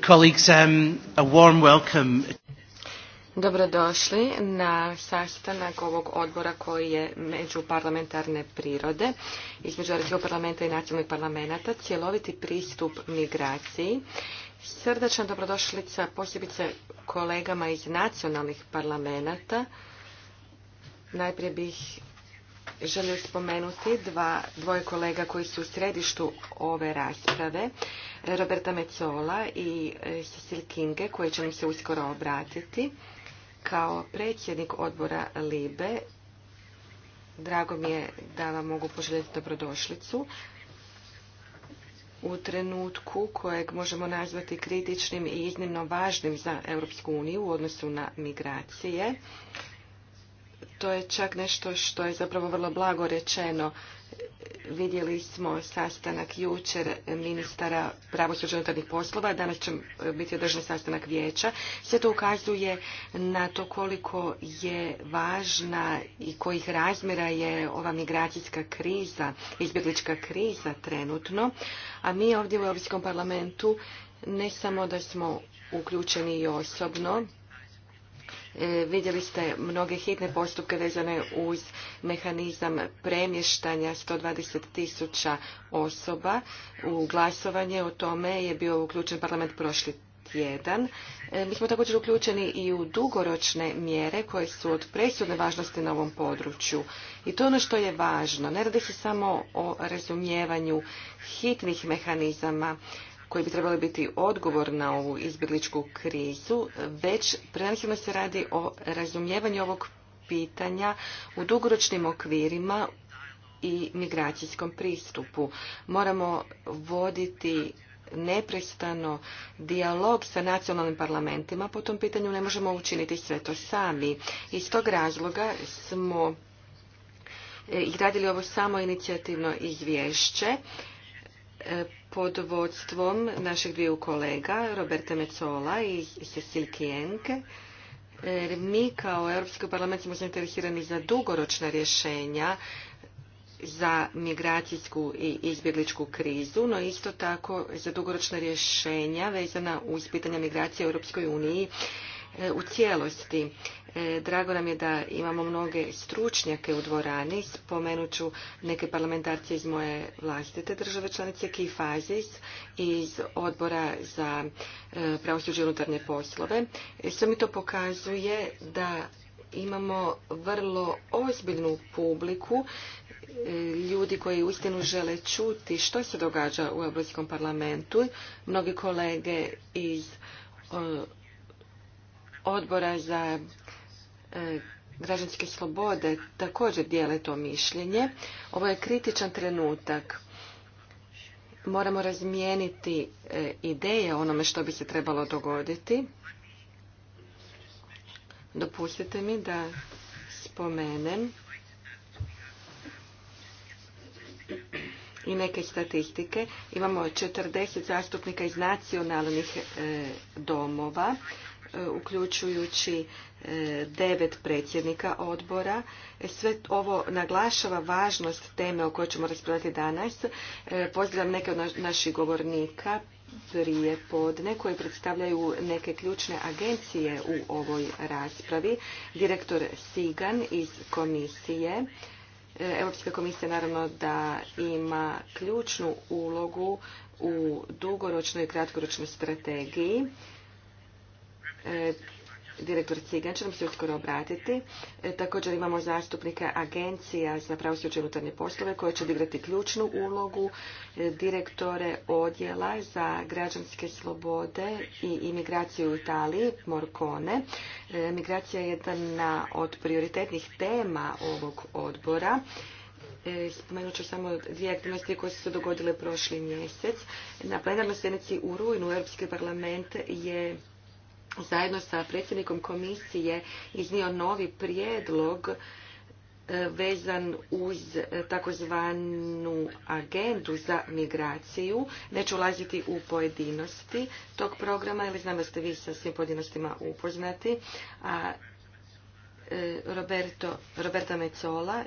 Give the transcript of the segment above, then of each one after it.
colleagues, um, Dobrodošli na sastanak ovog odbora koji je među parlamentarne prirode između Europskog parlamenta i nacionalnih parlamenta, cjeloviti pristup migraciji. Srdačna dobrodošlica posebice kolegama iz nacionalnih parlamenta. Najprije bih Želio spomenuti dva, dvoje kolega koji su u središtu ove rasprave, Roberta Mecola i e, Cecil Kinge, koji će nam se uskoro obratiti. Kao predsjednik odbora LIBE, drago mi je da vam mogu poželjeti dobrodošlicu u trenutku kojeg možemo nazvati kritičnim i iznimno važnim za Europsku u odnosu na migracije to je čak nešto što je zapravo vrlo blago rečeno. Vidjeli smo sastanak jučer ministara pravosuđa unutarnjih poslova, danas će biti održan sastanak vijeća. Sve to ukazuje na to koliko je važna i kojih razmjera je ova migracijska kriza, izbjeglička kriza trenutno, a mi ovdje u Europskom parlamentu ne samo da smo uključeni i osobno, E, vidjeli ste mnoge hitne postupke vezane uz mehanizam premještanja 120 tisuća osoba. U glasovanje o tome je bio uključen parlament prošli tjedan. E, mi smo također uključeni i u dugoročne mjere koje su od presudne važnosti na ovom području. I to je ono što je važno. Ne radi se samo o razumijevanju hitnih mehanizama koji bi trebali biti odgovor na ovu izbjegličku krizu, već prvenstveno se radi o razumijevanju ovog pitanja u dugoročnim okvirima i migracijskom pristupu. Moramo voditi neprestano dijalog sa nacionalnim parlamentima po tom pitanju ne možemo učiniti sve to sami. Iz tog razloga smo e, izradili ovo samo inicijativno izvješće e, pod vodstvom naših dviju kolega, Roberta Mecola i Cecil kienke Mi kao Europski parlament smo zainteresirani za dugoročna rješenja za migracijsku i izbjegličku krizu, no isto tako za dugoročna rješenja vezana uz pitanja migracije u Europskoj uniji e, u cijelosti. E, drago nam je da imamo mnoge stručnjake u dvorani. Spomenut ću neke parlamentarce iz moje vlastite države članice, Kifazis, iz odbora za e, pravosuđe i unutarnje poslove. E, sve mi to pokazuje da imamo vrlo ozbiljnu publiku ljudi koji uistinu žele čuti što se događa u Europskom parlamentu. Mnogi kolege iz odbora za građanske slobode također dijele to mišljenje. Ovo je kritičan trenutak. Moramo razmijeniti e, ideje onome što bi se trebalo dogoditi. Dopustite mi da spomenem i neke statistike. Imamo 40 zastupnika iz nacionalnih e, domova, e, uključujući devet predsjednika odbora. E, sve ovo naglašava važnost teme o kojoj ćemo raspravljati danas. E, pozdravljam neke od naših govornika prije podne koje predstavljaju neke ključne agencije u ovoj raspravi. Direktor Sigan iz komisije. E, Europska komisija naravno da ima ključnu ulogu u dugoročnoj i kratkoročnoj strategiji direktor Cigan će nam se uskoro obratiti. E, također imamo zastupnika agencija za pravosuđe i unutarnje poslove koje će odigrati ključnu ulogu e, direktore odjela za građanske slobode i imigraciju u Italiji, Morcone. E, migracija je jedna od prioritetnih tema ovog odbora. Spomenut ću samo dvije aktivnosti koje su se dogodile prošli mjesec. Na plenarnoj sjednici u rujnu Europski parlament je zajedno sa predsjednikom komisije iznio novi prijedlog e, vezan uz e, takozvanu agendu za migraciju. Neću ulaziti u pojedinosti tog programa, jer znam da ste vi sa svim pojedinostima upoznati. A e, Roberta Mecola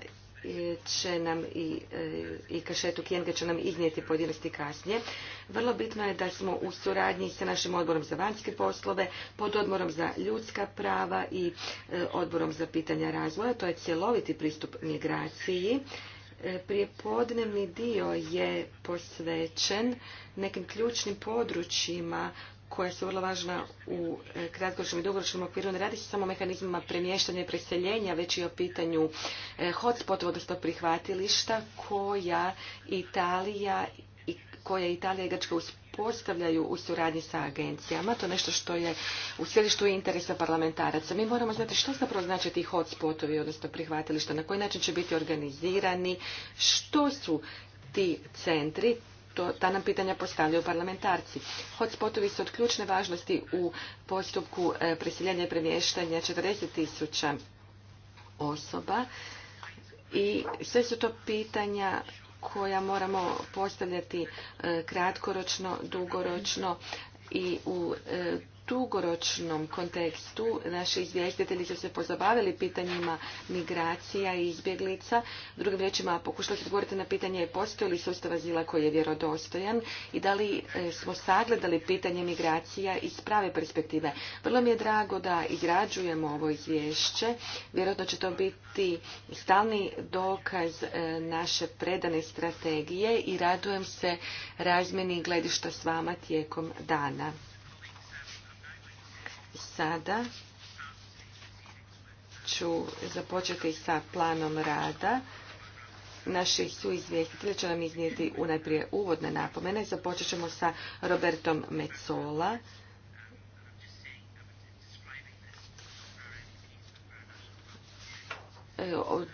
će nam i, e, i Kašetu Kjenge će nam iznijeti pojedinosti kasnije. Vrlo bitno je da smo u suradnji sa našim odborom za vanjske poslove, pod odborom za ljudska prava i e, odborom za pitanja razvoja. To je cjeloviti pristup migraciji. E, podnevni dio je posvećen nekim ključnim područjima koja su vrlo važna u e, kratkoročnom i dugoročnom okviru. Ne radi se samo o mehanizmima premještanja i preseljenja, već i o pitanju e, hotspotova, odnosno prihvatilišta koja Italija i koja Italija i Grčka uspostavljaju u suradnji sa agencijama. To je nešto što je u središtu interesa parlamentaraca. Mi moramo znati što zapravo znači ti hotspotovi, odnosno prihvatilišta, na koji način će biti organizirani, što su ti centri, ta nam pitanja postavljaju parlamentarci. Hotspotovi su od ključne važnosti u postupku e, preseljenja i premještanja 40 tisuća osoba i sve su to pitanja koja moramo postavljati e, kratkoročno, dugoročno i u e, dugoročnom kontekstu naši izvjestitelji su se pozabavili pitanjima migracija i izbjeglica. Drugim riječima, pokušali se odgovoriti na pitanje postoji li sustav azila koji je vjerodostojan i da li e, smo sagledali pitanje migracija iz prave perspektive. Vrlo mi je drago da izrađujemo ovo izvješće. Vjerojatno će to biti stalni dokaz e, naše predane strategije i radujem se razmjeni gledišta s vama tijekom dana. Sada ću započeti sa planom rada. Naši su izvjestitelji će nam iznijeti najprije uvodne napomene. Započet ćemo sa Robertom Mecola.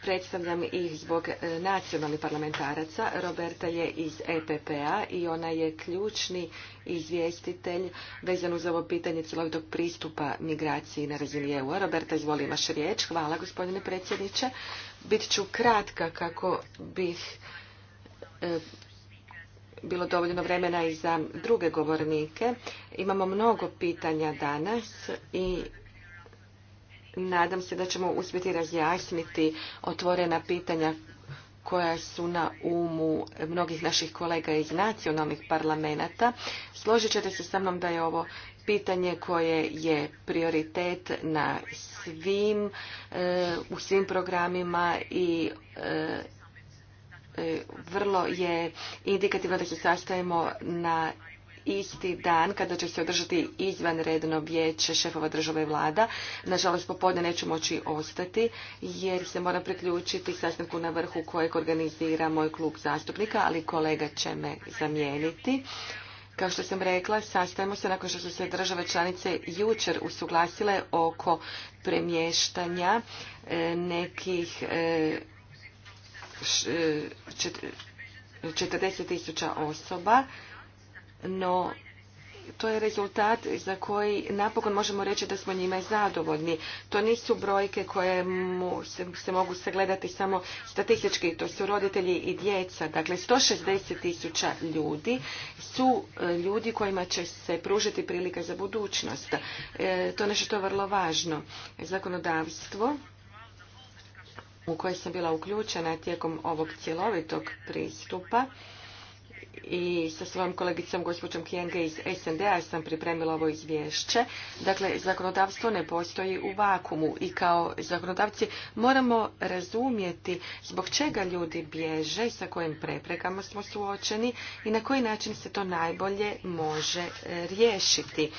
predstavljam ih zbog e, nacionalnih parlamentaraca. Roberta je iz EPP-a i ona je ključni izvjestitelj vezan uz ovo pitanje cjelovitog pristupa migraciji na razini eu Roberta, izvoli imaš riječ. Hvala, gospodine predsjedniče. Bit ću kratka kako bih e, bilo dovoljno vremena i za druge govornike. Imamo mnogo pitanja danas i Nadam se da ćemo uspjeti razjasniti otvorena pitanja koja su na umu mnogih naših kolega iz nacionalnih parlamenta. Složit ćete se sa mnom da je ovo pitanje koje je prioritet na svim, e, u svim programima i e, e, vrlo je indikativno da se sastajemo na isti dan kada će se održati izvanredno vijeće šefova države i vlada. Nažalost, popodne neću moći ostati jer se moram priključiti sastanku na vrhu kojeg organizira moj klub zastupnika, ali kolega će me zamijeniti. Kao što sam rekla, sastajemo se nakon što su se države članice jučer usuglasile oko premještanja e, nekih 40 e, e, tisuća osoba no to je rezultat za koji napokon možemo reći da smo njima zadovoljni. To nisu brojke koje se, mogu sagledati samo statistički, to su roditelji i djeca. Dakle, 160 tisuća ljudi su e, ljudi kojima će se pružiti prilika za budućnost. E, to je nešto što je vrlo važno. Zakonodavstvo u koje sam bila uključena tijekom ovog cjelovitog pristupa i sa svojom kolegicom gospođom Kijenge iz SND-a sam pripremila ovo izvješće. Dakle, zakonodavstvo ne postoji u vakumu i kao zakonodavci moramo razumjeti zbog čega ljudi bježe, sa kojim preprekama smo suočeni i na koji način se to najbolje može riješiti.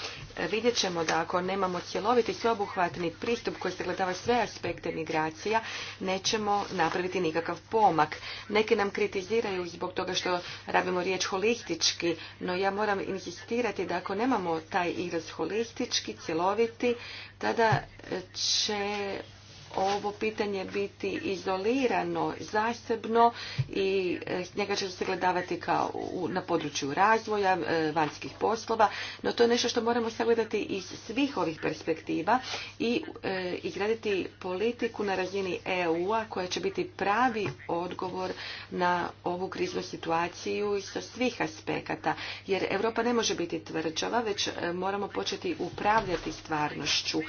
Vidjet ćemo da ako nemamo cjeloviti sveobuhvatni pristup koji sagledava sve aspekte migracija, nećemo napraviti nikakav pomak. Neki nam kritiziraju zbog toga što radimo riječ holistički, no ja moram insistirati da ako nemamo taj izraz holistički, cjeloviti, tada će ovo pitanje biti izolirano, zasebno i e, njega će se gledavati kao na području razvoja, e, vanjskih poslova, no to je nešto što moramo sagledati iz svih ovih perspektiva i e, izgraditi politiku na razini EU-a koja će biti pravi odgovor na ovu kriznu situaciju sa svih aspekata, jer Europa ne može biti tvrđava, već moramo početi upravljati stvarnošću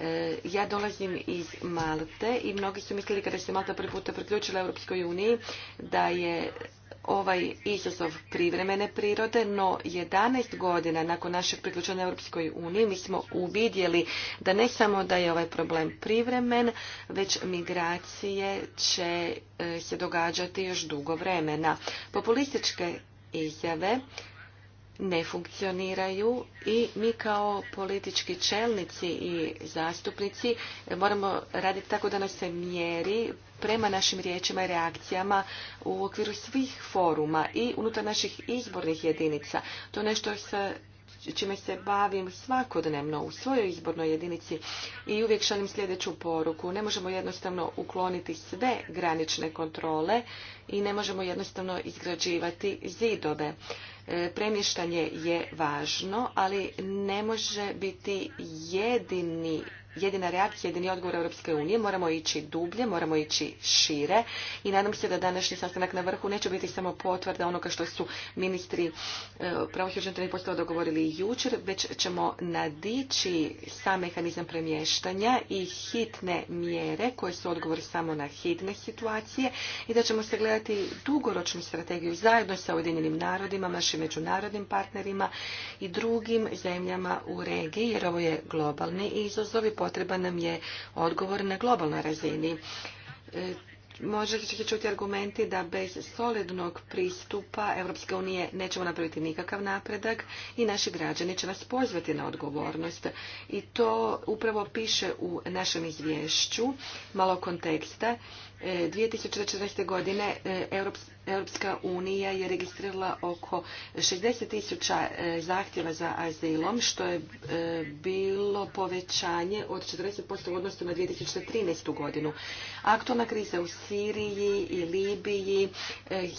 E, ja dolazim iz Malte i mnogi su mislili kada se Malta prvi puta priključila Europskoj uniji da je ovaj izazov privremene prirode, no 11 godina nakon našeg priključenja Europskoj uniji mi smo uvidjeli da ne samo da je ovaj problem privremen, već migracije će e, se događati još dugo vremena. Populističke izjave ne funkcioniraju i mi kao politički čelnici i zastupnici moramo raditi tako da nas se mjeri prema našim riječima i reakcijama u okviru svih foruma i unutar naših izbornih jedinica. To je nešto se čime se bavim svakodnevno u svojoj izbornoj jedinici i uvijek šalim sljedeću poruku. Ne možemo jednostavno ukloniti sve granične kontrole i ne možemo jednostavno izgrađivati zidove. E, premještanje je važno, ali ne može biti jedini jedina reakcija, jedini odgovor Europske unije. Moramo ići dublje, moramo ići šire i nadam se da današnji sastanak na vrhu neće biti samo potvrda onoga što su ministri e, pravosuđa i postova dogovorili jučer, već ćemo nadići sam mehanizam premještanja i hitne mjere koje su odgovor samo na hitne situacije i da ćemo se gledati dugoročnu strategiju zajedno sa Ujedinjenim narodima, našim međunarodnim partnerima i drugim zemljama u regiji, jer ovo je globalni izazov i potreban nam je odgovor na globalnoj razini. E, možete ćete čuti argumenti da bez solidnog pristupa Europske unije nećemo napraviti nikakav napredak i naši građani će nas pozvati na odgovornost. I to upravo piše u našem izvješću, malo konteksta. 2014. E, godine e, Europska unija je registrirala oko 60 tisuća e, zahtjeva za azilom, što je bilo povećanje od 40% u odnosu na 2013. godinu. Aktualna kriza u Siriji i Libiji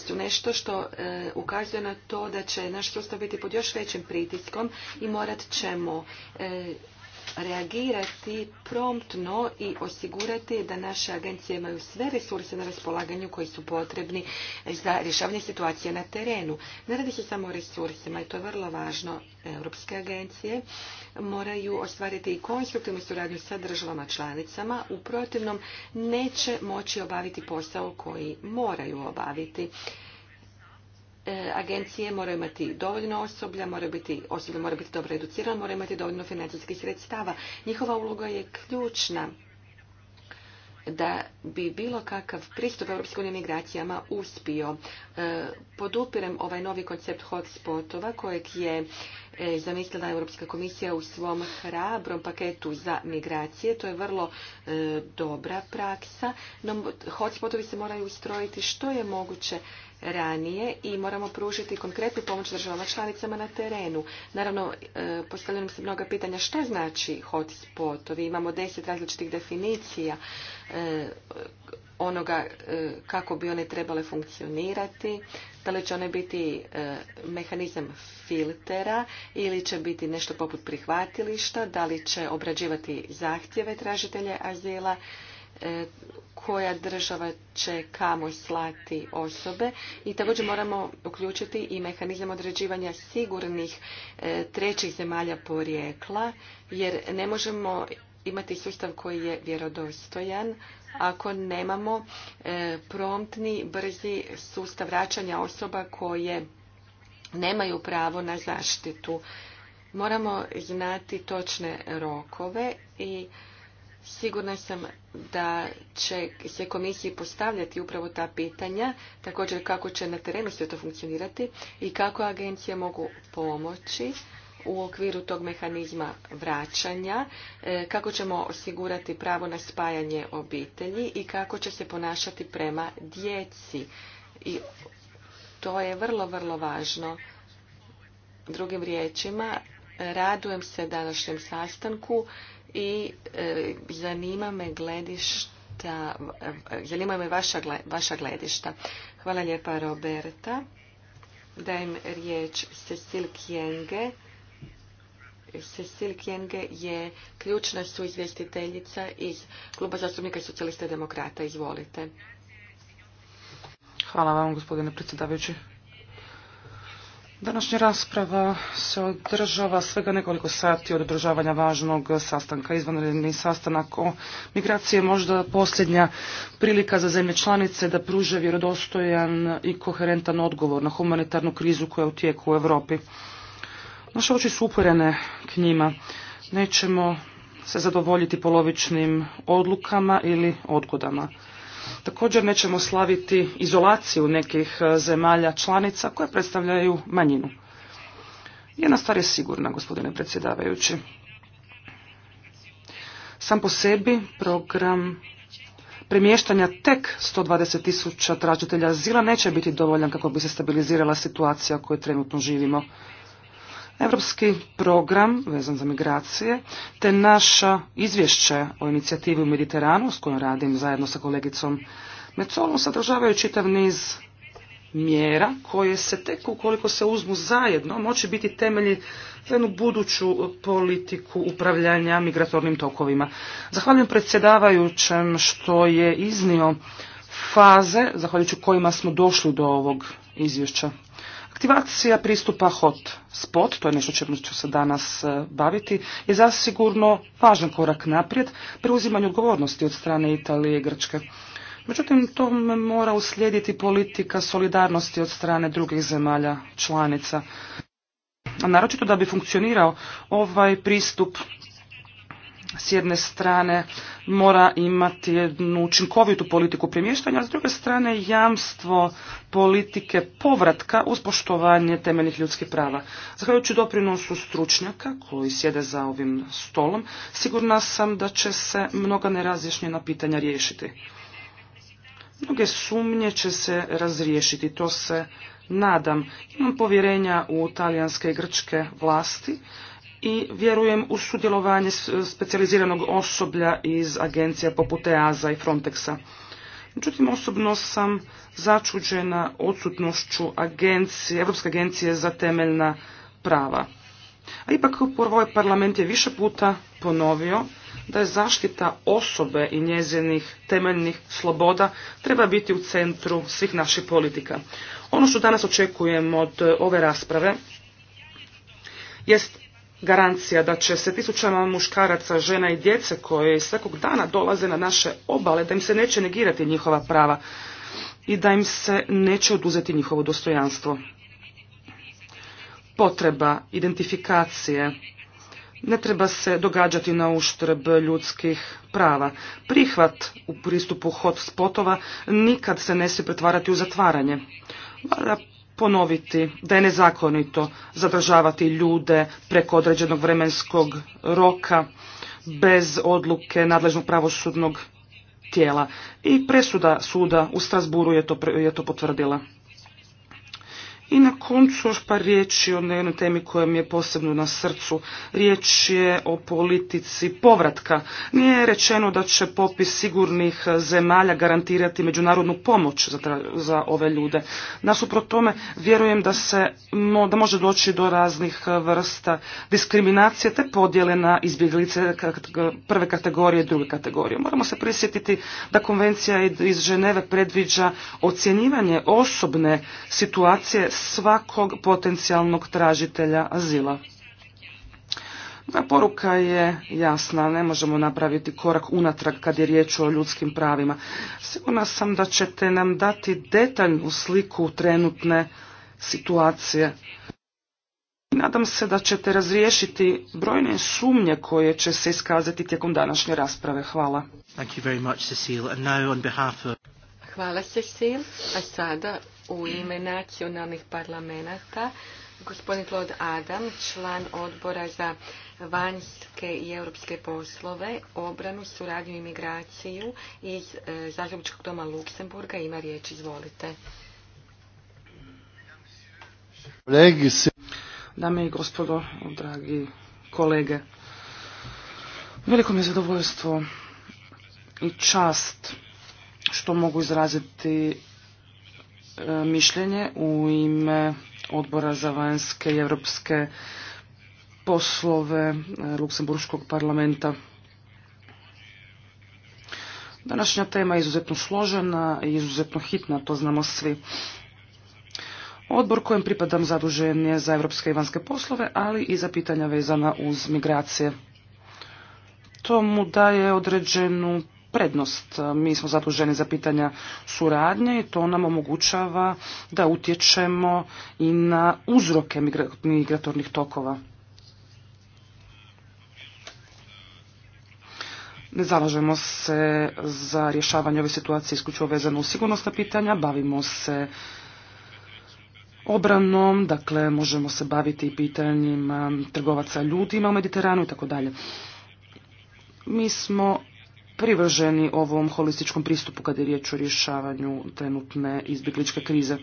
su nešto što ukazuje na to da će naš sustav biti pod još većim pritiskom i morat ćemo reagirati promptno i osigurati da naše agencije imaju sve resurse na raspolaganju koji su potrebni za rješavanje situacije na terenu. Ne radi se samo o resursima i to je vrlo važno. Europske agencije moraju ostvariti i konstruktivnu suradnju sa državama članicama, u protivnom neće moći obaviti posao koji moraju obaviti. E, agencije moraju imati dovoljno osoblja, moraju biti, osoblje mora biti dobro educirano, moraju imati dovoljno financijskih sredstava. Njihova uloga je ključna da bi bilo kakav pristup Europskoj uniji migracijama uspio. E, podupirem ovaj novi koncept hotspotova kojeg je e, zamislila Europska komisija u svom hrabrom paketu za migracije. To je vrlo dobra praksa, no hotspotovi se moraju ustrojiti što je moguće ranije i moramo pružiti konkretnu pomoć državama članicama na terenu. Naravno, e, postavljeno se mnoga pitanja što znači hotspotovi. Imamo deset različitih definicija e, onoga e, kako bi one trebale funkcionirati, da li će one biti mehanizam filtera ili će biti nešto poput prihvatilišta, da li će obrađivati zahtjeve tražitelja azila E, koja država će kamo slati osobe i također moramo uključiti i mehanizam određivanja sigurnih e, trećih zemalja porijekla jer ne možemo imati sustav koji je vjerodostojan ako nemamo e, promptni, brzi sustav vraćanja osoba koje nemaju pravo na zaštitu. Moramo znati točne rokove i Sigurna sam da će se komisiji postavljati upravo ta pitanja, također kako će na terenu sve to funkcionirati i kako agencije mogu pomoći u okviru tog mehanizma vraćanja, e, kako ćemo osigurati pravo na spajanje obitelji i kako će se ponašati prema djeci. I to je vrlo, vrlo važno. Drugim riječima, radujem se današnjem sastanku i e, zanima me gledišta, zanima me vaša, gledišta. Hvala lijepa Roberta. Dajem riječ Cecil Kjenge. Cecil Kjenge je ključna izvjestiteljica iz Kluba zastupnika socijalista demokrata. Izvolite. Hvala vam, gospodine predsjedavajući. Današnja rasprava se održava svega nekoliko sati od održavanja važnog sastanka, izvanredni sastanak o migracije, možda posljednja prilika za zemlje članice da pruže vjerodostojan i koherentan odgovor na humanitarnu krizu koja je u tijeku u Europi. Naše oči su uporene k njima. Nećemo se zadovoljiti polovičnim odlukama ili odgodama. Također nećemo slaviti izolaciju nekih e, zemalja članica koje predstavljaju manjinu. Jedna stvar je sigurna, gospodine predsjedavajući. Sam po sebi program premještanja tek 120 tisuća tražitelja azila neće biti dovoljan kako bi se stabilizirala situacija u kojoj trenutno živimo. Europski program vezan za migracije te naša izvješće o inicijativi u Mediteranu s kojom radim zajedno sa kolegicom Mecolom sadržavaju čitav niz mjera koje se tek ukoliko se uzmu zajedno moći biti temelji za jednu buduću politiku upravljanja migratornim tokovima. Zahvaljujem predsjedavajućem što je iznio faze zahvaljujući kojima smo došli do ovog izvješća. Aktivacija pristupa hot spot, to je nešto čemu ću se danas e, baviti, je zasigurno važan korak naprijed preuzimanju odgovornosti od strane Italije i Grčke. Međutim, to mora uslijediti politika solidarnosti od strane drugih zemalja članica. A naročito da bi funkcionirao ovaj pristup s jedne strane mora imati jednu učinkovitu politiku premještanja, a s druge strane jamstvo politike povratka uz poštovanje temeljnih ljudskih prava. Zahvaljujući doprinosu stručnjaka koji sjede za ovim stolom, sigurna sam da će se mnoga nerazjašnjena pitanja riješiti. Mnoge sumnje će se razriješiti, to se nadam. Imam povjerenja u talijanske i grčke vlasti i vjerujem u sudjelovanje specijaliziranog osoblja iz agencija poput EASA i Frontexa. Međutim, osobno sam začuđena odsutnošću agencije, Europske agencije za temeljna prava. A ipak ovaj parlament je više puta ponovio da je zaštita osobe i njezinih temeljnih sloboda treba biti u centru svih naših politika. Ono što danas očekujem od ove rasprave jest garancija da će se tisućama muškaraca, žena i djece koje svakog dana dolaze na naše obale, da im se neće negirati njihova prava i da im se neće oduzeti njihovo dostojanstvo. Potreba identifikacije ne treba se događati na uštrb ljudskih prava. Prihvat u pristupu spotova nikad se ne smije pretvarati u zatvaranje ponoviti da je nezakonito zadržavati ljude preko određenog vremenskog roka bez odluke nadležnog pravosudnog tijela. I presuda suda u Strasburu je to, je to potvrdila. I na koncu još par riječi o jednoj temi koja mi je posebno na srcu. Riječ je o politici povratka. Nije rečeno da će popis sigurnih zemalja garantirati međunarodnu pomoć za, ove ljude. Nasuprot tome vjerujem da, se, da može doći do raznih vrsta diskriminacije te podjele na izbjeglice prve kategorije i druge kategorije. Moramo se prisjetiti da konvencija iz Ženeve predviđa ocjenjivanje osobne situacije svakog potencijalnog tražitelja azila. Na poruka je jasna, ne možemo napraviti korak unatrag kad je riječ o ljudskim pravima. Sigurna sam da ćete nam dati detaljnu sliku trenutne situacije. Nadam se da ćete razriješiti brojne sumnje koje će se iskazati tijekom današnje rasprave. Hvala. Hvala Cecil. A sada u ime nacionalnih parlamenta gospodin Claude Adam, član odbora za vanjske i europske poslove, obranu, suradnju i migraciju iz e, Zagrebačkog doma Luksemburga. Ima riječ, izvolite. Dame i gospodo, dragi kolege, veliko mi je zadovoljstvo i čast što mogu izraziti E, mišljenje u ime odbora za vanjske i europske poslove e, Luksemburškog parlamenta. Današnja tema je izuzetno složena i izuzetno hitna, to znamo svi. Odbor kojem pripadam zadužen je za evropske i vanjske poslove, ali i za pitanja vezana uz migracije. To mu daje određenu prednost. Mi smo zaduženi za pitanja suradnje i to nam omogućava da utječemo i na uzroke migratornih tokova. Ne zalažemo se za rješavanje ove situacije isključivo vezano u sigurnosna pitanja, bavimo se obranom, dakle možemo se baviti i pitanjima trgovaca ljudima u Mediteranu i tako dalje. Mi smo privrženi ovom holističkom pristupu kada je riječ o rješavanju trenutne izbjegličke krize.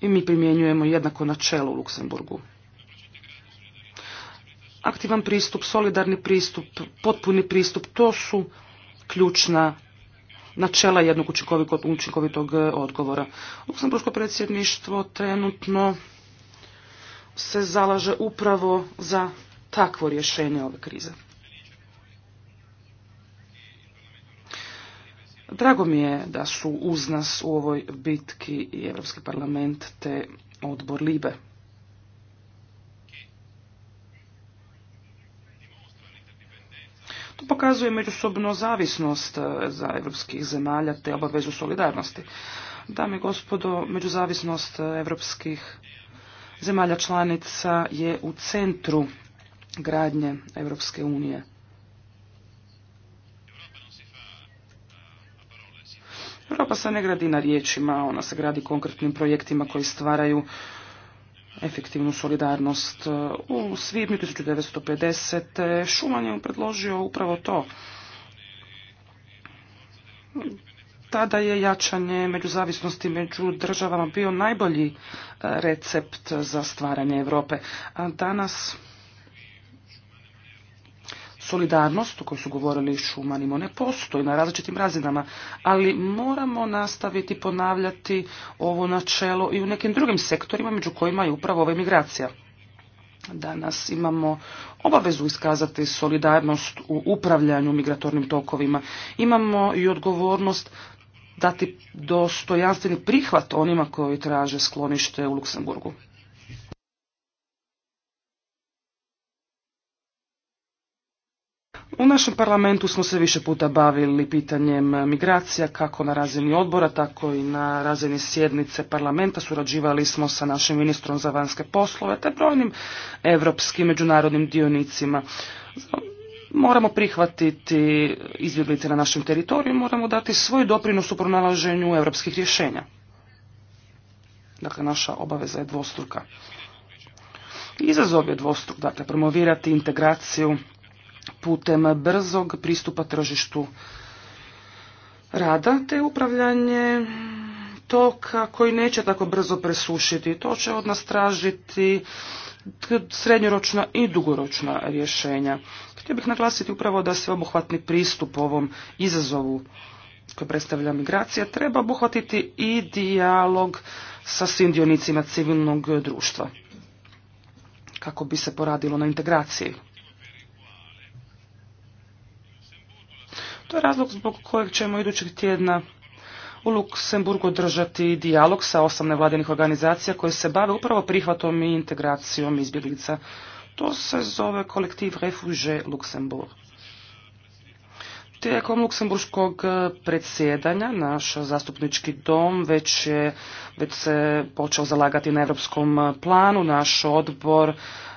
I mi primjenjujemo jednako načelo u Luksemburgu. Aktivan pristup, solidarni pristup, potpuni pristup, to su ključna načela jednog učinkovitog e, odgovora. Luksemburško predsjedništvo trenutno se zalaže upravo za takvo rješenje ove krize. Drago mi je da su uz nas u ovoj bitki i Europski parlament te odbor Libe. To pokazuje međusobno zavisnost eh, za evropskih zemalja te obavezu solidarnosti. Dame i gospodo, međuzavisnost eh, evropskih zemalja članica je u centru gradnje Evropske unije. Europa se ne gradi na riječima, ona se gradi konkretnim projektima koji stvaraju efektivnu solidarnost. U svibnju 1950. Šuman je predložio upravo to. Tada je jačanje međuzavisnosti među državama bio najbolji e, recept za stvaranje Europe. danas Solidarnost, o kojoj su govorili Šumanimo, ne postoji na različitim razinama, ali moramo nastaviti ponavljati ovo načelo i u nekim drugim sektorima, među kojima je upravo ova migracija. Danas imamo obavezu iskazati solidarnost u upravljanju migratornim tokovima. Imamo i odgovornost dati dostojanstveni prihvat onima koji traže sklonište u Luksemburgu. U našem parlamentu smo se više puta bavili pitanjem migracija, kako na razini odbora, tako i na razini sjednice parlamenta. Surađivali smo sa našim ministrom za vanjske poslove, te brojnim evropskim međunarodnim dionicima. Moramo prihvatiti izbjeglice na našem teritoriju, moramo dati svoj doprinos u pronalaženju evropskih rješenja. Dakle, naša obaveza je dvostruka. Izazov je dvostruk, dakle, promovirati integraciju putem brzog pristupa tržištu rada te upravljanje toka koji neće tako brzo presušiti. To će od nas tražiti srednjoročna i dugoročna rješenja. Htio bih naglasiti upravo da sveobuhvatni pristup ovom izazovu koji predstavlja migracija treba obuhvatiti i dijalog sa svim dionicima civilnog društva kako bi se poradilo na integraciji razlog zbog kojeg ćemo idućeg tjedna u Luksemburgu održati dijalog sa osam nevladinih organizacija koje se bave upravo prihvatom i integracijom izbjeglica. To se zove kolektiv Refuge Luksemburg. Tijekom luksemburškog e, predsjedanja naš zastupnički dom već, je, već se počeo zalagati na europskom planu. Naš odbor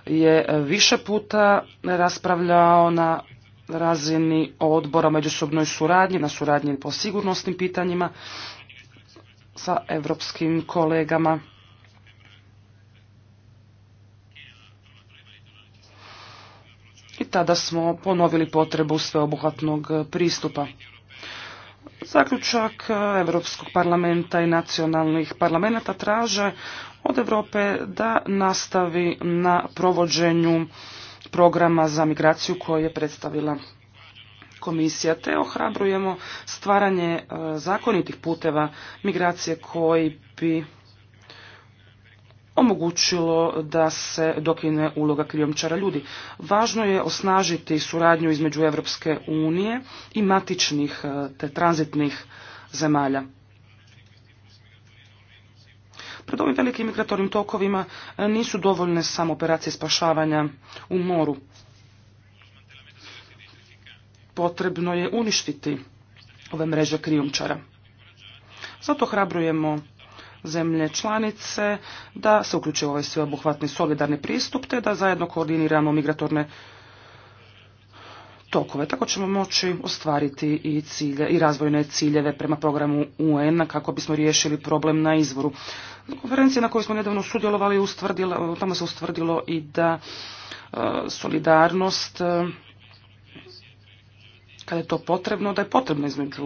je više puta raspravljao na razini odbora međusobnoj suradnji, na suradnji po sigurnosnim pitanjima sa evropskim kolegama. I tada smo ponovili potrebu sveobuhvatnog pristupa. Zaključak Europskog parlamenta i nacionalnih parlamenta traže od Europe da nastavi na provođenju programa za migraciju koje je predstavila komisija, te ohrabrujemo stvaranje e, zakonitih puteva migracije koji bi omogućilo da se dokine uloga krijomčara ljudi. Važno je osnažiti suradnju između Europske unije i matičnih e, te tranzitnih zemalja. Pred ovim velikim migratornim tokovima e, nisu dovoljne samo operacije spašavanja u moru. Potrebno je uništiti ove mreže krijumčara. Zato hrabrujemo zemlje članice da se uključe u ovaj sveobuhvatni solidarni pristup te da zajedno koordiniramo migratorne tokove. Tako ćemo moći ostvariti i, cilje, i razvojne ciljeve prema programu UN kako bismo riješili problem na izvoru. Konferencija na kojoj smo nedavno sudjelovali, tamo se ustvrdilo i da e, solidarnost e, kada je to potrebno, da je potrebno između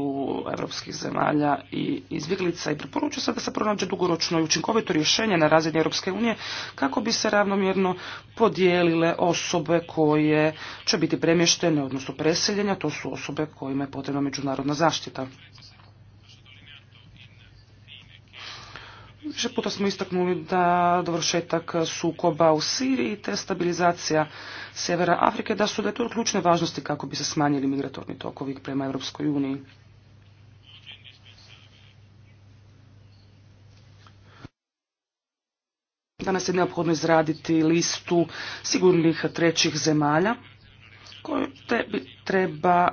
europskih zemalja i izbjeglica i preporuču se da se pronađe dugoročno i učinkovito rješenje na razini Europske unije kako bi se ravnomjerno podijelile osobe koje će biti premještene, odnosno preseljenja, to su osobe kojima je potrebna međunarodna zaštita. Više puta smo istaknuli da dovršetak sukoba u Siriji te stabilizacija Sjevera Afrike da su da je to ključne važnosti kako bi se smanjili migratorni tokovi prema Europskoj uniji. Danas je neophodno izraditi listu sigurnih trećih zemalja koje te treba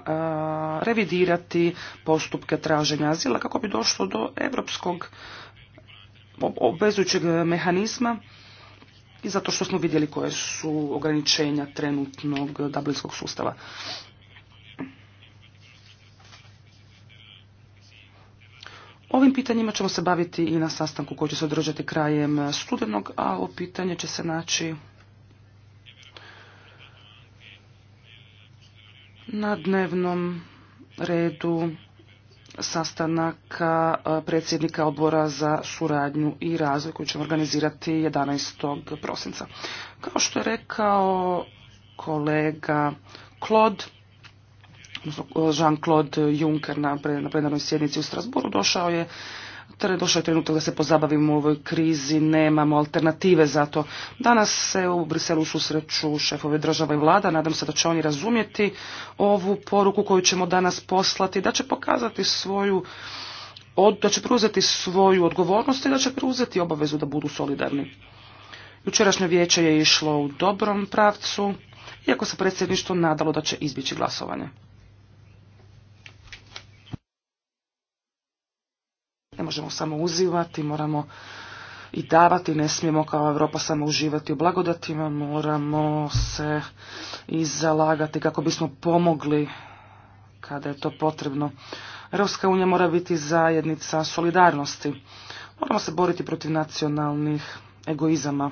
revidirati postupke traženja azila kako bi došlo do europskog obvezujućeg mehanizma i zato što smo vidjeli koje su ograničenja trenutnog dublinskog sustava. Ovim pitanjima ćemo se baviti i na sastanku koji će se održati krajem studenog, a ovo pitanje će se naći na dnevnom redu sastanaka e, predsjednika odbora za suradnju i razvoj koji ćemo organizirati 11. prosinca. Kao što je rekao kolega Klod, e, Jean-Claude Juncker na plenarnoj sjednici u Strasboru došao je došao je trenutak da se pozabavimo u ovoj krizi, nemamo alternative za to. Danas se u Briselu susreću šefove država i vlada, nadam se da će oni razumjeti ovu poruku koju ćemo danas poslati, da će pokazati svoju da će preuzeti svoju odgovornost i da će preuzeti obavezu da budu solidarni. Jučerašnje vijeće je išlo u dobrom pravcu, iako se predsjedništvo nadalo da će izbjeći glasovanje. Ne možemo samo uzivati, moramo i davati, ne smijemo kao Europa samo uživati u blagodatima, moramo se i zalagati kako bismo pomogli kada je to potrebno. Europska unija mora biti zajednica solidarnosti. Moramo se boriti protiv nacionalnih egoizama.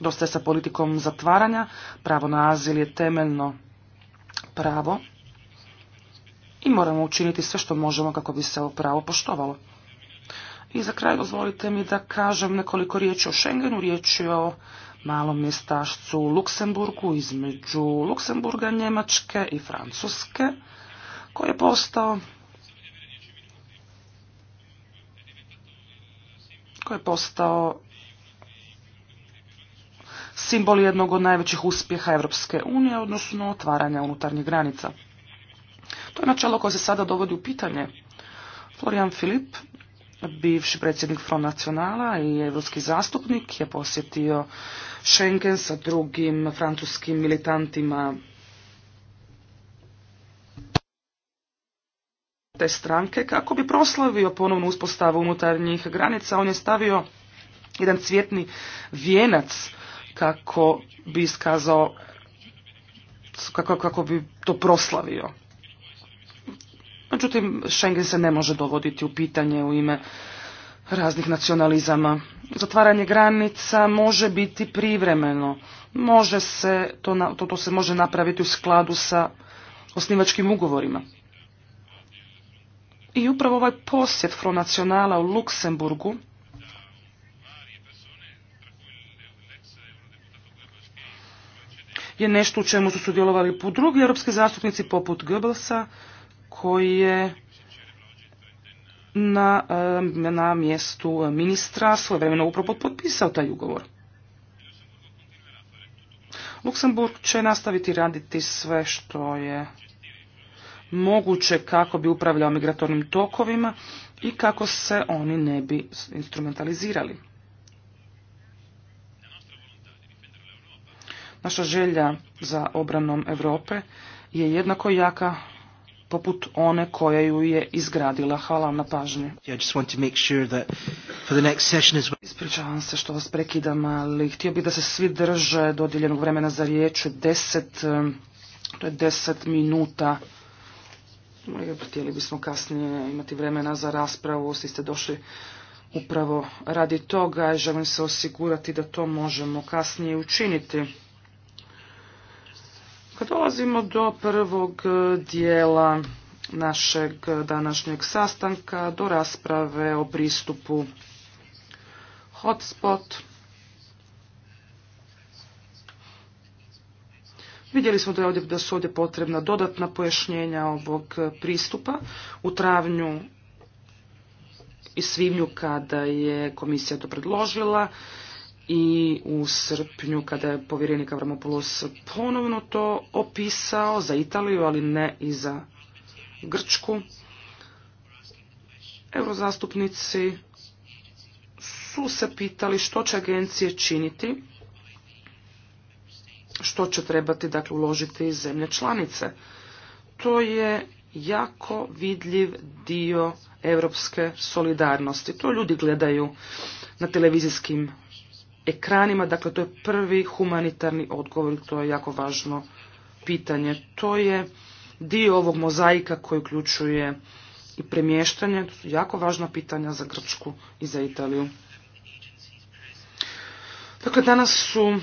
Dosta je sa politikom zatvaranja. Pravo na azil je temeljno pravo i moramo učiniti sve što možemo kako bi se ovo pravo poštovalo. I za kraj dozvolite mi da kažem nekoliko riječi o Schengenu, riječ o malom mjestašcu Luksemburgu između Luksemburga, Njemačke i Francuske, koji je postao koji je postao simbol jednog od najvećih uspjeha Europske unije, odnosno otvaranja unutarnjih granica. To je načelo koje se sada dovodi u pitanje. Florian Filip, bivši predsjednik Front Nacionala i evropski zastupnik, je posjetio Schengen sa drugim francuskim militantima te stranke kako bi proslavio ponovnu uspostavu unutarnjih granica. On je stavio jedan cvjetni vijenac kako bi iskazao kako, kako bi to proslavio. Međutim, Schengen se ne može dovoditi u pitanje u ime raznih nacionalizama. Zatvaranje granica može biti privremeno. Može se, to, to, to se može napraviti u skladu sa osnivačkim ugovorima. I upravo ovaj posjet Fronacionala u Luksemburgu je nešto u čemu su sudjelovali drugi europski zastupnici poput Goebbelsa, koji je eh, na, mjestu ministra svojevremeno upravo potpisao taj ugovor. Luksemburg će nastaviti raditi sve što je moguće kako bi upravljao migratornim tokovima i kako se oni ne bi instrumentalizirali. Naša želja za obranom Europe je jednako jaka poput one koja ju je izgradila. Hvala vam na pažnje. Ispričavam se što vas prekidam, ali htio bih da se svi drže dodijeljenog vremena za riječ. Deset, to je deset minuta. Htjeli bismo kasnije imati vremena za raspravu. Svi ste došli upravo radi toga i želim se osigurati da to možemo kasnije učiniti. Kad pa dolazimo do prvog e, dijela našeg današnjeg sastanka, do rasprave o pristupu hotspot, Vidjeli smo da, je ovdje, da su ovdje potrebna dodatna pojašnjenja ovog pristupa. U travnju i svibnju kada je komisija to predložila, i u srpnju kada je povjerenik Avramopoulos ponovno to opisao za Italiju, ali ne i za Grčku. Eurozastupnici su se pitali što će agencije činiti, što će trebati dakle, uložiti zemlje članice. To je jako vidljiv dio europske solidarnosti. To ljudi gledaju na televizijskim ekranima. Dakle, to je prvi humanitarni odgovor to je jako važno pitanje. To je dio ovog mozaika koji uključuje i premještanje. To su jako važna pitanja za Grčku i za Italiju. Dakle, danas su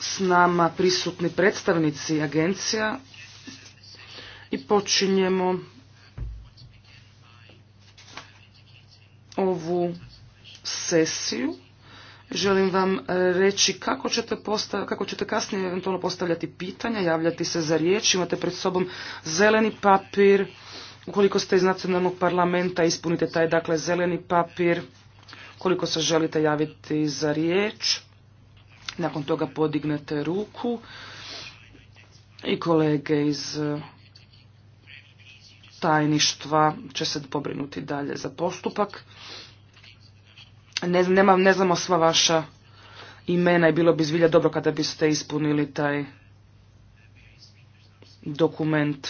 s nama prisutni predstavnici agencija i počinjemo ovu sesiju Želim vam e, reći kako ćete, postav, kako ćete kasnije eventualno postavljati pitanja, javljati se za riječ. Imate pred sobom zeleni papir. Ukoliko ste iz nacionalnog parlamenta, ispunite taj dakle zeleni papir. Koliko se želite javiti za riječ, nakon toga podignete ruku i kolege iz e, tajništva će se pobrinuti dalje za postupak. Ne, nema, ne znamo sva vaša imena i bilo bi zbilja dobro kada biste ispunili taj dokument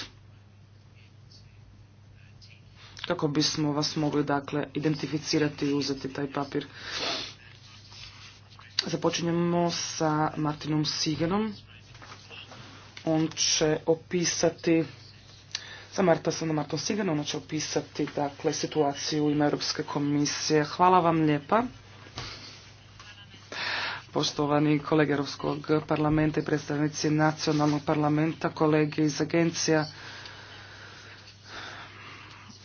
kako bismo vas mogli dakle identificirati i uzeti taj papir. Započinjemo sa Martinom Sigenom. On će opisati sa Martasom Martom Sigan. Ona će opisati dakle, situaciju u ime Europske komisije. Hvala vam lijepa. Poštovani kolege Europskog parlamenta i predstavnici nacionalnog parlamenta, kolege iz agencija,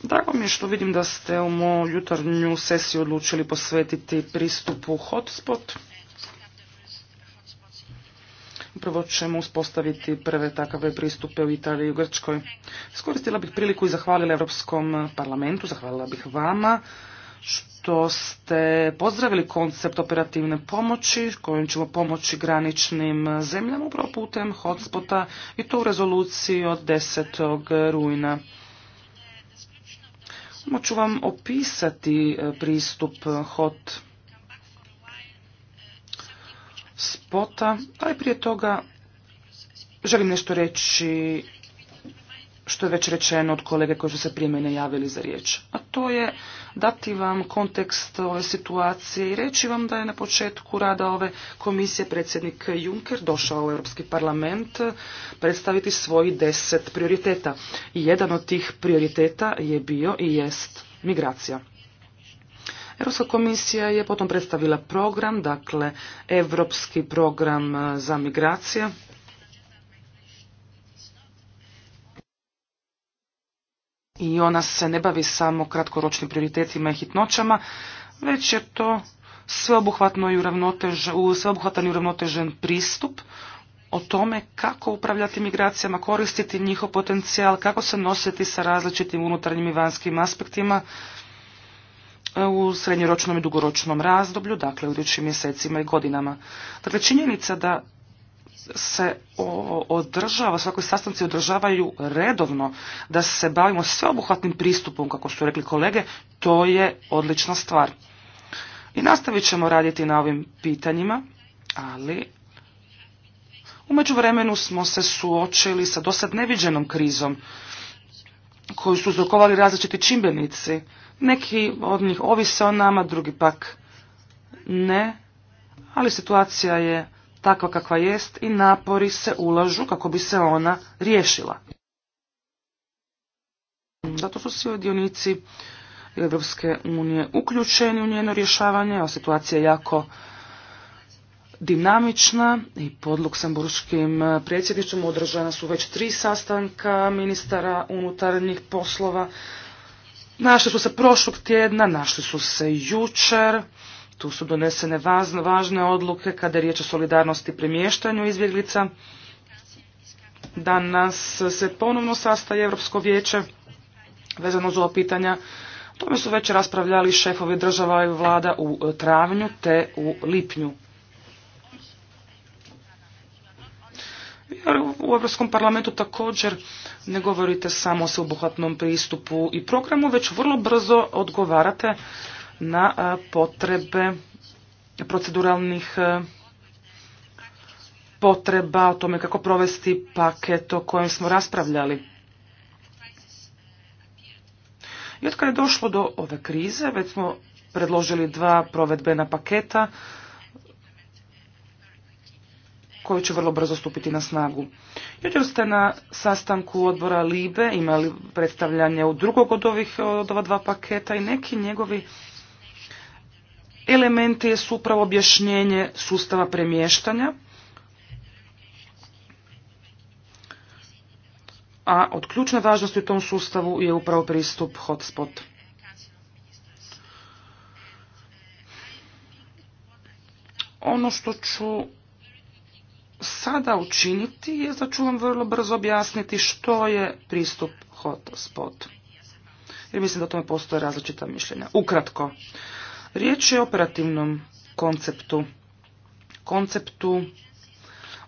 Drago mi je što vidim da ste u moju jutarnju sesiju odlučili posvetiti pristupu hotspot. Prvo ćemo uspostaviti prve takave pristupe u Italiji i u Grčkoj. Skoristila bih priliku i zahvalila Europskom parlamentu, zahvalila bih vama što ste pozdravili koncept operativne pomoći kojim ćemo pomoći graničnim zemljama upravo putem hotspota i to u rezoluciji od 10. rujna. Moću vam opisati pristup hot spota, ali prije toga želim nešto reći što je već rečeno od kolege koji su se prije mene javili za riječ. A to je dati vam kontekst ove situacije i reći vam da je na početku rada ove komisije predsjednik Juncker došao u Europski parlament predstaviti svoji deset prioriteta. I jedan od tih prioriteta je bio i jest migracija. Europska komisija je potom predstavila program, dakle Europski program e, za migracije. I ona se ne bavi samo kratkoročnim prioritetima i hitnoćama, već je to sveobuhvatno i sveobuhvatan i uravnotežen pristup o tome kako upravljati migracijama, koristiti njihov potencijal, kako se nositi sa različitim unutarnjim i vanjskim aspektima, u srednjoročnom i dugoročnom razdoblju, dakle u idućim mjesecima i godinama. Dakle, činjenica da se održava, svakoj sastanci održavaju redovno, da se bavimo sveobuhvatnim pristupom, kako su rekli kolege, to je odlična stvar. I nastavit ćemo raditi na ovim pitanjima, ali u međuvremenu smo se suočili sa dosad neviđenom krizom koju su uzrokovali različiti čimbenici, neki od njih ovise o nama, drugi pak ne, ali situacija je takva kakva jest i napori se ulažu kako bi se ona riješila. Zato su svi dionici Europske unije uključeni u njeno rješavanje, a situacija je jako dinamična i pod luksemburskim predsjednicom održana su već tri sastanka ministara unutarnjih poslova Našli su se prošlog tjedna, našli su se jučer, tu su donesene važne, odluke kada je riječ o solidarnosti i premještanju izbjeglica. Danas se ponovno sastaje Europsko vijeće vezano za ova pitanja. O tome su već raspravljali šefovi država i vlada u travnju te u lipnju. U Europskom parlamentu također ne govorite samo o sveobuhvatnom pristupu i programu, već vrlo brzo odgovarate na e, potrebe proceduralnih e, potreba, o tome kako provesti paket o kojem smo raspravljali. I od kada je došlo do ove krize, već smo predložili dva provedbena paketa, koji će vrlo brzo stupiti na snagu. Jučer ste na sastanku odbora Libe imali predstavljanje u drugog od ovih od ova dva paketa i neki njegovi elementi su upravo objašnjenje sustava premještanja, a od ključne važnosti u tom sustavu je upravo pristup hotspot. Ono što ću sada učiniti je da ću vam vrlo brzo objasniti što je pristup hotspot. Jer mislim da o tome postoje različita mišljenja. Ukratko, riječ je o operativnom konceptu. Konceptu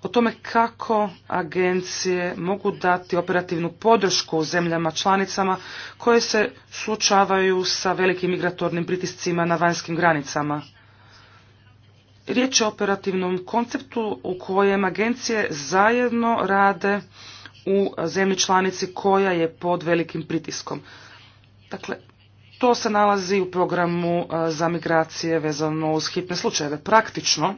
o tome kako agencije mogu dati operativnu podršku zemljama članicama koje se suočavaju sa velikim migratornim pritiscima na vanjskim granicama. Riječ je o operativnom konceptu u kojem agencije zajedno rade u zemlji članici koja je pod velikim pritiskom. Dakle, to se nalazi u programu e, za migracije vezano uz hitne slučajeve. Praktično,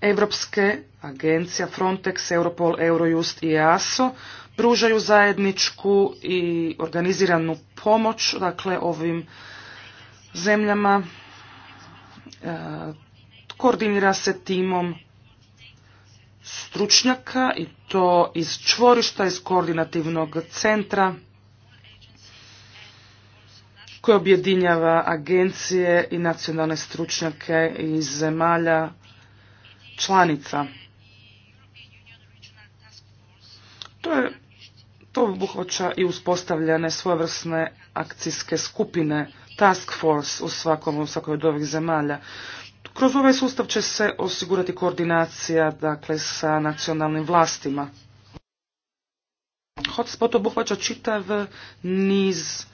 Evropske agencija Frontex, Europol, Eurojust i EASO pružaju zajedničku i organiziranu pomoć dakle, ovim zemljama E, koordinira se timom stručnjaka i to iz čvorišta, iz koordinativnog centra koje objedinjava agencije i nacionalne stručnjake iz zemalja članica. To, je, to obuhvaća i uspostavljene svojevrsne akcijske skupine task force u svakom u svakoj od ovih zemalja. Kroz ovaj sustav će se osigurati koordinacija dakle, sa nacionalnim vlastima. Hotspot obuhvaća čitav niz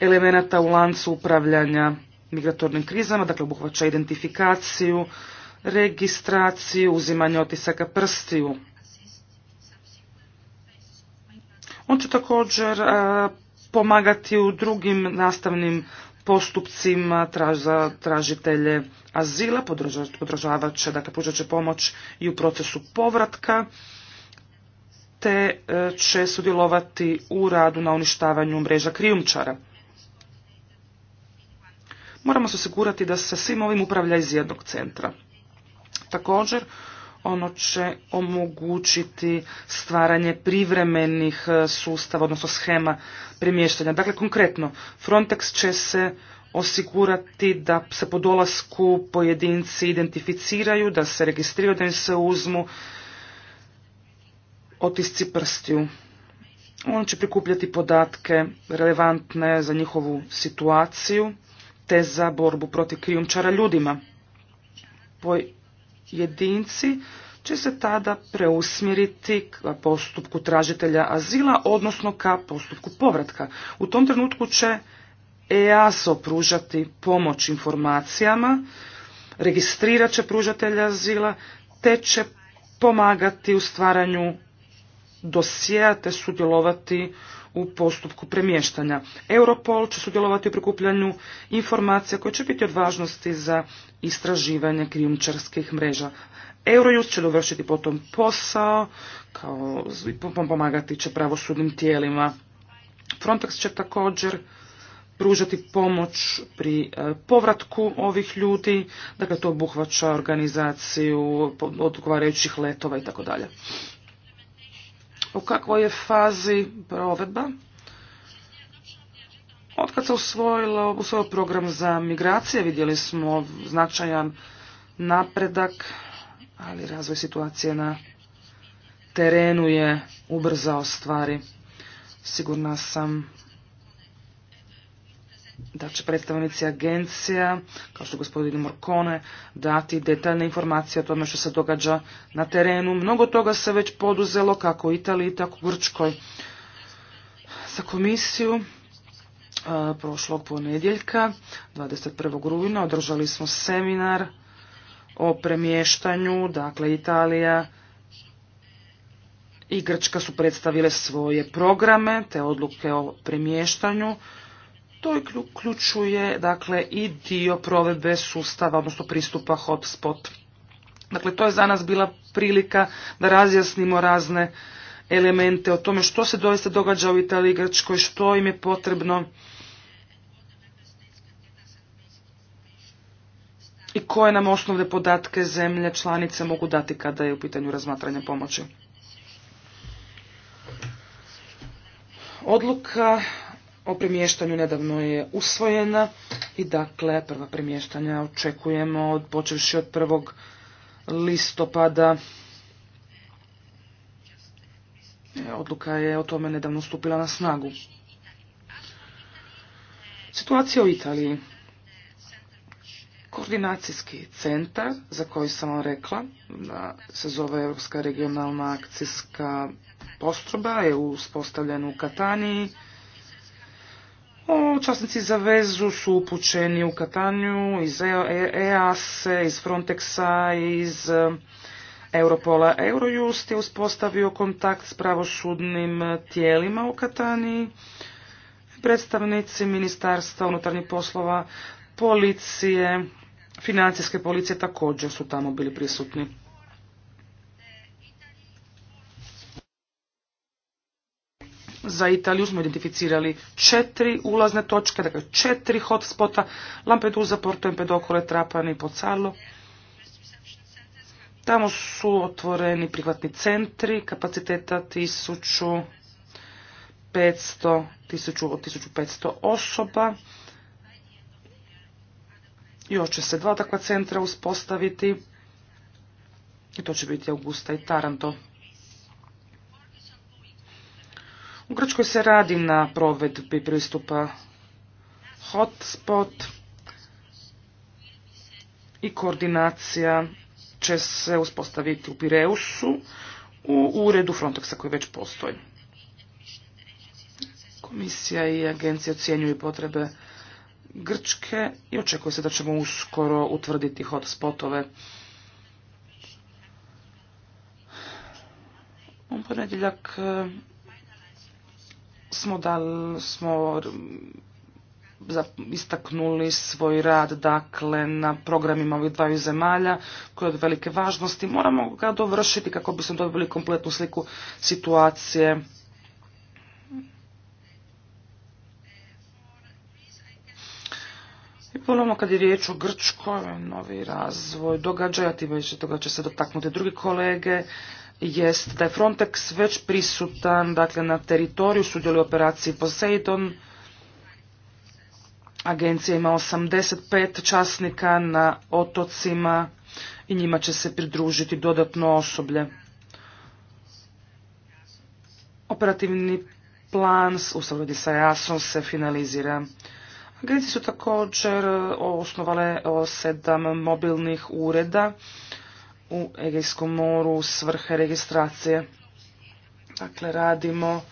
elemenata u lancu upravljanja migratornim krizama, dakle obuhvaća identifikaciju, registraciju, uzimanje otisaka prstiju. On će također pomagati u drugim nastavnim postupcima za tražitelje azila, podržavat će, dakle, pružat će pomoć i u procesu povratka, te e, će sudjelovati u radu na uništavanju mreža krijumčara. Moramo se osigurati da se svim ovim upravlja iz jednog centra. Također, ono će omogućiti stvaranje privremenih e, sustava, odnosno schema premještanja. Dakle, konkretno, Frontex će se osigurati da se po dolasku pojedinci identificiraju, da se registriraju, da im se uzmu otisci prstiju. On će prikupljati podatke relevantne za njihovu situaciju, te za borbu protiv krijumčara ljudima jedinci će se tada preusmjeriti ka postupku tražitelja azila, odnosno ka postupku povratka. U tom trenutku će EASO pružati pomoć informacijama, registrirat će pružatelja azila, te će pomagati u stvaranju dosjea, te sudjelovati u postupku premještanja. Europol će sudjelovati u prikupljanju informacija koje će biti od važnosti za istraživanje krijumčarskih mreža. Eurojust će dovršiti potom posao, kao pomagati će pravosudnim tijelima. Frontex će također pružati pomoć pri e, povratku ovih ljudi, dakle to obuhvaća organizaciju odgovarajućih letova i tako dalje u kakvoj je fazi provedba. kad se usvojilo, usvojio program za migracije, vidjeli smo značajan napredak, ali razvoj situacije na terenu je ubrzao stvari. Sigurna sam da će predstavnici agencija, kao što je gospodin Morkone, dati detaljne informacije o tome što se događa na terenu. Mnogo toga se već poduzelo, kako u Italiji, tako u Grčkoj. Za komisiju e, prošlog ponedjeljka, 21. rujna, održali smo seminar o premještanju, dakle Italija i Grčka su predstavile svoje programe, te odluke o premještanju. To uključuje dakle i dio provedbe sustava, odnosno pristupa hotspot. Dakle, to je za nas bila prilika da razjasnimo razne elemente o tome što se doista događa u Italiji Grčkoj, što im je potrebno i koje nam osnovne podatke zemlje članice mogu dati kada je u pitanju razmatranja pomoći. Odluka o premještanju nedavno je usvojena i dakle prva premještanja očekujemo od počevši od 1. listopada. E, odluka je o tome nedavno stupila na snagu. Situacija u Italiji. Koordinacijski centar, za koji sam vam rekla, da se zove Europska regionalna akcijska postroba, je uspostavljen u Kataniji. Časnici za vezu su upućeni u Katanju iz EASE, e, e iz Frontexa, iz e, Europola. Eurojust je uspostavio kontakt s pravosudnim tijelima u Kataniji, predstavnici Ministarstva unutarnjih poslova, policije, financijske policije također su tamo bili prisutni. Za Italiju smo identificirali četiri ulazne točke, dakle četiri hotspota, Lampedusa, Porto Empedokole, Trapani i Pocalo. Tamo su otvoreni privatni centri kapaciteta 1500 osoba. Još će se dva takva centra uspostaviti i to će biti Augusta i Taranto. U Grčkoj se radi na provedbi pristupa hotspot i koordinacija će se uspostaviti u Pireusu u uredu Frontexa koji već postoji. Komisija i agencija ocjenjuju potrebe Grčke i očekuje se da ćemo uskoro utvrditi hotspotove. u ponedjeljak smo, da, smo istaknuli svoj rad dakle na programima ovih dvaju zemalja koje od velike važnosti. Moramo ga dovršiti kako bismo dobili kompletnu sliku situacije. I ponovno kad je riječ o Grčkoj, novi razvoj događaja, tim će toga će se dotaknuti drugi kolege jest da je Frontex već prisutan dakle, na teritoriju, sudjeli operaciji Poseidon. Agencija ima 85 časnika na otocima i njima će se pridružiti dodatno osoblje. Operativni plan u sa jasom se finalizira. Agencije su također e, osnovale e, sedam mobilnih ureda u Egejskom moru u svrhe registracije. Dakle, radimo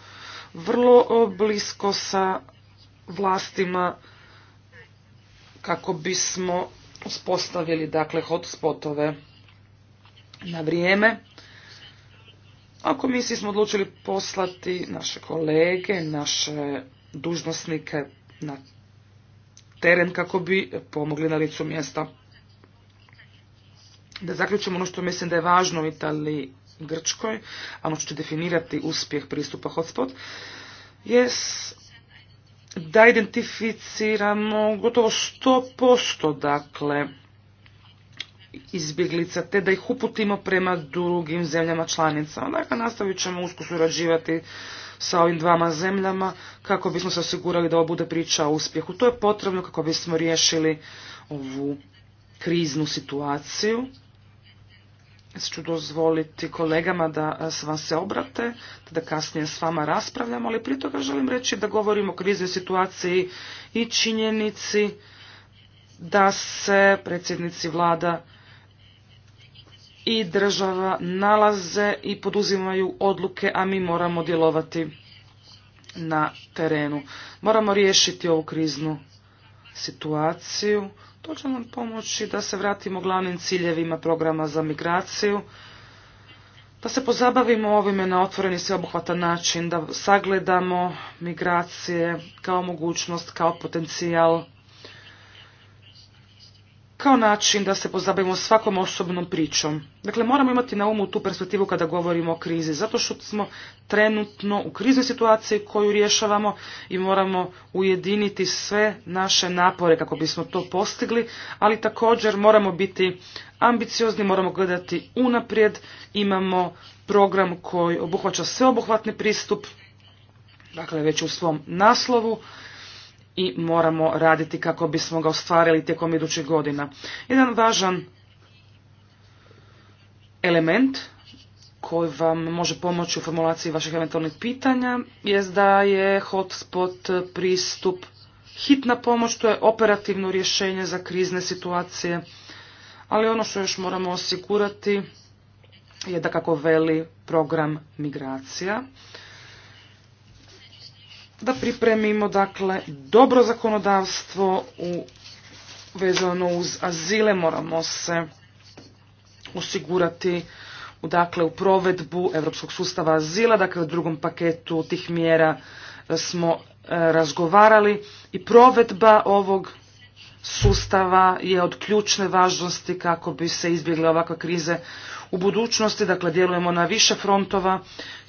vrlo blisko sa vlastima kako bismo uspostavili dakle hotspotove na vrijeme. A komisiji smo odlučili poslati naše kolege, naše dužnosnike na teren kako bi pomogli na licu mjesta. Da zaključimo ono što mislim da je važno u Italiji i Grčkoj, a ono što će definirati uspjeh pristupa hotspot, je da identificiramo gotovo 100% dakle izbjeglica, te da ih uputimo prema drugim zemljama članicama. Dakle, nastavit ćemo usko surađivati sa ovim dvama zemljama kako bismo se osigurali da ovo bude priča o uspjehu. To je potrebno kako bismo riješili ovu kriznu situaciju ću dozvoliti kolegama da e, s vam se obrate, da kasnije s vama raspravljamo, ali prije toga želim reći da govorimo o kriznoj situaciji i činjenici da se predsjednici vlada i država nalaze i poduzimaju odluke, a mi moramo djelovati na terenu. Moramo riješiti ovu kriznu situaciju to će nam pomoći da se vratimo glavnim ciljevima programa za migraciju, da se pozabavimo ovime na otvoreni sveobuhvatan način, da sagledamo migracije kao mogućnost, kao potencijal kao način da se pozabavimo svakom osobnom pričom. Dakle, moramo imati na umu tu perspektivu kada govorimo o krizi, zato što smo trenutno u kriznoj situaciji koju rješavamo i moramo ujediniti sve naše napore kako bismo to postigli, ali također moramo biti ambiciozni, moramo gledati unaprijed, imamo program koji obuhvaća sveobuhvatni pristup, dakle već u svom naslovu i moramo raditi kako bismo ga ostvarili tijekom idućih godina. Jedan važan element koji vam može pomoći u formulaciji vaših eventualnih pitanja je da je hotspot pristup hitna pomoć, to je operativno rješenje za krizne situacije, ali ono što još moramo osigurati je da kako veli program migracija, da pripremimo dakle dobro zakonodavstvo u, vezano uz azile moramo se osigurati u, dakle u provedbu europskog sustava azila dakle u drugom paketu tih mjera e, smo e, razgovarali i provedba ovog sustava je od ključne važnosti kako bi se izbjegle ovakve krize u budućnosti, dakle djelujemo na više frontova.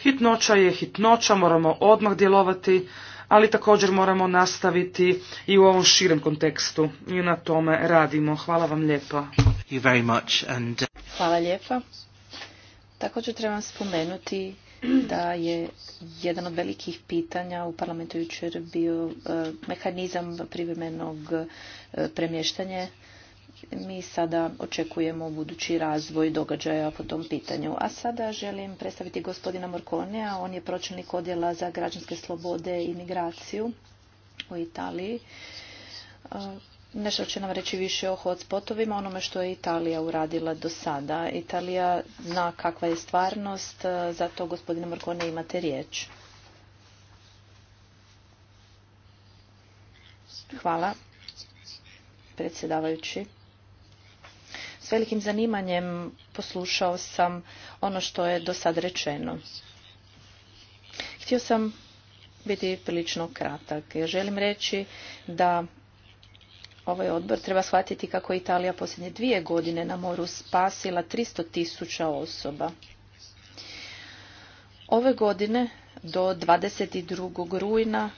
Hitnoća je hitnoća, moramo odmah djelovati, ali također moramo nastaviti i u ovom širem kontekstu i na tome radimo. Hvala vam lijepa. Uh, Hvala lijepa. Također trebam spomenuti da je jedan od velikih pitanja u parlamentu jučer bio uh, mehanizam privremenog uh, premještanja mi sada očekujemo budući razvoj događaja po tom pitanju. A sada želim predstaviti gospodina Morkonea, on je pročelnik odjela za građanske slobode i migraciju u Italiji. Nešto će nam reći više o hotspotovima, onome što je Italija uradila do sada. Italija zna kakva je stvarnost, zato gospodine Morkone imate riječ. Hvala, predsjedavajući. S velikim zanimanjem poslušao sam ono što je do sad rečeno. Htio sam biti prilično kratak. Želim reći da ovaj odbor treba shvatiti kako je Italija posljednje dvije godine na moru spasila 300 tisuća osoba. Ove godine do 22. rujna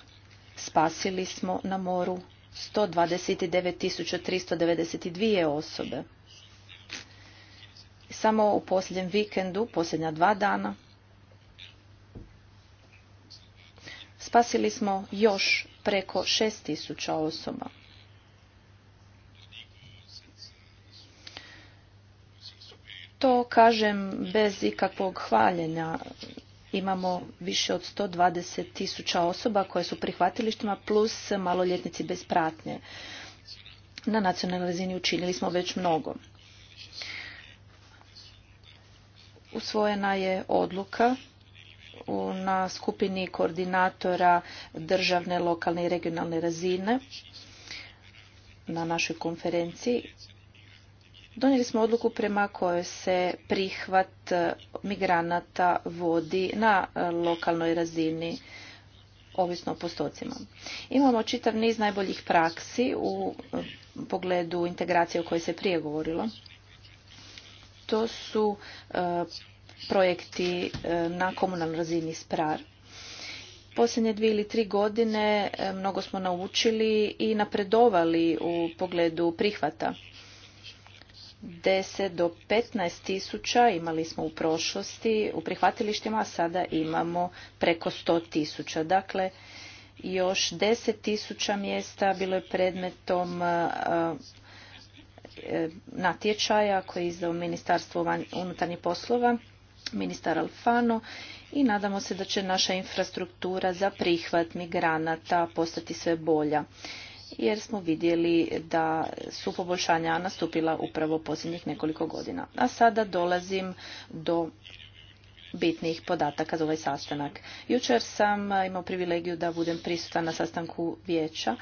spasili smo na moru 129.392 osobe samo u posljednjem vikendu, posljednja dva dana, spasili smo još preko 6000 osoba. To kažem bez ikakvog hvaljenja. Imamo više od 120 tisuća osoba koje su prihvatilištima plus maloljetnici bez pratnje. Na nacionalnoj razini učinili smo već mnogo. usvojena je odluka na skupini koordinatora državne, lokalne i regionalne razine na našoj konferenciji. Donijeli smo odluku prema kojoj se prihvat migranata vodi na e, lokalnoj razini ovisno o postocima. Imamo čitav niz najboljih praksi u e, pogledu integracije o kojoj se prije govorilo to su e, projekti e, na komunalnoj razini SPRAR. Posljednje dvije ili tri godine e, mnogo smo naučili i napredovali u pogledu prihvata. 10 do 15 tisuća imali smo u prošlosti u prihvatilištima, a sada imamo preko 100 tisuća. Dakle, još 10 tisuća mjesta bilo je predmetom E, natječaja koji je izdao Ministarstvo unutarnjih poslova, ministar Alfano i nadamo se da će naša infrastruktura za prihvat migranata postati sve bolja jer smo vidjeli da su poboljšanja nastupila upravo posljednjih nekoliko godina. A sada dolazim do bitnih podataka za ovaj sastanak. Jučer sam imao privilegiju da budem prisutan na sastanku vijeća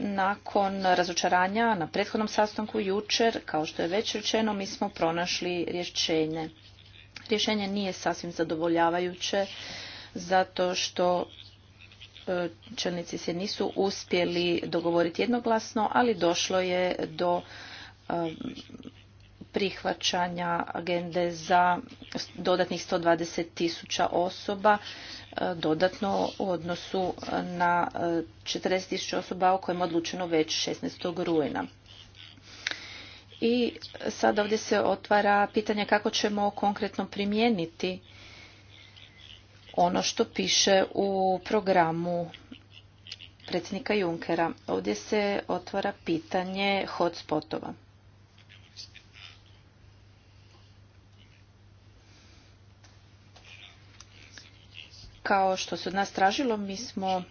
nakon razočaranja na prethodnom sastanku jučer, kao što je već rečeno, mi smo pronašli rješenje. Rješenje nije sasvim zadovoljavajuće zato što e, čelnici se nisu uspjeli dogovoriti jednoglasno, ali došlo je do e, prihvaćanja agende za dodatnih 120 tisuća osoba e, dodatno u odnosu na 40 e, tisuća osoba o kojima je odlučeno već 16. rujna. I sad ovdje se otvara pitanje kako ćemo konkretno primijeniti ono što piše u programu predsjednika Junkera. Ovdje se otvara pitanje hotspotova. Kao što se od nas tražilo, mi smo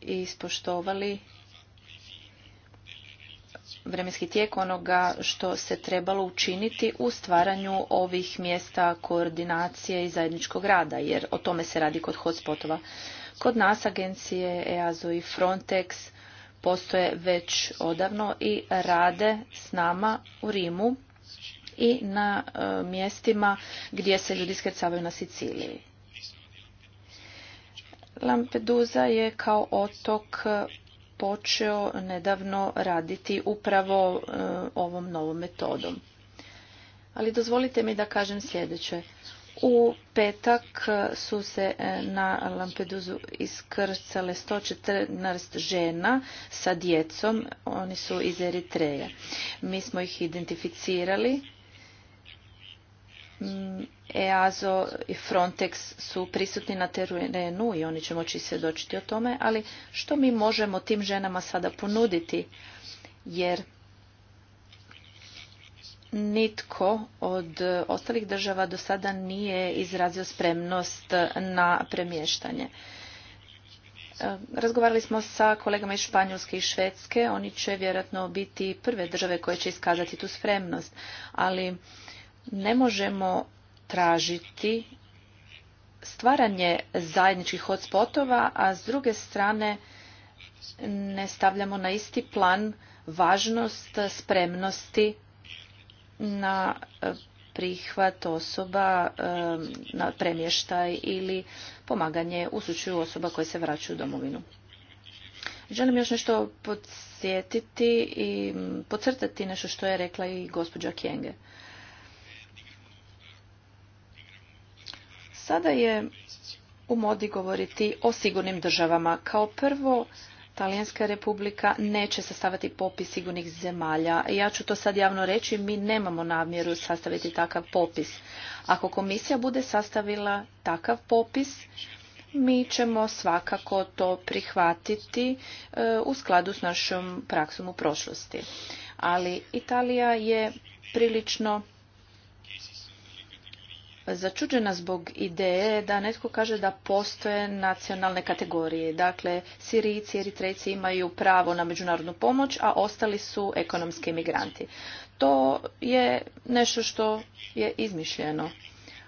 ispoštovali vremenski tijek onoga što se trebalo učiniti u stvaranju ovih mjesta koordinacije i zajedničkog rada, jer o tome se radi kod hotspotova. Kod nas agencije EASO i Frontex postoje već odavno i rade s nama u Rimu i na e, mjestima gdje se ljudi skrcavaju na Siciliji. Lampedusa je kao otok počeo nedavno raditi upravo eh, ovom novom metodom. Ali dozvolite mi da kažem sljedeće. U petak su se eh, na Lampeduzu iskrcale 114 žena sa djecom, oni su iz Eritreje. Mi smo ih identificirali EASO i Frontex su prisutni na terenu i oni će moći svjedočiti o tome, ali što mi možemo tim ženama sada ponuditi? Jer nitko od ostalih država do sada nije izrazio spremnost na premještanje. E, razgovarali smo sa kolegama iz Španjolske i Švedske. Oni će vjerojatno biti prve države koje će iskazati tu spremnost. Ali ne možemo tražiti stvaranje zajedničkih hotspotova, a s druge strane ne stavljamo na isti plan važnost spremnosti na e, prihvat osoba e, na premještaj ili pomaganje u slučaju osoba koje se vraćaju u domovinu. Želim još nešto podsjetiti i podcrtati nešto što je rekla i gospođa Kjenge. Sada je u modi govoriti o sigurnim državama. Kao prvo, Talijanska republika neće sastaviti popis sigurnih zemalja. Ja ću to sad javno reći, mi nemamo namjeru sastaviti takav popis. Ako komisija bude sastavila takav popis, mi ćemo svakako to prihvatiti e, u skladu s našom praksom u prošlosti. Ali Italija je prilično začuđena zbog ideje da netko kaže da postoje nacionalne kategorije. Dakle, Sirijci, Eritrejci imaju pravo na međunarodnu pomoć, a ostali su ekonomski imigranti. To je nešto što je izmišljeno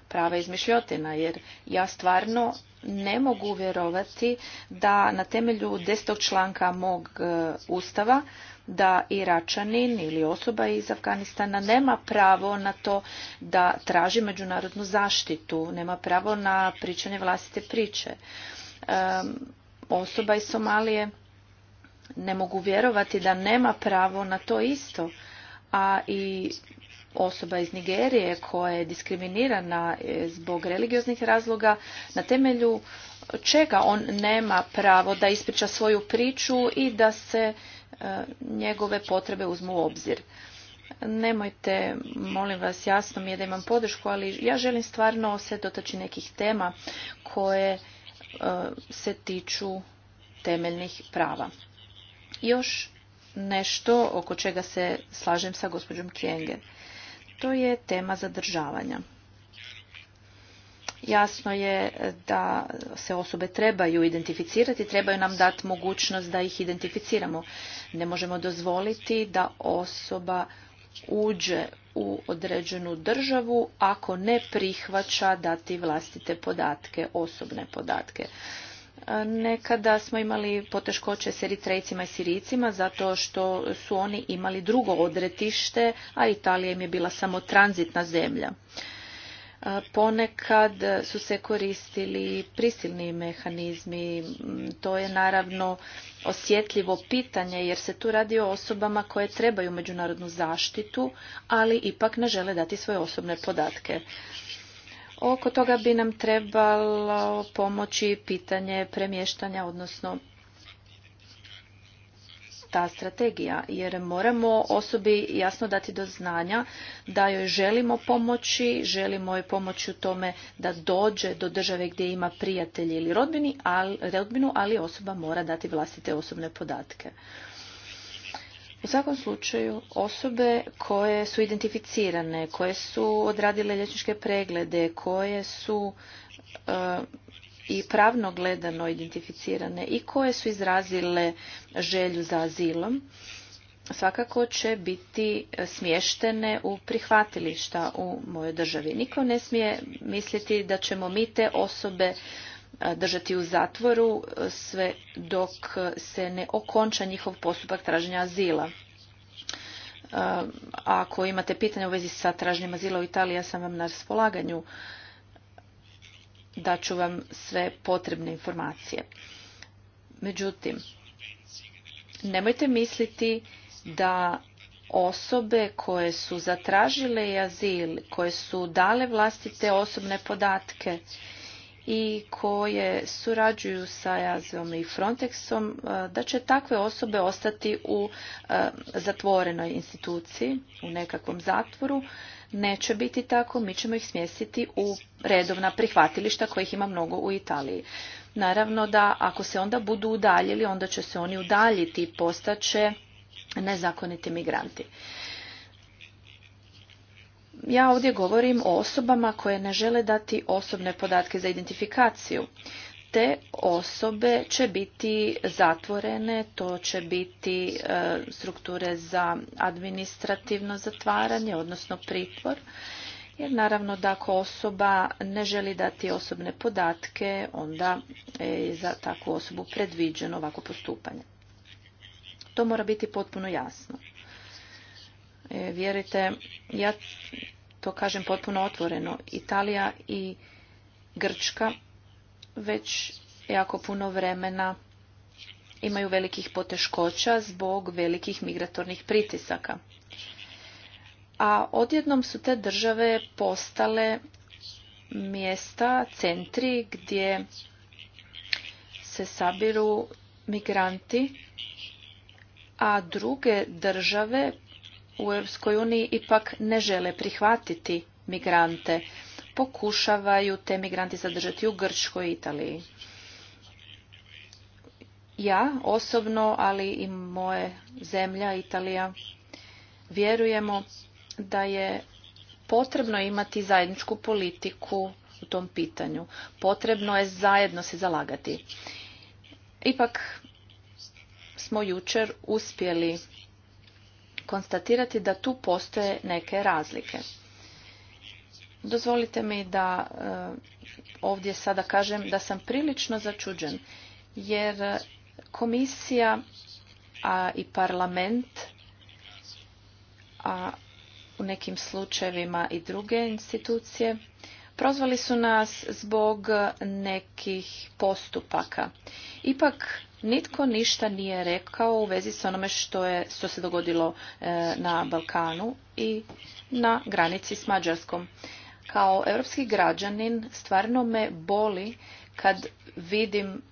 prava izmišljotina, jer ja stvarno ne mogu vjerovati da na temelju desetog članka mog e, ustava da Iračanin ili osoba iz Afganistana nema pravo na to da traži međunarodnu zaštitu, nema pravo na pričanje vlastite priče. E, osoba iz Somalije ne mogu vjerovati da nema pravo na to isto, a i osoba iz Nigerije koja je diskriminirana e, zbog religioznih razloga, na temelju čega on nema pravo da ispriča svoju priču i da se e, njegove potrebe uzmu u obzir. Nemojte, molim vas, jasno mi je da imam podršku, ali ja želim stvarno se dotaći nekih tema koje e, se tiču temeljnih prava. Još nešto oko čega se slažem sa gospođom Kjenge to je tema zadržavanja. Jasno je da se osobe trebaju identificirati, trebaju nam dati mogućnost da ih identificiramo. Ne možemo dozvoliti da osoba uđe u određenu državu ako ne prihvaća dati vlastite podatke, osobne podatke. Nekada smo imali poteškoće s Eritrejcima i Sirijcima zato što su oni imali drugo odretište, a Italija im je bila samo tranzitna zemlja. Ponekad su se koristili prisilni mehanizmi. To je naravno osjetljivo pitanje jer se tu radi o osobama koje trebaju međunarodnu zaštitu, ali ipak ne žele dati svoje osobne podatke. Oko toga bi nam trebalo pomoći pitanje premještanja, odnosno ta strategija, jer moramo osobi jasno dati do znanja da joj želimo pomoći, želimo joj pomoći u tome da dođe do države gdje ima prijatelje ili rodbinu, ali osoba mora dati vlastite osobne podatke. U svakom slučaju osobe koje su identificirane, koje su odradile liječničke preglede, koje su eh, i pravno gledano identificirane i koje su izrazile želju za azilom, svakako će biti smještene u prihvatilišta u mojoj državi. Niko ne smije misliti da ćemo mi te osobe držati u zatvoru e, sve dok e, se ne okonča njihov postupak traženja azila. E, ako imate pitanje u vezi sa traženjem azila u Italiji, ja sam vam na raspolaganju da ću vam sve potrebne informacije. Međutim, nemojte misliti da osobe koje su zatražile azil, koje su dale vlastite osobne podatke i koje surađuju sa Jazom i Frontexom, e, da će takve osobe ostati u e, zatvorenoj instituciji, u nekakvom zatvoru. Neće biti tako, mi ćemo ih smjestiti u redovna prihvatilišta kojih ima mnogo u Italiji. Naravno da ako se onda budu udaljili, onda će se oni udaljiti i postaće nezakoniti migranti ja ovdje govorim o osobama koje ne žele dati osobne podatke za identifikaciju. Te osobe će biti zatvorene, to će biti e, strukture za administrativno zatvaranje, odnosno pritvor. Jer naravno da ako osoba ne želi dati osobne podatke, onda je za takvu osobu predviđeno ovako postupanje. To mora biti potpuno jasno. E, vjerujte, ja to kažem potpuno otvoreno. Italija i Grčka već jako puno vremena imaju velikih poteškoća zbog velikih migratornih pritisaka. A odjednom su te države postale mjesta, centri gdje se sabiru migranti, a druge države u EU ipak ne žele prihvatiti migrante. Pokušavaju te migranti zadržati u Grčkoj i Italiji. Ja osobno, ali i moje zemlja Italija, vjerujemo da je potrebno imati zajedničku politiku u tom pitanju. Potrebno je zajedno se zalagati. Ipak smo jučer uspjeli konstatirati da tu postoje neke razlike. Dozvolite mi da eh, ovdje sada kažem da sam prilično začuđen, jer komisija a i parlament, a u nekim slučajevima i druge institucije, prozvali su nas zbog nekih postupaka. Ipak Nitko ništa nije rekao u vezi s onome što, je, što se dogodilo e, na Balkanu i na granici s Mađarskom. Kao europski građanin stvarno me boli kad vidim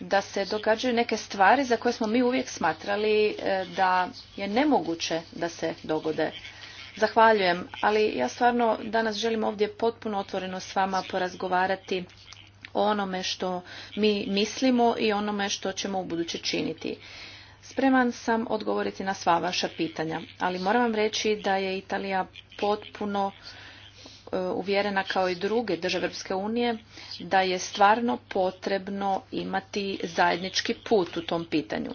da se događaju neke stvari za koje smo mi uvijek smatrali e, da je nemoguće da se dogode. Zahvaljujem, ali ja stvarno danas želim ovdje potpuno otvoreno s vama porazgovarati o onome što mi mislimo i onome što ćemo u ubuduće činiti. Spreman sam odgovoriti na sva vaša pitanja, ali moram vam reći da je Italija potpuno e, uvjerena kao i druge države Europske unije da je stvarno potrebno imati zajednički put u tom pitanju.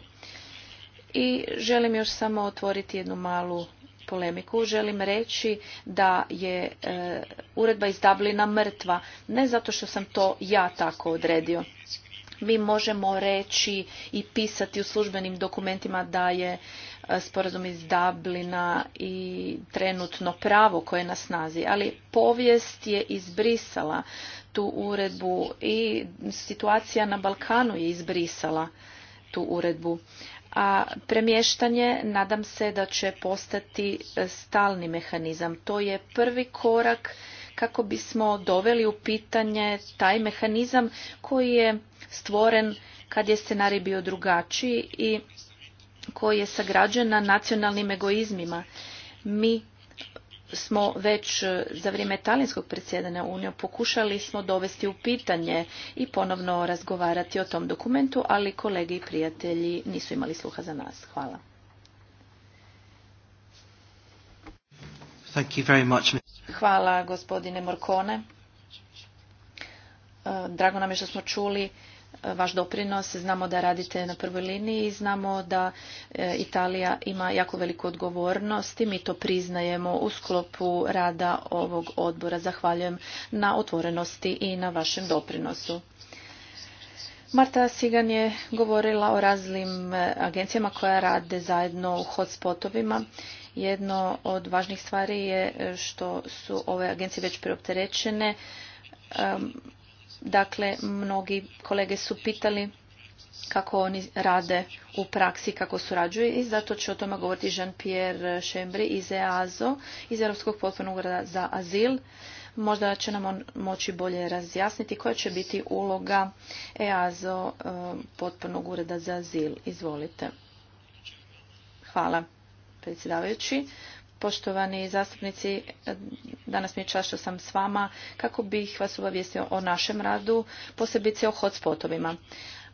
I želim još samo otvoriti jednu malu polemiku, želim reći da je e, uredba iz Dublina mrtva, ne zato što sam to ja tako odredio. Mi možemo reći i pisati u službenim dokumentima da je e, sporazum iz Dublina i trenutno pravo koje je na snazi, ali povijest je izbrisala tu uredbu i situacija na Balkanu je izbrisala tu uredbu a premještanje nadam se da će postati e, stalni mehanizam. To je prvi korak kako bismo doveli u pitanje taj mehanizam koji je stvoren kad je scenarij bio drugačiji i koji je sagrađen na nacionalnim egoizmima. Mi smo već e, za vrijeme talijanskog predsjedanja Unijom pokušali smo dovesti u pitanje i ponovno razgovarati o tom dokumentu, ali kolege i prijatelji nisu imali sluha za nas. Hvala. Hvala gospodine Morkone. E, drago nam je što smo čuli E, vaš doprinos. Znamo da radite na prvoj liniji i znamo da e, Italija ima jako veliku odgovornost i mi to priznajemo u sklopu rada ovog odbora. Zahvaljujem na otvorenosti i na vašem doprinosu. Marta Sigan je govorila o raznim e, agencijama koja rade zajedno u hotspotovima. Jedno od važnih stvari je što su ove agencije već preopterećene. Dakle, mnogi kolege su pitali kako oni rade u praksi, kako surađuju i zato će o tome govoriti Jean-Pierre Chembri iz EASO, iz Europskog potpornog ureda za azil. Možda će nam on moći bolje razjasniti koja će biti uloga EASO e, potpornog ureda za azil. Izvolite. Hvala, predsjedavajući. Poštovani zastupnici, danas mi je čast što sam s vama kako bih vas obavijestio o našem radu, posebice o hotspotovima.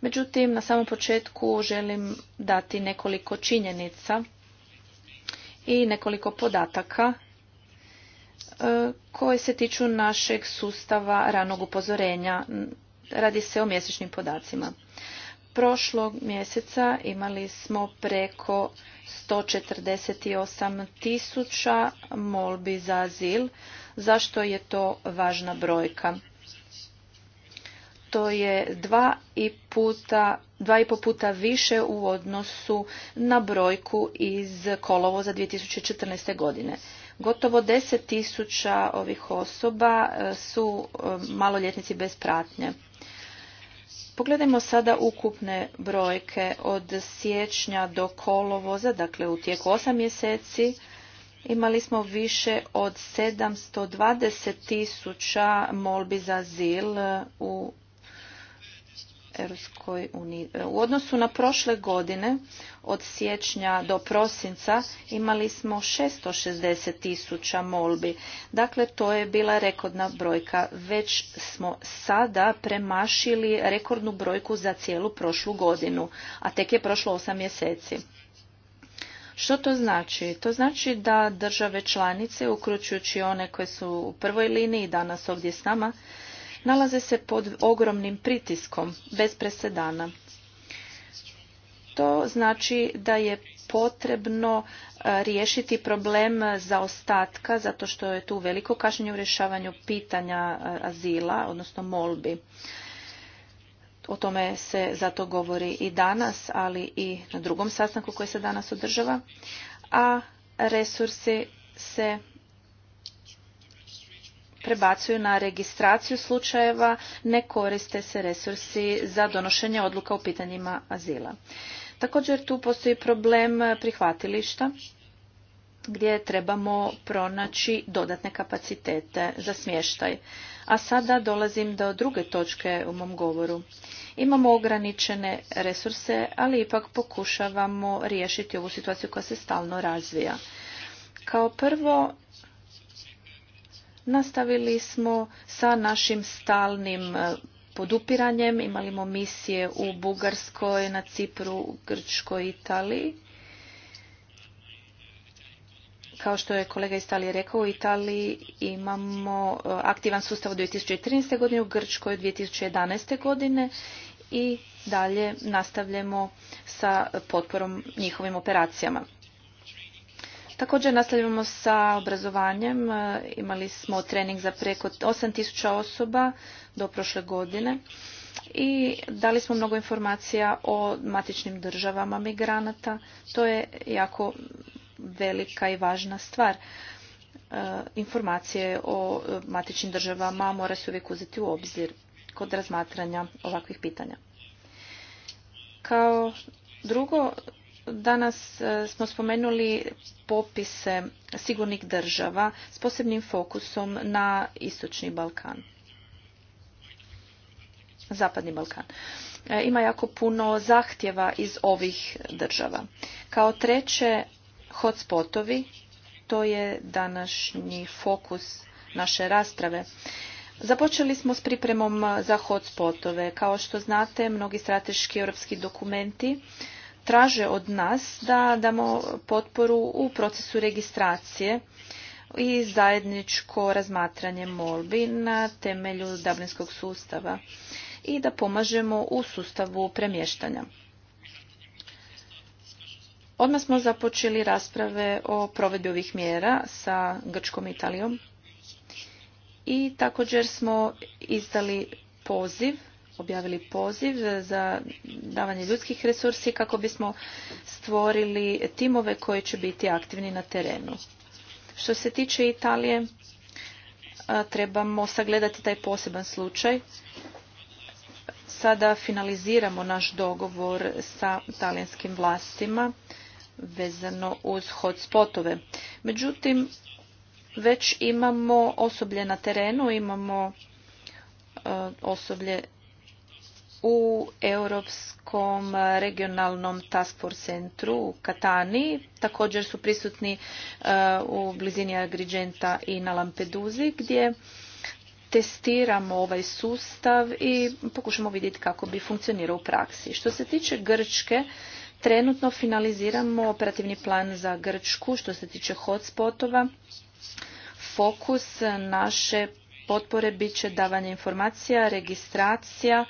Međutim, na samom početku želim dati nekoliko činjenica i nekoliko podataka e, koje se tiču našeg sustava ranog upozorenja. Radi se o mjesečnim podacima. Prošlog mjeseca imali smo preko 148 tisuća molbi za azil. Zašto je to važna brojka? To je dva i, puta, dva i po puta više u odnosu na brojku iz Kolovo za 2014. godine. Gotovo 10 tisuća ovih osoba su e, maloljetnici bez pratnje. Pogledajmo sada ukupne brojke od siječnja do kolovoza, dakle u tijeku 8 mjeseci imali smo više od 720 tisuća molbi za azil u Europskoj e, U odnosu na prošle godine, od siječnja do prosinca, imali smo 660 tisuća molbi. Dakle, to je bila rekordna brojka. Već smo sada premašili rekordnu brojku za cijelu prošlu godinu, a tek je prošlo 8 mjeseci. Što to znači? To znači da države članice, uključujući one koje su u prvoj liniji danas ovdje s nama, nalaze se pod ogromnim pritiskom, bez presedana. To znači da je potrebno e, riješiti problem zaostatka zato što je tu veliko kašnjenje u rješavanju pitanja e, azila, odnosno molbi. O tome se zato govori i danas, ali i na drugom sastanku koji se danas održava, a resursi se prebacuju na registraciju slučajeva, ne koriste se resursi za donošenje odluka u pitanjima azila. Također tu postoji problem prihvatilišta gdje trebamo pronaći dodatne kapacitete za smještaj. A sada dolazim do druge točke u mom govoru. Imamo ograničene resurse, ali ipak pokušavamo riješiti ovu situaciju koja se stalno razvija. Kao prvo Nastavili smo sa našim stalnim e, podupiranjem. Imali smo misije u Bugarskoj, na Cipru, Grčkoj, Italiji. Kao što je kolega iz Italije rekao, u Italiji imamo e, aktivan sustav od 2013. godine, u Grčkoj od 2011. godine i dalje nastavljamo sa potporom njihovim operacijama. Također nastavljamo sa obrazovanjem. E, imali smo trening za preko 8000 osoba do prošle godine i dali smo mnogo informacija o matičnim državama migranata. To je jako velika i važna stvar. E, informacije o matičnim državama mora se uvijek uzeti u obzir kod razmatranja ovakvih pitanja. Kao drugo, Danas e, smo spomenuli popise sigurnih država s posebnim fokusom na Istočni Balkan. Zapadni Balkan. E, ima jako puno zahtjeva iz ovih država. Kao treće, hotspotovi. To je današnji fokus naše rasprave. Započeli smo s pripremom za hotspotove. Kao što znate, mnogi strateški europski dokumenti traže od nas da damo potporu u procesu registracije i zajedničko razmatranje molbi na temelju Dublinskog sustava i da pomažemo u sustavu premještanja. Odmah smo započeli rasprave o provedbi ovih mjera sa Grčkom i Italijom i također smo izdali poziv objavili poziv za davanje ljudskih resursi kako bismo stvorili timove koji će biti aktivni na terenu. Što se tiče Italije, trebamo sagledati taj poseban slučaj. Sada finaliziramo naš dogovor sa talijanskim vlastima vezano uz hotspotove. Međutim, već imamo osoblje na terenu, imamo osoblje u Europskom regionalnom task force centru u Katani. Također su prisutni e, u blizini Agrigenta i na Lampeduzi gdje testiramo ovaj sustav i pokušamo vidjeti kako bi funkcionirao u praksi. Što se tiče Grčke, trenutno finaliziramo operativni plan za Grčku što se tiče hotspotova. Fokus naše potpore bit će davanje informacija, registracija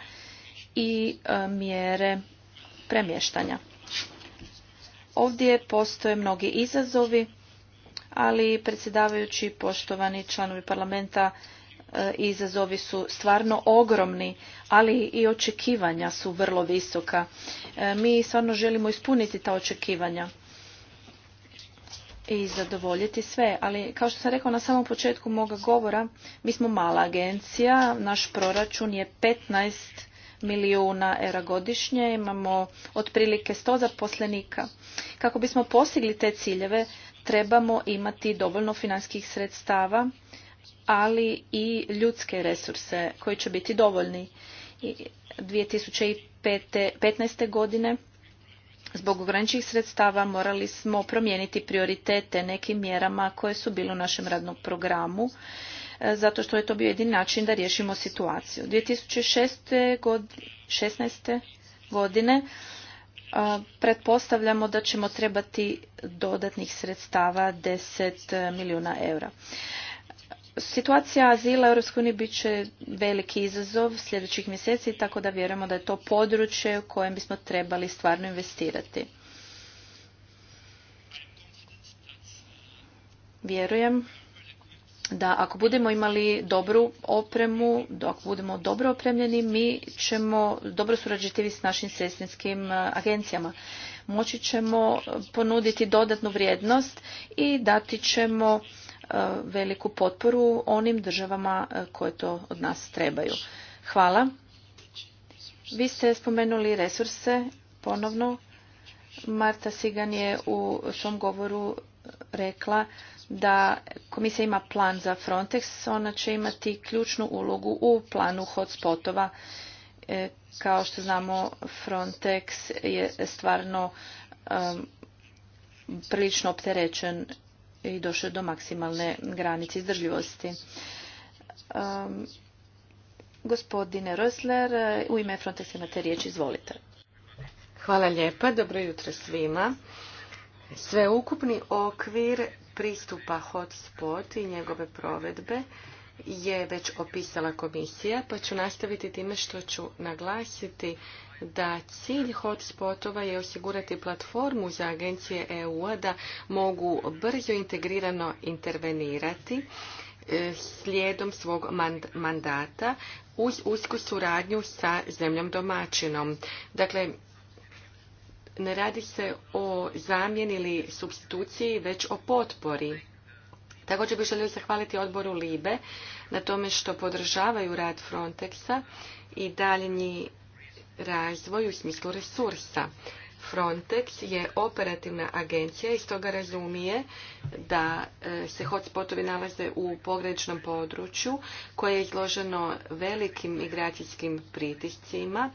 i e, mjere premještanja. Ovdje postoje mnogi izazovi, ali predsjedavajući poštovani članovi parlamenta e, izazovi su stvarno ogromni, ali i očekivanja su vrlo visoka. E, mi stvarno želimo ispuniti ta očekivanja i zadovoljiti sve. Ali kao što sam rekao na samom početku moga govora, mi smo mala agencija, naš proračun je 15 milijuna eura godišnje, imamo otprilike 100 zaposlenika. Kako bismo postigli te ciljeve, trebamo imati dovoljno finanskih sredstava, ali i ljudske resurse koji će biti dovoljni. 2015. godine Zbog ograničenih sredstava morali smo promijeniti prioritete nekim mjerama koje su bile u našem radnom programu E, zato što je to bio jedini način da riješimo situaciju. 2016. godine, godine pretpostavljamo da ćemo trebati dodatnih sredstava 10 e, milijuna eura. Situacija azila u EU bit će veliki izazov sljedećih mjeseci, tako da vjerujemo da je to područje u kojem bismo trebali stvarno investirati. Vjerujem da ako budemo imali dobru opremu, ako budemo dobro opremljeni, mi ćemo dobro surađivati s našim sredstvenskim e, agencijama. Moći ćemo ponuditi dodatnu vrijednost i dati ćemo e, veliku potporu onim državama e, koje to od nas trebaju. Hvala. Vi ste spomenuli resurse ponovno. Marta Sigan je u svom govoru rekla da komisija ima plan za Frontex, ona će imati ključnu ulogu u planu hotspotova. E, kao što znamo, Frontex je stvarno prilično opterećen i došao do maksimalne granice izdržljivosti. gospodine Rösler, u ime Frontex imate riječ, izvolite. Hvala lijepa, dobro jutro svima. Sveukupni okvir pristupa hotspot i njegove provedbe je već opisala komisija, pa ću nastaviti time što ću naglasiti da cilj hotspotova je osigurati platformu za agencije EU-a da mogu brzo integrirano intervenirati e, slijedom svog mandata uz usku suradnju sa zemljom domaćinom. Dakle, ne radi se o zamjeni ili substituciji, već o potpori. Također bih želio zahvaliti odboru LIBE na tome što podržavaju rad Frontexa i daljnji razvoj u smislu resursa. Frontex je operativna agencija i stoga razumije da e, se hotspotovi nalaze u pogrečnom području koje je izloženo velikim migracijskim pritiscima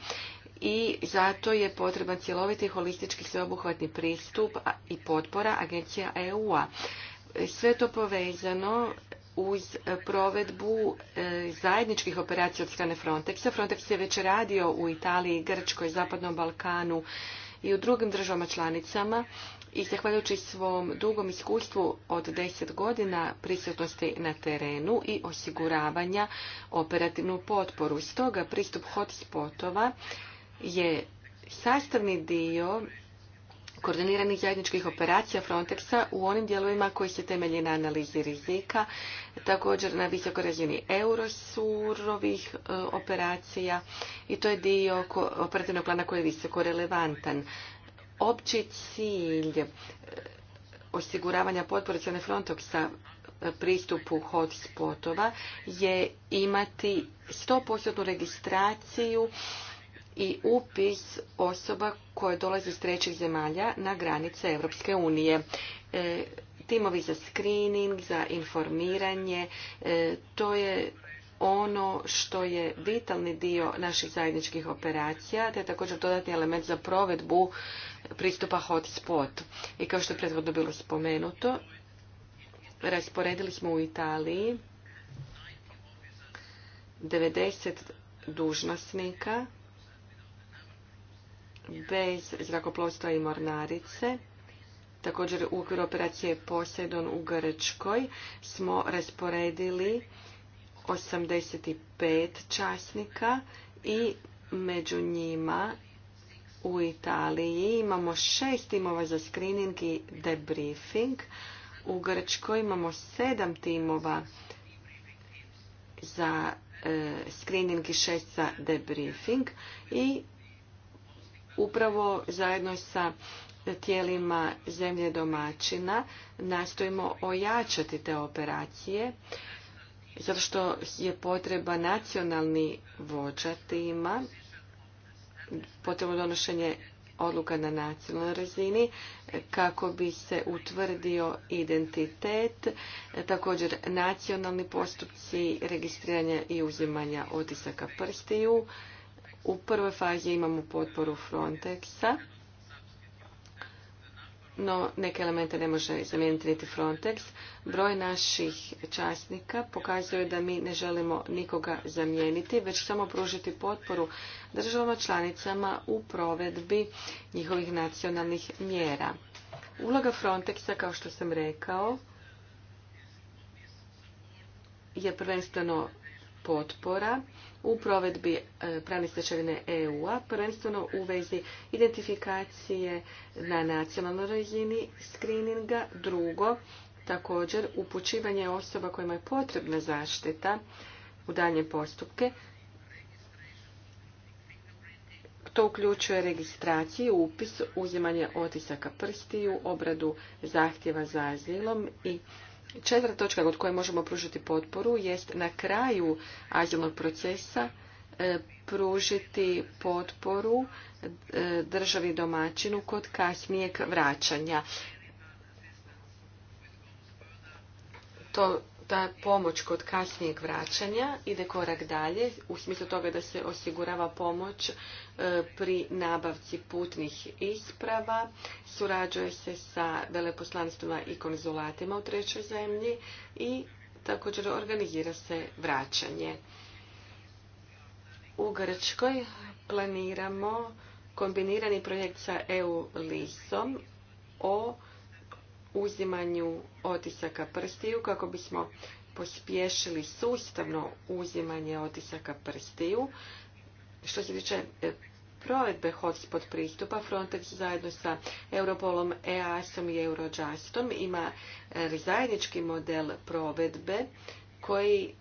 i zato je potreban cjeloviti holistički sveobuhvatni pristup i potpora agencija EU-a. Sve to povezano uz provedbu e, zajedničkih operacija od strane Frontexa. Frontex je već radio u Italiji, Grčkoj, Zapadnom Balkanu i u drugim državama članicama i zahvaljujući svom dugom iskustvu od deset godina prisutnosti na terenu i osiguravanja operativnu potporu. Stoga pristup hotspotova je sastavni dio koordiniranih zajedničkih operacija Frontexa u onim dijelovima koji se temelji na analizi rizika, također na visokoj razini eurosurovih e, operacija i to je dio operativnog plana koji je visoko relevantan. Opći cilj e, osiguravanja potpore cijene Frontexa e, pristupu hotspotova je imati 100% registraciju i upis osoba koje dolaze iz trećih zemalja na granice Europske unije. E, timovi za screening, za informiranje, e, to je ono što je vitalni dio naših zajedničkih operacija, te je također dodatni element za provedbu pristupa hotspot. I kao što je prethodno bilo spomenuto, rasporedili smo u Italiji 90 dužnosnika bez zrakoplovstva i mornarice. Također u okviru operacije posjedon u Grčkoj smo rasporedili 85 časnika i među njima u Italiji imamo šest timova za screening i debriefing. U Grčkoj imamo sedam timova za e, screening i šest za debriefing i upravo zajedno sa tijelima zemlje domaćina nastojimo ojačati te operacije zato što je potreba nacionalni vođa tima, potrebno donošenje odluka na nacionalnoj razini kako bi se utvrdio identitet, također nacionalni postupci registriranja i uzimanja otisaka prstiju, u prvoj fazi imamo potporu Frontexa, no neke elemente ne može zamijeniti niti Frontex. Broj naših časnika pokazuje da mi ne želimo nikoga zamijeniti, već samo pružiti potporu državama članicama u provedbi njihovih nacionalnih mjera. Uloga Frontexa, kao što sam rekao, je prvenstveno potpora u provedbi e, pravne stečevine EU-a, prvenstveno u vezi identifikacije na nacionalnoj razini screeninga, drugo, također upućivanje osoba kojima je potrebna zaštita u daljnje postupke, to uključuje registraciju, upis, uzimanje otisaka prstiju, obradu zahtjeva za azilom i Četvrta točka od koje možemo pružiti potporu jest na kraju azilnog procesa e, pružiti potporu e, državi domaćinu kod kasnijeg vraćanja. To ta pomoć kod kasnijeg vraćanja ide korak dalje u smislu toga da se osigurava pomoć e, pri nabavci putnih isprava, surađuje se sa veleposlanstvima i konzulatima u trećoj zemlji i također organizira se vraćanje. U Grčkoj planiramo kombinirani projekt sa EU lisom o uzimanju otisaka prstiju kako bismo pospješili sustavno uzimanje otisaka prstiju. Što se tiče e, provedbe hotspot pristupa, Frontex zajedno sa Europolom, EAS-om i Eurojustom ima e, zajednički model provedbe koji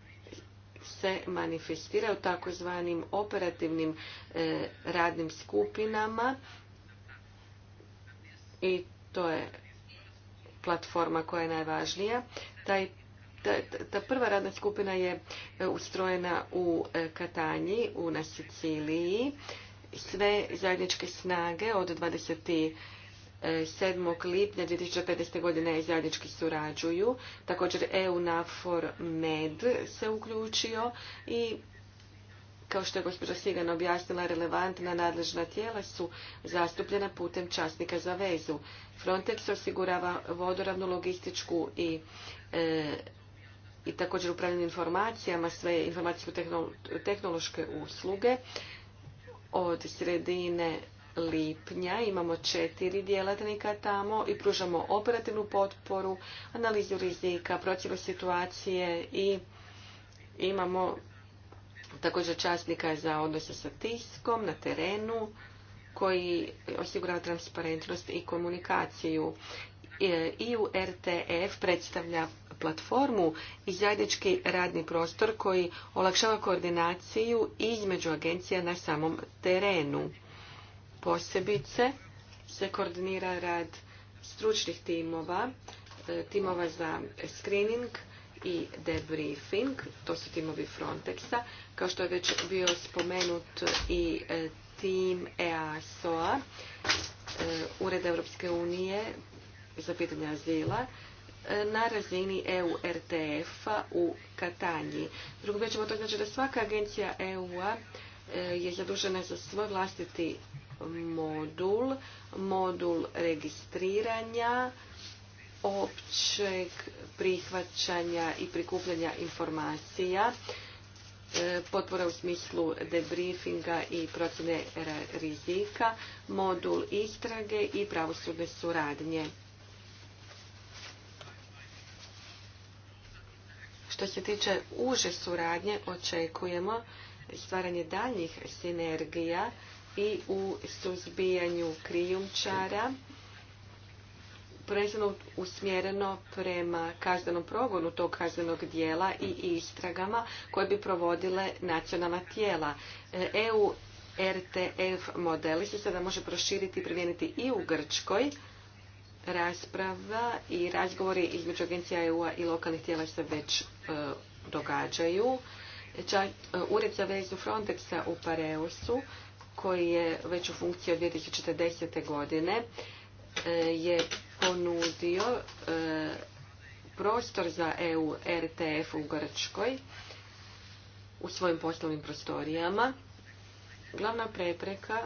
se manifestira u takozvanim operativnim e, radnim skupinama i to je platforma koja je najvažnija. Taj ta, prva radna skupina je e, ustrojena u e, Katanji, u na Siciliji. Sve zajedničke snage od 27. lipnja 2015. godine zajednički surađuju. Također EU MED se uključio i kao što je gospođa Sigan objasnila, relevantna nadležna tijela su zastupljena putem časnika za vezu. Frontex osigurava vodoravnu logističku i e, i također upravljanje informacijama, sve informacijsko-tehnološke usluge. Od sredine lipnja imamo četiri djelatnika tamo i pružamo operativnu potporu, analizu rizika, procjenu situacije i imamo također časnika za odnose sa tiskom na terenu koji osigurava transparentnost i komunikaciju. E, RTF predstavlja platformu i zajednički radni prostor koji olakšava koordinaciju između agencija na samom terenu. Posebice se koordinira rad stručnih timova, e, timova za screening, i debriefing, to su timovi Frontexa, kao što je već bio spomenut i e, tim EASO-a, e, Ured Europske unije za pitanje azila, e, na razini EU RTF-a u Katanji. Drugo već to znači da svaka agencija EU-a je zadužena za svoj vlastiti modul, modul registriranja, općeg prihvaćanja i prikupljanja informacija, e, potpora u smislu debriefinga i procjene rizika, modul istrage i pravosudne suradnje. Što se tiče uže suradnje, očekujemo stvaranje daljnjih sinergija i u suzbijanju krijumčara prvenstveno usmjereno prema kaznenom progonu tog kaznenog dijela i istragama koje bi provodile nacionalna tijela. EU e RTF modeli se sada može proširiti i primijeniti i u Grčkoj. Rasprava i razgovori između agencija EU-a i lokalnih tijela se već e, događaju. E, ured za vezu Frontexa u Pareusu, koji je već u funkciji od 2040. godine, je ponudio e, prostor za EU RTF u Grčkoj u svojim poslovnim prostorijama. Glavna prepreka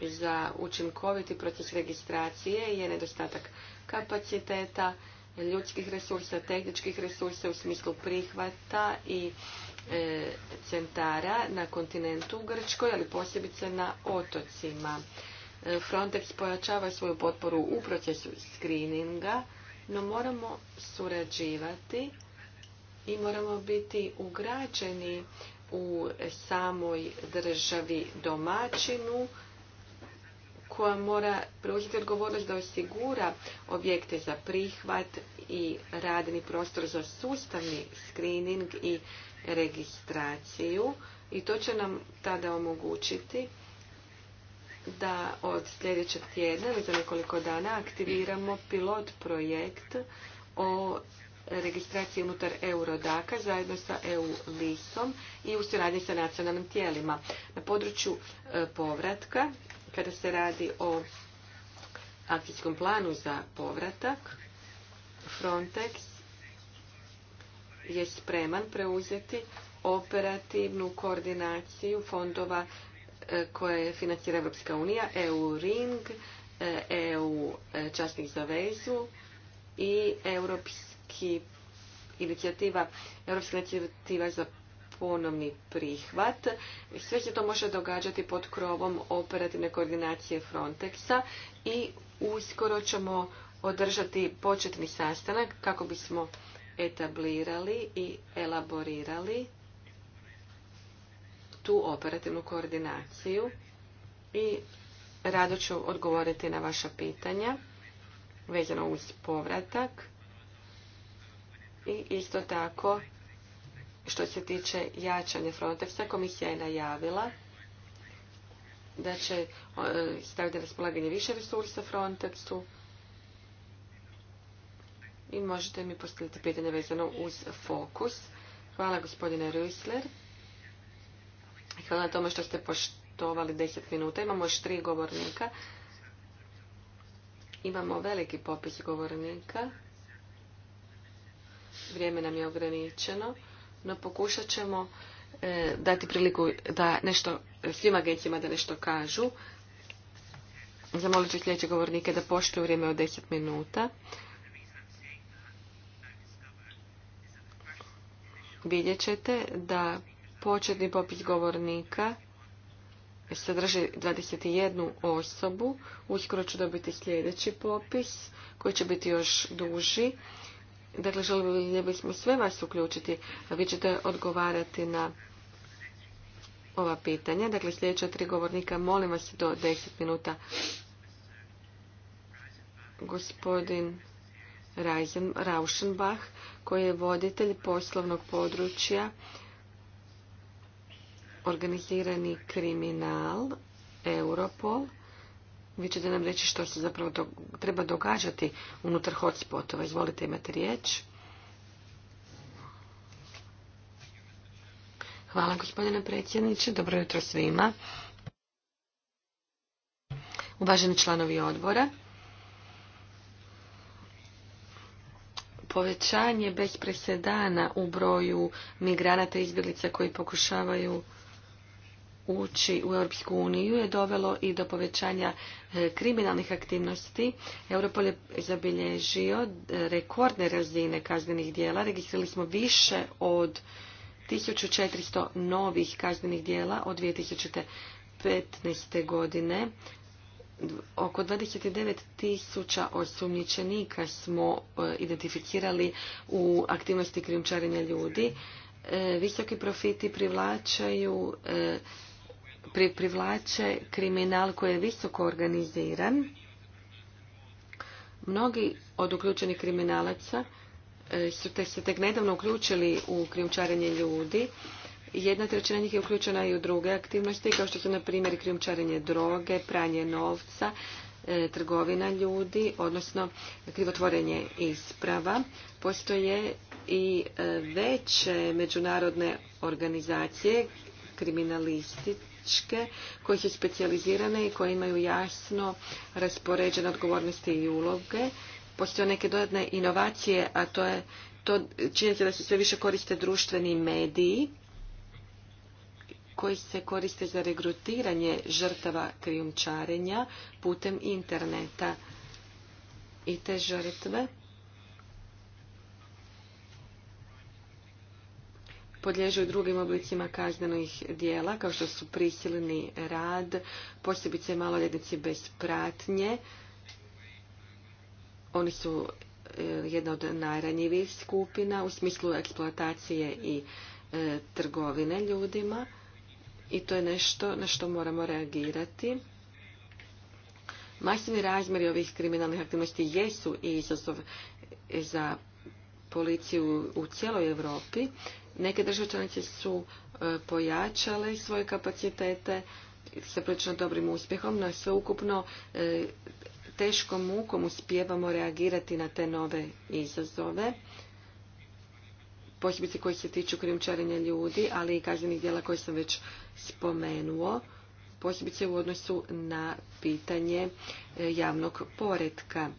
za učinkoviti proces registracije je nedostatak kapaciteta, ljudskih resursa, tehničkih resursa u smislu prihvata i e, centara na kontinentu u Grčkoj, ali posebice na otocima. Frontex pojačava svoju potporu u procesu screeninga, no moramo surađivati i moramo biti ugrađeni u samoj državi domaćinu koja mora preuzeti odgovornost da osigura objekte za prihvat i radni prostor za sustavni screening i registraciju i to će nam tada omogućiti da od sljedećeg tjedna ili dakle za nekoliko dana aktiviramo pilot projekt o registraciji unutar Eurodaka zajedno sa EU listom i u suradnji sa nacionalnim tijelima. Na području e, povratka, kada se radi o akcijskom planu za povratak, Frontex je spreman preuzeti operativnu koordinaciju fondova E, koje financira Evropska unija, EU Ring, EU e e, Časnik za vezu i Europski inicijativa, Europska inicijativa za ponovni prihvat. Sve se to može događati pod krovom operativne koordinacije Frontexa i uskoro ćemo održati početni sastanak kako bismo etablirali i elaborirali tu operativnu koordinaciju i rado ću odgovoriti na vaša pitanja vezano uz povratak i isto tako što se tiče jačanja Frontexa, komisija je najavila da će staviti na raspolaganje više resursa Frontexu i možete mi postaviti pitanje vezano uz fokus. Hvala gospodine Ruisler Hvala na tome što ste poštovali 10 minuta. Imamo još tri govornika. Imamo veliki popis govornika. Vrijeme nam je ograničeno, no pokušat ćemo e, dati priliku da nešto svim agencijama da nešto kažu. Zamolit ću sljedeće govornike da poštuju vrijeme od 10 minuta. Vidjet ćete da Početni popis govornika sadrži 21 osobu. Uskoro ću dobiti sljedeći popis koji će biti još duži. Dakle, želili bismo sve vas uključiti, a vi ćete odgovarati na ova pitanja. Dakle, sljedeća tri govornika, molim vas do 10 minuta. Gospodin Rauschenbach, koji je voditelj poslovnog područja organizirani kriminal, Europol. Vi ćete nam reći što se zapravo do, treba događati unutar hotspotova. Izvolite, imate riječ. Hvala gospodine predsjedniče, dobro jutro svima. Uvaženi članovi odbora, povećanje bez presedana u broju migranata i izbjeglica koji pokušavaju ući u Europsku uniju je dovelo i do povećanja e, kriminalnih aktivnosti. Europol je zabilježio e, rekordne razine kaznenih dijela. Registrirali smo više od 1400 novih kaznenih dijela od 2015. godine. Oko 29.000 tisuća osumnjičenika smo e, identificirali u aktivnosti krijumčarenja ljudi. Visoki profiti privlačaju privlače kriminal koji je visoko organiziran. Mnogi od uključenih kriminalaca e, su te, se tek nedavno uključili u krijumčarenje ljudi. Jedna trećina njih je uključena i u druge aktivnosti, kao što su, na primjer, krijumčarenje droge, pranje novca, e, trgovina ljudi, odnosno krivotvorenje isprava. Postoje i e, veće međunarodne organizacije, kriminalisti, političke, koje su specijalizirane i koje imaju jasno raspoređene odgovornosti i uloge. Postoje neke dodatne inovacije, a to je to čini da se sve više koriste društveni mediji koji se koriste za regrutiranje žrtava krijumčarenja putem interneta. I te žrtve podliježu drugim oblicima kaznenih dijela, kao što su prisilni rad, posebice maloljetnici bez pratnje. Oni su e, jedna od najranjivijih skupina u smislu eksploatacije i e, trgovine ljudima i to je nešto na što moramo reagirati. Masivni razmjeri ovih kriminalnih aktivnosti jesu i izazov za policiju u cijeloj Europi, Neke države članice su e, pojačale svoje kapacitete sa prilično dobrim uspjehom, no ukupno e, teškom mukom uspijevamo reagirati na te nove izazove posebice koji se tiču krijumčarenja ljudi, ali i kaznenih djela koje sam već spomenuo, posebice u odnosu na pitanje e, javnog poretka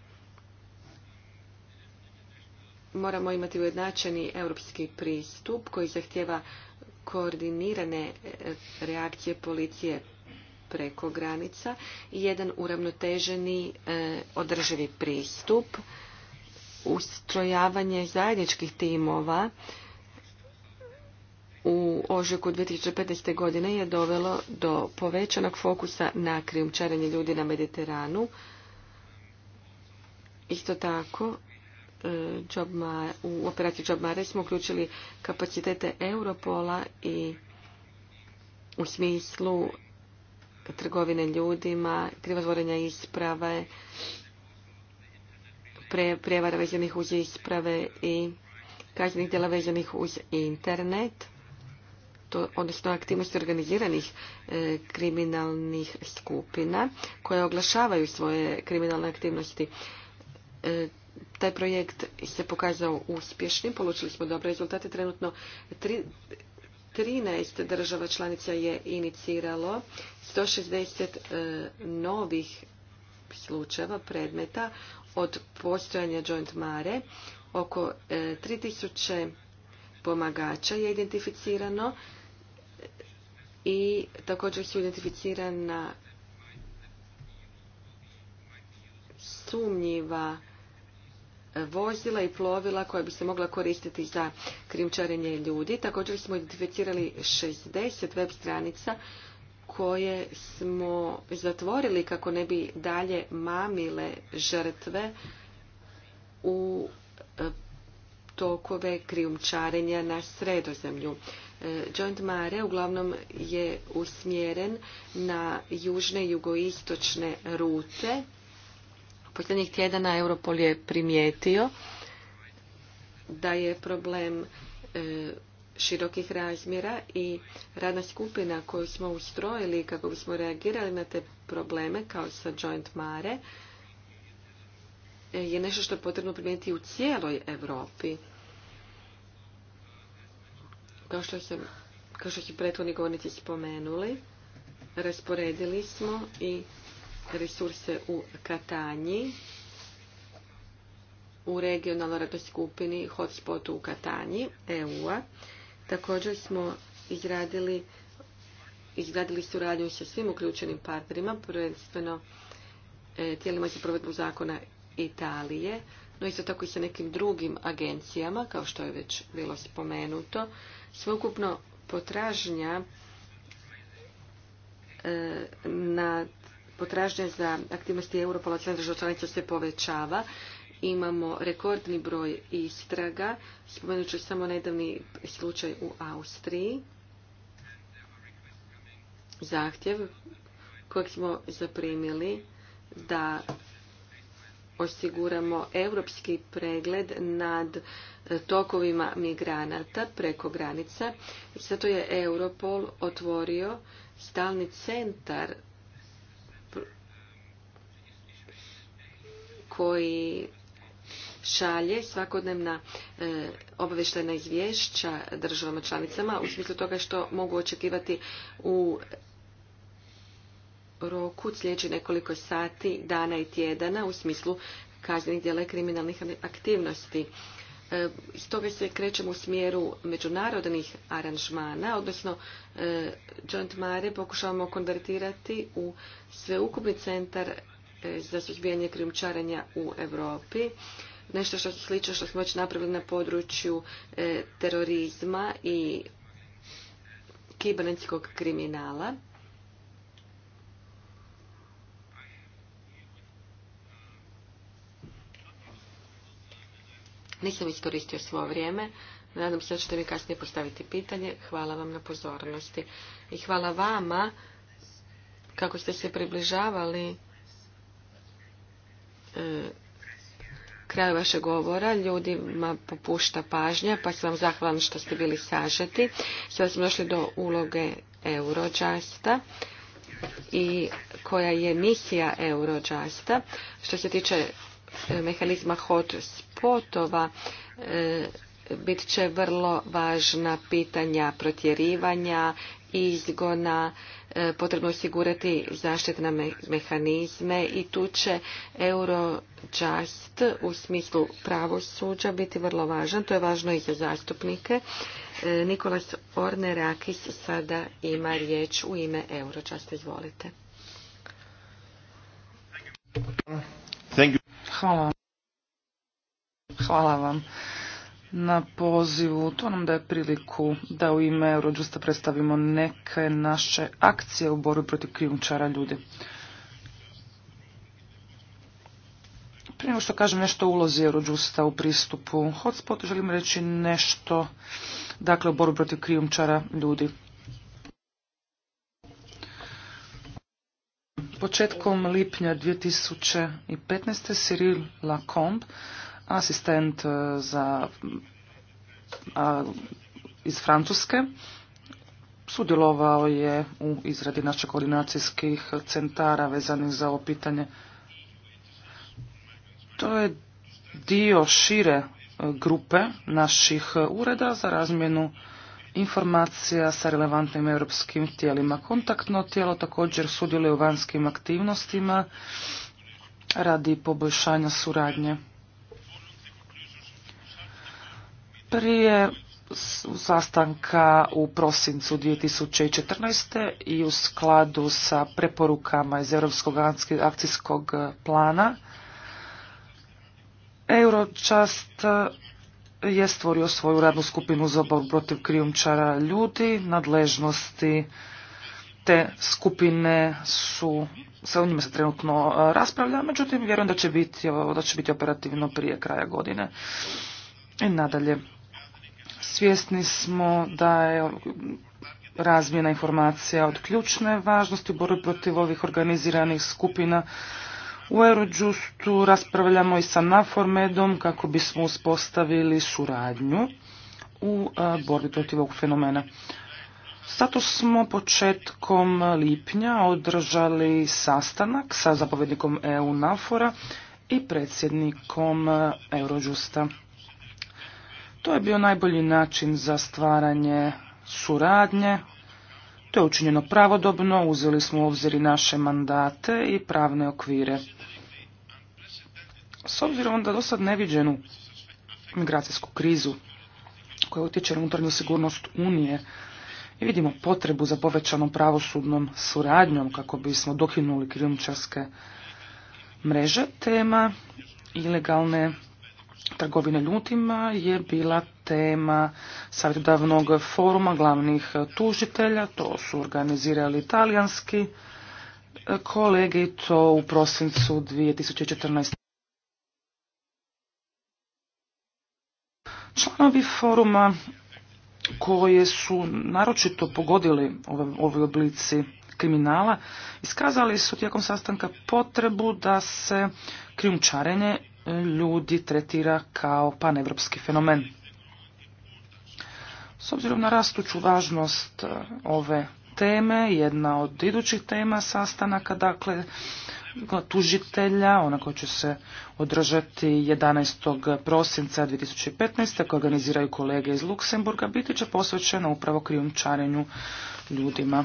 moramo imati ujednačeni europski pristup koji zahtjeva koordinirane e, reakcije policije preko granica i jedan uravnoteženi e, održivi pristup, ustrojavanje zajedničkih timova u ožujku 2015. godine je dovelo do povećanog fokusa na krijumčarenje ljudi na Mediteranu. Isto tako, E, u operaciji Job smo uključili kapacitete Europola i u smislu trgovine ljudima, krivozvorenja isprave, prijevara vezanih uz isprave i kaznenih djela vezanih uz internet, to, odnosno aktivnosti organiziranih e, kriminalnih skupina koje oglašavaju svoje kriminalne aktivnosti. E, taj projekt se pokazao uspješnim, polučili smo dobre rezultate. Trenutno 13 država članica je iniciralo 160 e, novih slučajeva predmeta od postojanja Joint Mare. Oko 3000 e, pomagača je identificirano i također su identificirana sumnjiva vozila i plovila koja bi se mogla koristiti za krijumčarenje ljudi. Također smo identificirali 60 web stranica koje smo zatvorili kako ne bi dalje mamile žrtve u e, tokove krijumčarenja na sredozemlju. E, joint Mare uglavnom je usmjeren na južne i jugoistočne rute posljednjih tjedana Europol je primijetio da je problem e, širokih razmjera i radna skupina koju smo ustrojili kako bismo reagirali na te probleme kao sa Joint Mare e, je nešto što je potrebno primijeniti u cijeloj Europi. Kao što sam kao što su prethodni govornici spomenuli, rasporedili smo i resurse u Katanji, u regionalnoj radnoj skupini hotspotu u Katanji, EU-a. Također smo izradili, izgradili suradnju sa svim uključenim partnerima, prvenstveno e, tijelima za provedbu zakona Italije, no isto tako i sa nekim drugim agencijama, kao što je već bilo spomenuto. Sveukupno potražnja e, na potražnja za aktivnosti Europola od članica se povećava. Imamo rekordni broj istraga. Spomenut ću samo nedavni slučaj u Austriji. Zahtjev kojeg smo zaprimili da osiguramo europski pregled nad tokovima migranata preko granica. Zato je Europol otvorio stalni centar koji šalje svakodnevna e, obavještajna izvješća državama članicama u smislu toga što mogu očekivati u roku sljedeći nekoliko sati, dana i tjedana u smislu kaznenih djela i kriminalnih aktivnosti. E, stoga se krećemo u smjeru međunarodnih aranžmana, odnosno e, Joint Mare pokušavamo konvertirati u sveukupni centar E, za suzbijanje krijumčarenja u Europi. Nešto što slično što smo već napravili na području e, terorizma i kibernetskog kriminala. Nisam iskoristio svo vrijeme. Nadam se da ćete mi kasnije postaviti pitanje. Hvala vam na pozornosti. I hvala vama kako ste se približavali kraju vašeg govora. Ljudima popušta pažnja, pa sam vam zahvalan što ste bili sažeti. Sada smo došli do uloge Eurojusta i koja je misija Eurojusta. Što se tiče e, mehanizma hot spotova, e, bit će vrlo važna pitanja protjerivanja izgona e, potrebno osigurati zaštitne mehanizme i tu će Eurojust u smislu pravosuđa biti vrlo važan. To je važno i za zastupnike. E, Nikolas Ornerakis sada ima riječ u ime Eurojust. Izvolite. Hvala vam. Hvala vam na pozivu. To nam daje priliku da u ime Eurojusta predstavimo neke naše akcije u borbi protiv krijumčara ljudi. Prije nego što kažem nešto o ulozi Eurojusta u pristupu hotspotu, želim reći nešto dakle, o borbi protiv krijumčara ljudi. Početkom lipnja 2015. Cyril Lacombe asistent e, za, iz Francuske. Sudjelovao je u izradi naših koordinacijskih centara vezanih za ovo pitanje. To je dio šire e, grupe naših ureda za razmjenu informacija sa relevantnim europskim tijelima. Kontaktno tijelo također sudjeluje u vanjskim aktivnostima radi poboljšanja suradnje. prije sastanka u prosincu 2014. i u skladu sa preporukama iz Europskog akcijskog plana Euročast je stvorio svoju radnu skupinu za borbu protiv krijumčara ljudi, nadležnosti te skupine su, sa o njima se trenutno raspravlja, međutim vjerujem da će biti, da će biti operativno prije kraja godine. I nadalje, Svjesni smo da je razmjena informacija od ključne važnosti u borbi protiv ovih organiziranih skupina. U Eurojustu raspravljamo i sa Naformedom kako bismo uspostavili suradnju u borbi protiv ovog fenomena. Zato smo početkom lipnja održali sastanak sa zapovjednikom EU Nafora i predsjednikom Eurojusta. To je bio najbolji način za stvaranje suradnje. To je učinjeno pravodobno, uzeli smo u obzir i naše mandate i pravne okvire. S obzirom da dosad neviđenu migracijsku krizu koja utječe na unutarnju sigurnost Unije i vidimo potrebu za povećanom pravosudnom suradnjom kako bismo dokinuli krijumčarske mreže tema ilegalne trgovine ljutima je bila tema savjetodavnog foruma glavnih tužitelja, to su organizirali italijanski kolegi, to u prosincu 2014. Članovi foruma koje su naročito pogodili ovoj oblici kriminala, iskazali su tijekom sastanka potrebu da se krijumčarenje ljudi tretira kao panevropski fenomen. S obzirom na rastuću važnost e, ove teme, jedna od idućih tema sastanaka, dakle, tužitelja, ona koja će se održati 11. prosinca 2015. koje organiziraju kolege iz Luksemburga, biti će posvećena upravo krijumčarenju ljudima.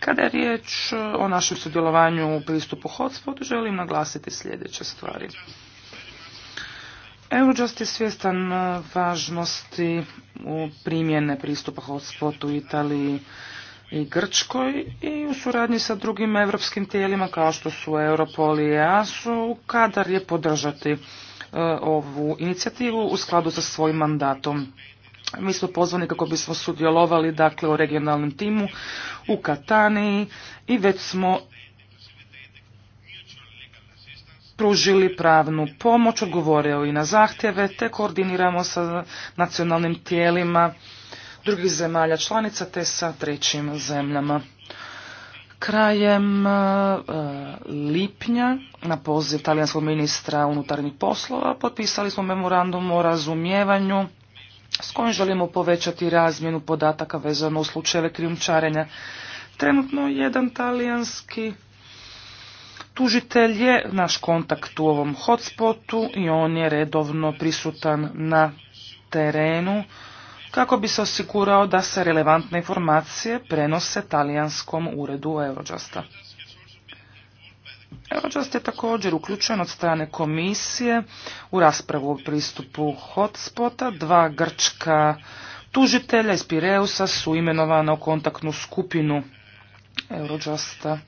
Kada je riječ o našem sudjelovanju u pristupu hotspotu, želim naglasiti sljedeće stvari. Eurojust je svjestan važnosti u primjene pristupa hotspotu u Italiji i Grčkoj i u suradnji sa drugim europskim tijelima kao što su Europol i EASO, kadar je podržati e, ovu inicijativu u skladu sa svojim mandatom. Mi smo pozvani kako bismo sudjelovali dakle u regionalnom timu u Kataniji i već smo pružili pravnu pomoć, odgovorio i na zahtjeve, te koordiniramo sa nacionalnim tijelima drugih zemalja članica, te sa trećim zemljama. Krajem e, lipnja, na poziv talijanskog ministra unutarnjih poslova, potpisali smo memorandum o razumijevanju s kojim želimo povećati razmjenu podataka vezano u slučajeve krijumčarenja. Trenutno jedan talijanski tužitelj je naš kontakt u ovom hotspotu i on je redovno prisutan na terenu kako bi se osigurao da se relevantne informacije prenose talijanskom uredu Eurojusta. Eurojust je također uključen od strane komisije u raspravu o pristupu hotspota. Dva grčka tužitelja iz Pireusa su imenovana u kontaktnu skupinu Eurojusta.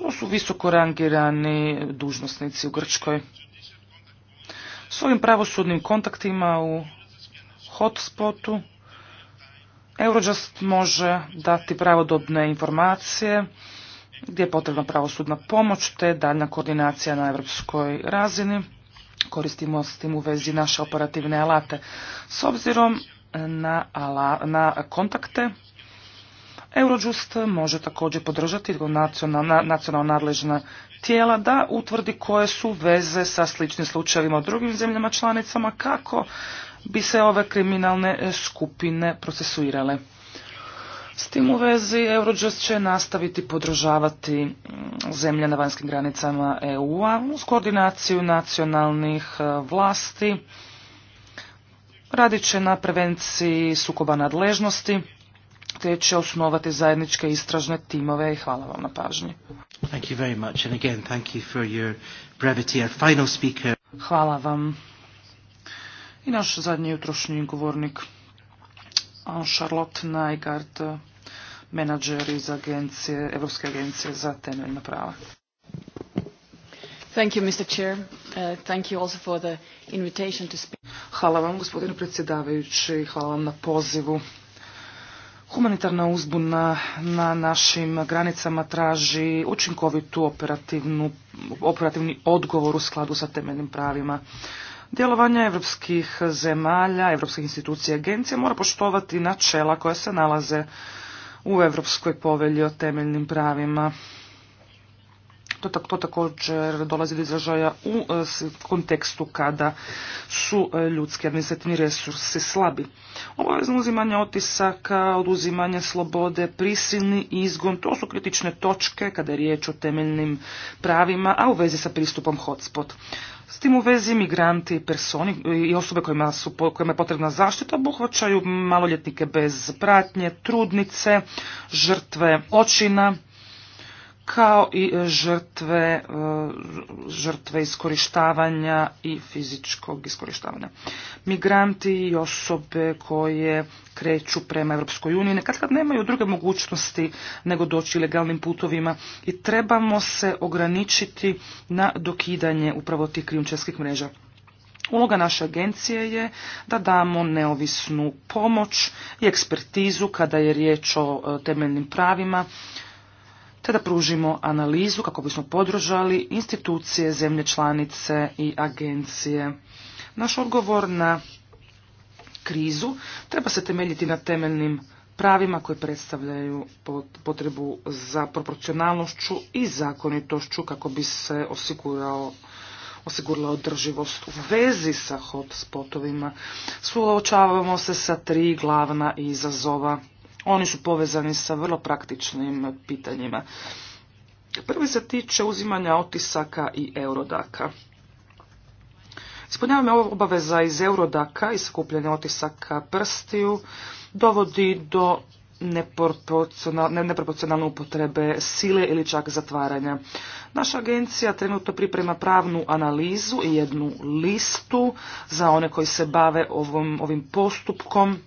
Ovo su visoko rangirani dužnosnici u Grčkoj. Svojim pravosudnim kontaktima u hotspotu Eurojust može dati pravodobne informacije gdje je potrebna pravosudna pomoć te daljna koordinacija na europskoj razini. Koristimo s tim u vezi naše operativne alate. S obzirom na, na kontakte, Eurojust može također podržati nacionalna, nadležna tijela da utvrdi koje su veze sa sličnim slučajevima u drugim zemljama članicama kako bi se ove kriminalne skupine procesuirale. S tim u vezi Eurojust će nastaviti podržavati mm, zemlje na vanjskim granicama EU-a uz koordinaciju nacionalnih e, vlasti. Radit će na prevenciji sukoba nadležnosti te će osnovati zajedničke istražne timove i hvala vam na pažnji. Hvala vam. I naš zadnji jutrošnji govornik. Charlotte Najgard, menadžer iz agencije, Evropske agencije za temeljna prava. Thank you, Mr. Chair. Uh, hvala vam, gospodine predsjedavajući, hvala vam na pozivu. Humanitarna uzbuna na našim granicama traži učinkovitu operativnu, operativni odgovor u skladu sa temeljnim pravima. Djelovanje evropskih zemalja, evropskih institucija i agencija mora poštovati načela koja se nalaze u Evropskoj povelji o temeljnim pravima. To, to također dolazi do izražaja u e, kontekstu kada su e, ljudski administrativni resursi slabi. Obavezno uzimanje otisaka, oduzimanje slobode, prisilni izgon, to su kritične točke kada je riječ o temeljnim pravima, a u vezi sa pristupom hotspot. S tim u vezi migranti i personi i osobe kojima, su, kojima je potrebna zaštita obuhvaćaju maloljetnike bez pratnje, trudnice, žrtve očina, kao i žrtve, e, žrtve iskorištavanja i fizičkog iskorištavanja. Migranti i osobe koje kreću prema Europskoj uniji nekad kad nemaju druge mogućnosti nego doći legalnim putovima i trebamo se ograničiti na dokidanje upravo tih krijumčarskih mreža. Uloga naše agencije je da damo neovisnu pomoć i ekspertizu kada je riječ o e, temeljnim pravima, te da pružimo analizu kako bismo podržali institucije, zemlje članice i agencije. Naš odgovor na krizu treba se temeljiti na temeljnim pravima koje predstavljaju potrebu za proporcionalnošću i zakonitošću kako bi se osigurao osigurala održivost u vezi sa hotspotovima. spotovima. Suočavamo se sa tri glavna izazova. Oni su povezani sa vrlo praktičnim pitanjima. Prvi se tiče uzimanja otisaka i eurodaka. Ispunjavanje obaveza iz eurodaka i skupljanja otisaka prstiju dovodi do neproporcionalne upotrebe sile ili čak zatvaranja. Naša agencija trenutno priprema pravnu analizu i jednu listu za one koji se bave ovim postupkom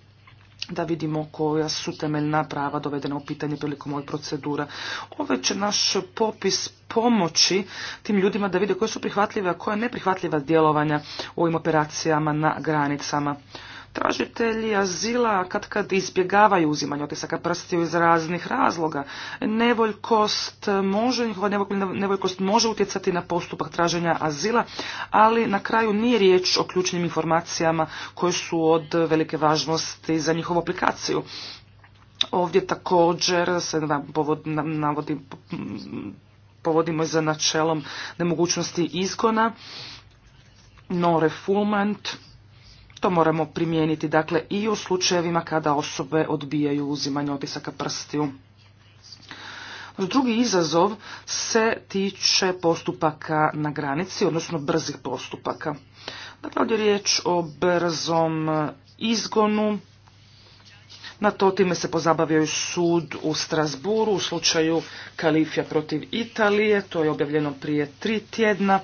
da vidimo koja su temeljna prava dovedena u pitanje prilikom ovih procedura. Ove će naš popis pomoći tim ljudima da vide koje su prihvatljive, a koje neprihvatljiva djelovanja u ovim operacijama na granicama. Tražitelji azila kad kad izbjegavaju uzimanje otisaka prstiju iz raznih razloga. Nevoljkost može, njihova nevoljkost može utjecati na postupak traženja azila, ali na kraju nije riječ o ključnim informacijama koje su od velike važnosti za njihovu aplikaciju. Ovdje također se navodi, povodimo za načelom nemogućnosti izgona, no refoulement, moramo primijeniti dakle i u slučajevima kada osobe odbijaju uzimanje otisaka prstiju. Drugi izazov se tiče postupaka na granici, odnosno brzih postupaka. Dakle, ovdje je riječ o brzom izgonu. Na to time se pozabavio i sud u Strasburu u slučaju Kalifija protiv Italije. To je objavljeno prije tri tjedna.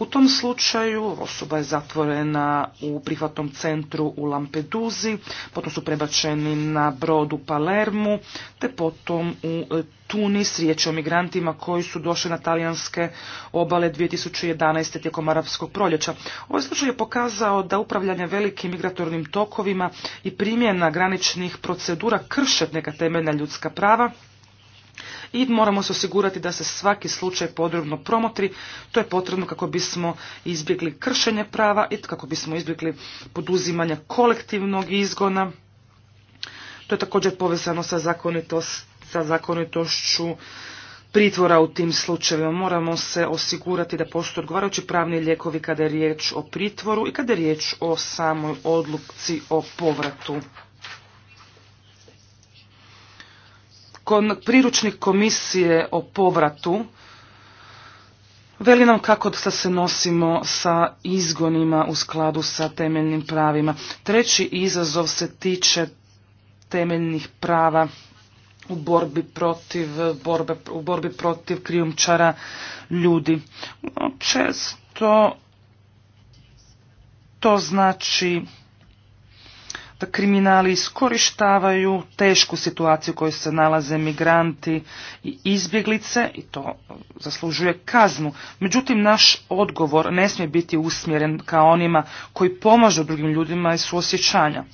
U tom slučaju osoba je zatvorena u prihvatnom centru u Lampeduzi, potom su prebačeni na brod u Palermu, te potom u e, Tunis, riječ o migrantima koji su došli na talijanske obale 2011. tijekom arapskog proljeća. Ovaj slučaj je pokazao da upravljanje velikim migratornim tokovima i primjena graničnih procedura krše neka temeljna ljudska prava, i moramo se osigurati da se svaki slučaj podrobno promotri. To je potrebno kako bismo izbjegli kršenje prava i kako bismo izbjegli poduzimanja kolektivnog izgona. To je također povezano sa, zakonitost, sa zakonitošću pritvora u tim slučajevima. Moramo se osigurati da postoje odgovarajući pravni lijekovi kada je riječ o pritvoru i kada je riječ o samoj odluci o povratu. priručnik komisije o povratu veli nam kako da se nosimo sa izgonima u skladu sa temeljnim pravima. Treći izazov se tiče temeljnih prava u borbi protiv, borbe, u borbi protiv krijumčara ljudi. Često to znači da kriminali iskorištavaju tešku situaciju u kojoj se nalaze migranti i izbjeglice i to zaslužuje kaznu. Međutim, naš odgovor ne smije biti usmjeren ka onima koji pomažu drugim ljudima i suosjećanja.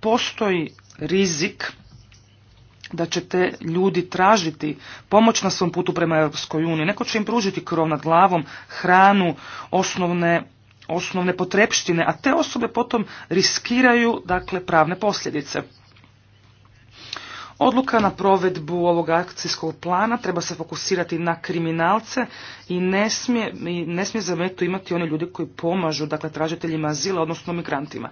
Postoji rizik da će te ljudi tražiti pomoć na svom putu prema Europskoj uniji. Neko će im pružiti krov nad glavom, hranu, osnovne osnovne potrepštine, a te osobe potom riskiraju dakle, pravne posljedice. Odluka na provedbu ovog akcijskog plana treba se fokusirati na kriminalce i ne smije, ne smije zametu imati one ljudi koji pomažu dakle, tražiteljima azila, odnosno migrantima.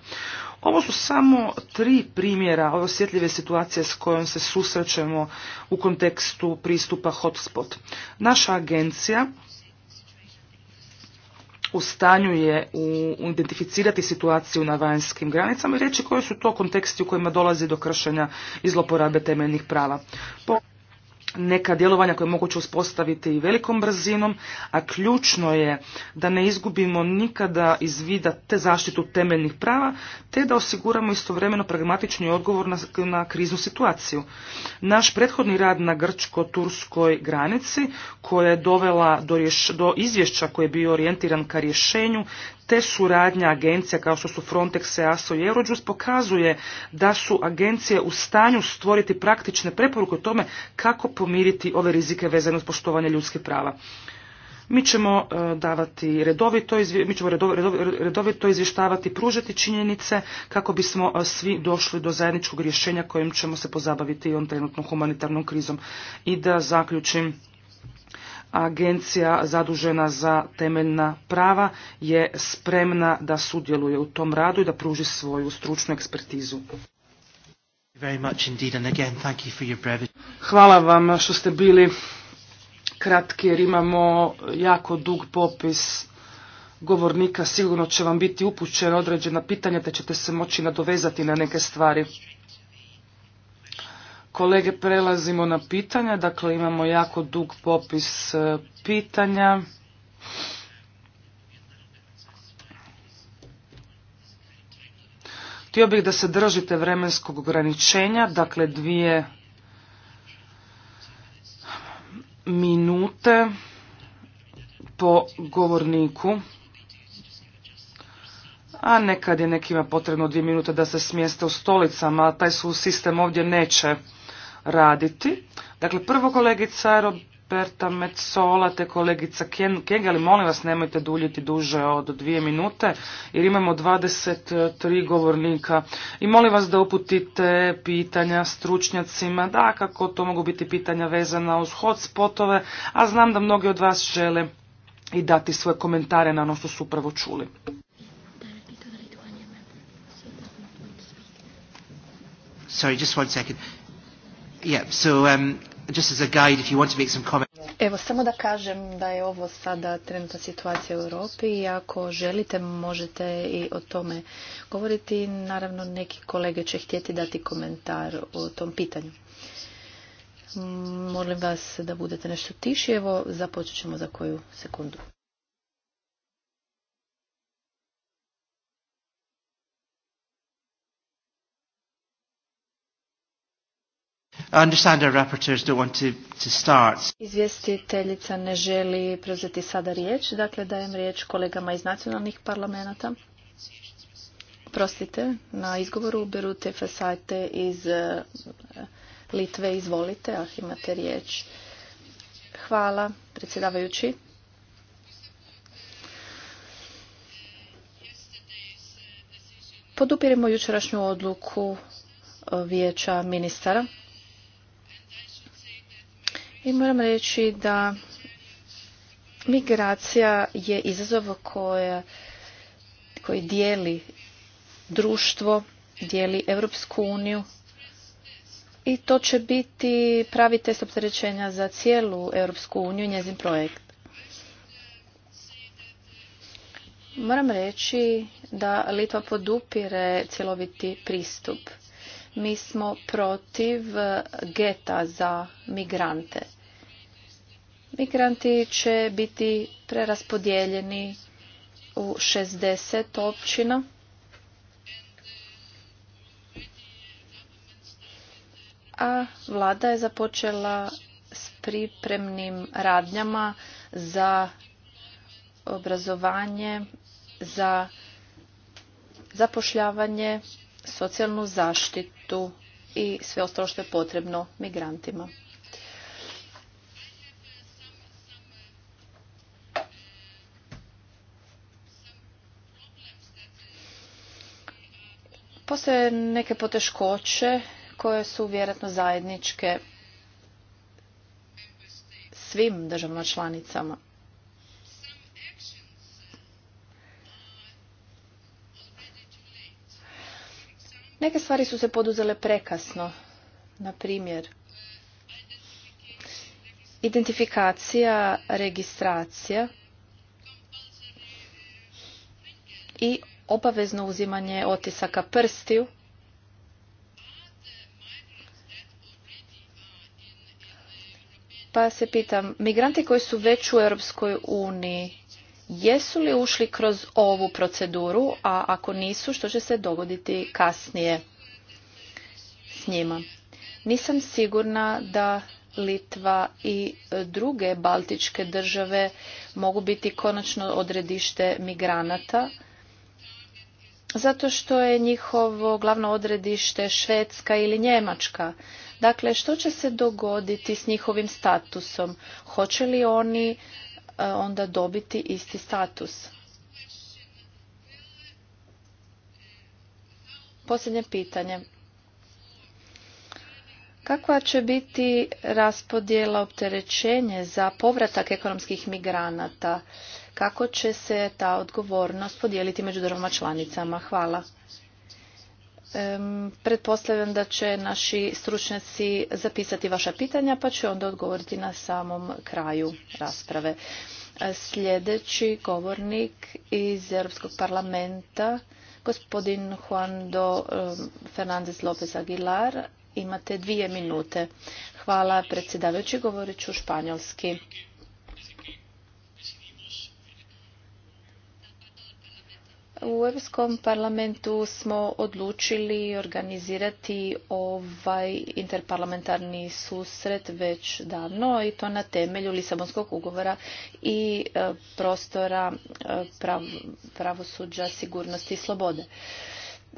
Ovo su samo tri primjera ove osjetljive situacije s kojom se susrećemo u kontekstu pristupa hotspot. Naša agencija u stanju je identificirati situaciju na vanjskim granicama i reći koji su to konteksti u kojima dolazi do kršenja i zloporabe temeljnih prava. Po neka djelovanja koje je moguće uspostaviti i velikom brzinom, a ključno je da ne izgubimo nikada iz vida te zaštitu temeljnih prava, te da osiguramo istovremeno pragmatični odgovor na, na kriznu situaciju. Naš prethodni rad na grčko-turskoj granici, koja je dovela do, do izvješća koji je bio orijentiran ka rješenju, te suradnja agencija kao što su Frontex, EASO i Eurojust pokazuje da su agencije u stanju stvoriti praktične preporuke o tome kako pomiriti ove rizike vezane uz poštovanje ljudskih prava. Mi ćemo e, davati redovito, mi ćemo redovito izvještavati, pružati činjenice kako bismo e, svi došli do zajedničkog rješenja kojim ćemo se pozabaviti i on trenutnom humanitarnom krizom. I da zaključim agencija zadužena za temeljna prava je spremna da sudjeluje u tom radu i da pruži svoju stručnu ekspertizu. Hvala vam što ste bili kratki jer imamo jako dug popis govornika. Sigurno će vam biti upućeno određena pitanja te ćete se moći nadovezati na neke stvari. Kolege, prelazimo na pitanja. Dakle, imamo jako dug popis e, pitanja. Htio bih da se držite vremenskog ograničenja, dakle dvije minute po govorniku. A nekad je nekima potrebno dvije minute da se smijeste u stolicama, a taj su sistem ovdje neće raditi. Dakle, prvo kolegica Roberta Metzola te kolegica Kenge, ali molim vas nemojte duljiti duže od dvije minute jer imamo 23 govornika i molim vas da uputite pitanja stručnjacima, da kako to mogu biti pitanja vezana uz hotspotove, a znam da mnogi od vas žele i dati svoje komentare na ono što su upravo čuli. Sorry, just one second. Evo, samo da kažem da je ovo sada trenutna situacija u Europi i ako želite možete i o tome govoriti. Naravno, neki kolege će htjeti dati komentar o tom pitanju. Molim vas da budete nešto tiši. Evo, započet ćemo za koju sekundu. Izvjestiteljica ne želi preuzeti sada riječ, dakle dajem riječ kolegama iz nacionalnih parlamenta. Prostite, na izgovoru Berute Fesajte iz eh, Litve, izvolite, ah imate riječ. Hvala, predsjedavajući. Podupiremo jučerašnju odluku eh, vijeća ministara i moram reći da migracija je izazov koja, koji dijeli društvo, dijeli Europsku uniju i to će biti pravi test opterećenja za cijelu Europsku uniju i njezin projekt. Moram reći da Litva podupire cjeloviti pristup mi smo protiv eh, geta za migrante. Migranti će biti preraspodijeljeni u 60 općina. A vlada je započela s pripremnim radnjama za obrazovanje, za zapošljavanje socijalnu zaštitu i sve ostalo što je potrebno migrantima. Postoje neke poteškoće koje su vjerojatno zajedničke svim državama članicama. Neke stvari su se poduzele prekasno. Na primjer, identifikacija, registracija i obavezno uzimanje otisaka prstiju Pa se pitam, migranti koji su već u Europskoj uniji, jesu li ušli kroz ovu proceduru, a ako nisu, što će se dogoditi kasnije s njima. Nisam sigurna da Litva i druge baltičke države mogu biti konačno odredište migranata, zato što je njihovo glavno odredište Švedska ili Njemačka. Dakle, što će se dogoditi s njihovim statusom? Hoće li oni E, onda dobiti isti status. Posljednje pitanje. Kakva će biti raspodjela opterećenje za povratak ekonomskih migranata? Kako će se ta odgovornost podijeliti među državama članicama? Hvala. Pretpostavljam da će naši stručnjaci zapisati vaša pitanja pa će onda odgovoriti na samom kraju rasprave. Sljedeći govornik iz Europskog parlamenta, gospodin Juan do Fernandez López Aguilar, imate dvije minute. Hvala predsjedavajući, govorit ću španjolski. U Europskom parlamentu smo odlučili organizirati ovaj interparlamentarni susret već davno i to na temelju Lisabonskog ugovora i e, prostora e, pravosuđa, sigurnosti i slobode.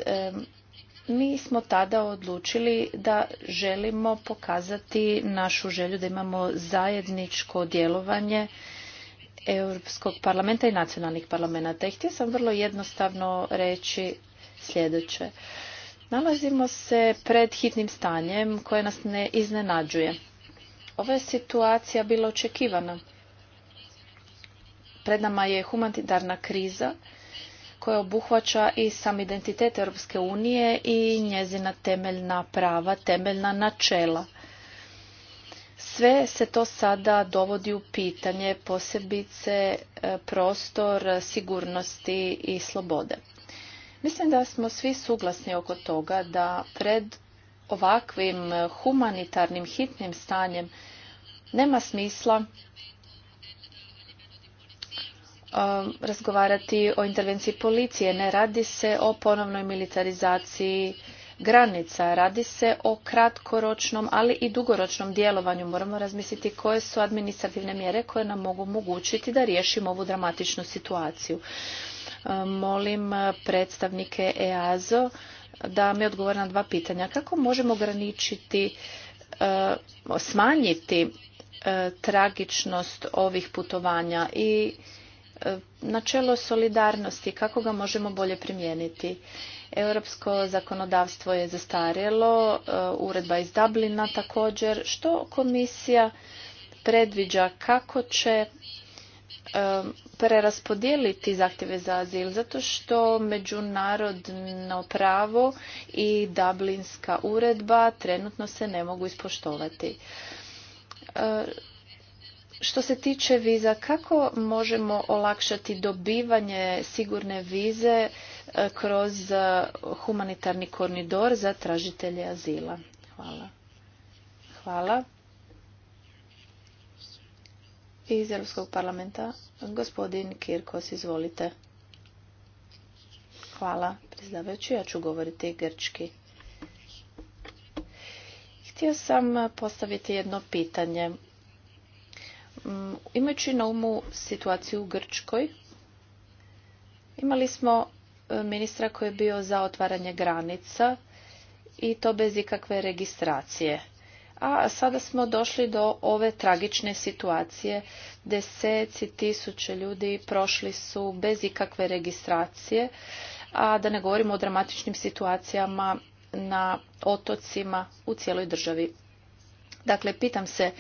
E, mi smo tada odlučili da želimo pokazati našu želju da imamo zajedničko djelovanje Europskog parlamenta i nacionalnih parlamenta. I htio sam vrlo jednostavno reći sljedeće. Nalazimo se pred hitnim stanjem koje nas ne iznenađuje. Ova je situacija bila očekivana. Pred nama je humanitarna kriza koja obuhvaća i sam identitet Europske unije i njezina temeljna prava, temeljna načela. Sve se to sada dovodi u pitanje, posebice e, prostor sigurnosti i slobode. Mislim da smo svi suglasni oko toga da pred ovakvim humanitarnim hitnim stanjem nema smisla e, razgovarati o intervenciji policije. Ne radi se o ponovnoj militarizaciji granica. Radi se o kratkoročnom, ali i dugoročnom djelovanju. Moramo razmisliti koje su administrativne mjere koje nam mogu omogućiti da riješimo ovu dramatičnu situaciju. E, molim predstavnike EAZO da mi odgovore na dva pitanja. Kako možemo ograničiti, e, smanjiti e, tragičnost ovih putovanja i načelo solidarnosti, kako ga možemo bolje primijeniti. Europsko zakonodavstvo je zastarjelo, e, uredba iz Dublina također. Što komisija predviđa kako će e, preraspodijeliti zahtjeve za azil zato što međunarodno pravo i Dublinska uredba trenutno se ne mogu ispoštovati. E, što se tiče viza, kako možemo olakšati dobivanje sigurne vize e, kroz e, humanitarni koridor za tražitelje azila? Hvala. Hvala. Iz Europskog parlamenta, gospodin Kirkos, izvolite. Hvala, predsjedavajući, ja ću govoriti grčki. Htio sam postaviti jedno pitanje. Mm, imajući na umu situaciju u Grčkoj, imali smo e, ministra koji je bio za otvaranje granica i to bez ikakve registracije. A sada smo došli do ove tragične situacije. Deseci tisuće ljudi prošli su bez ikakve registracije, a da ne govorimo o dramatičnim situacijama na otocima u cijeloj državi. Dakle, pitam se,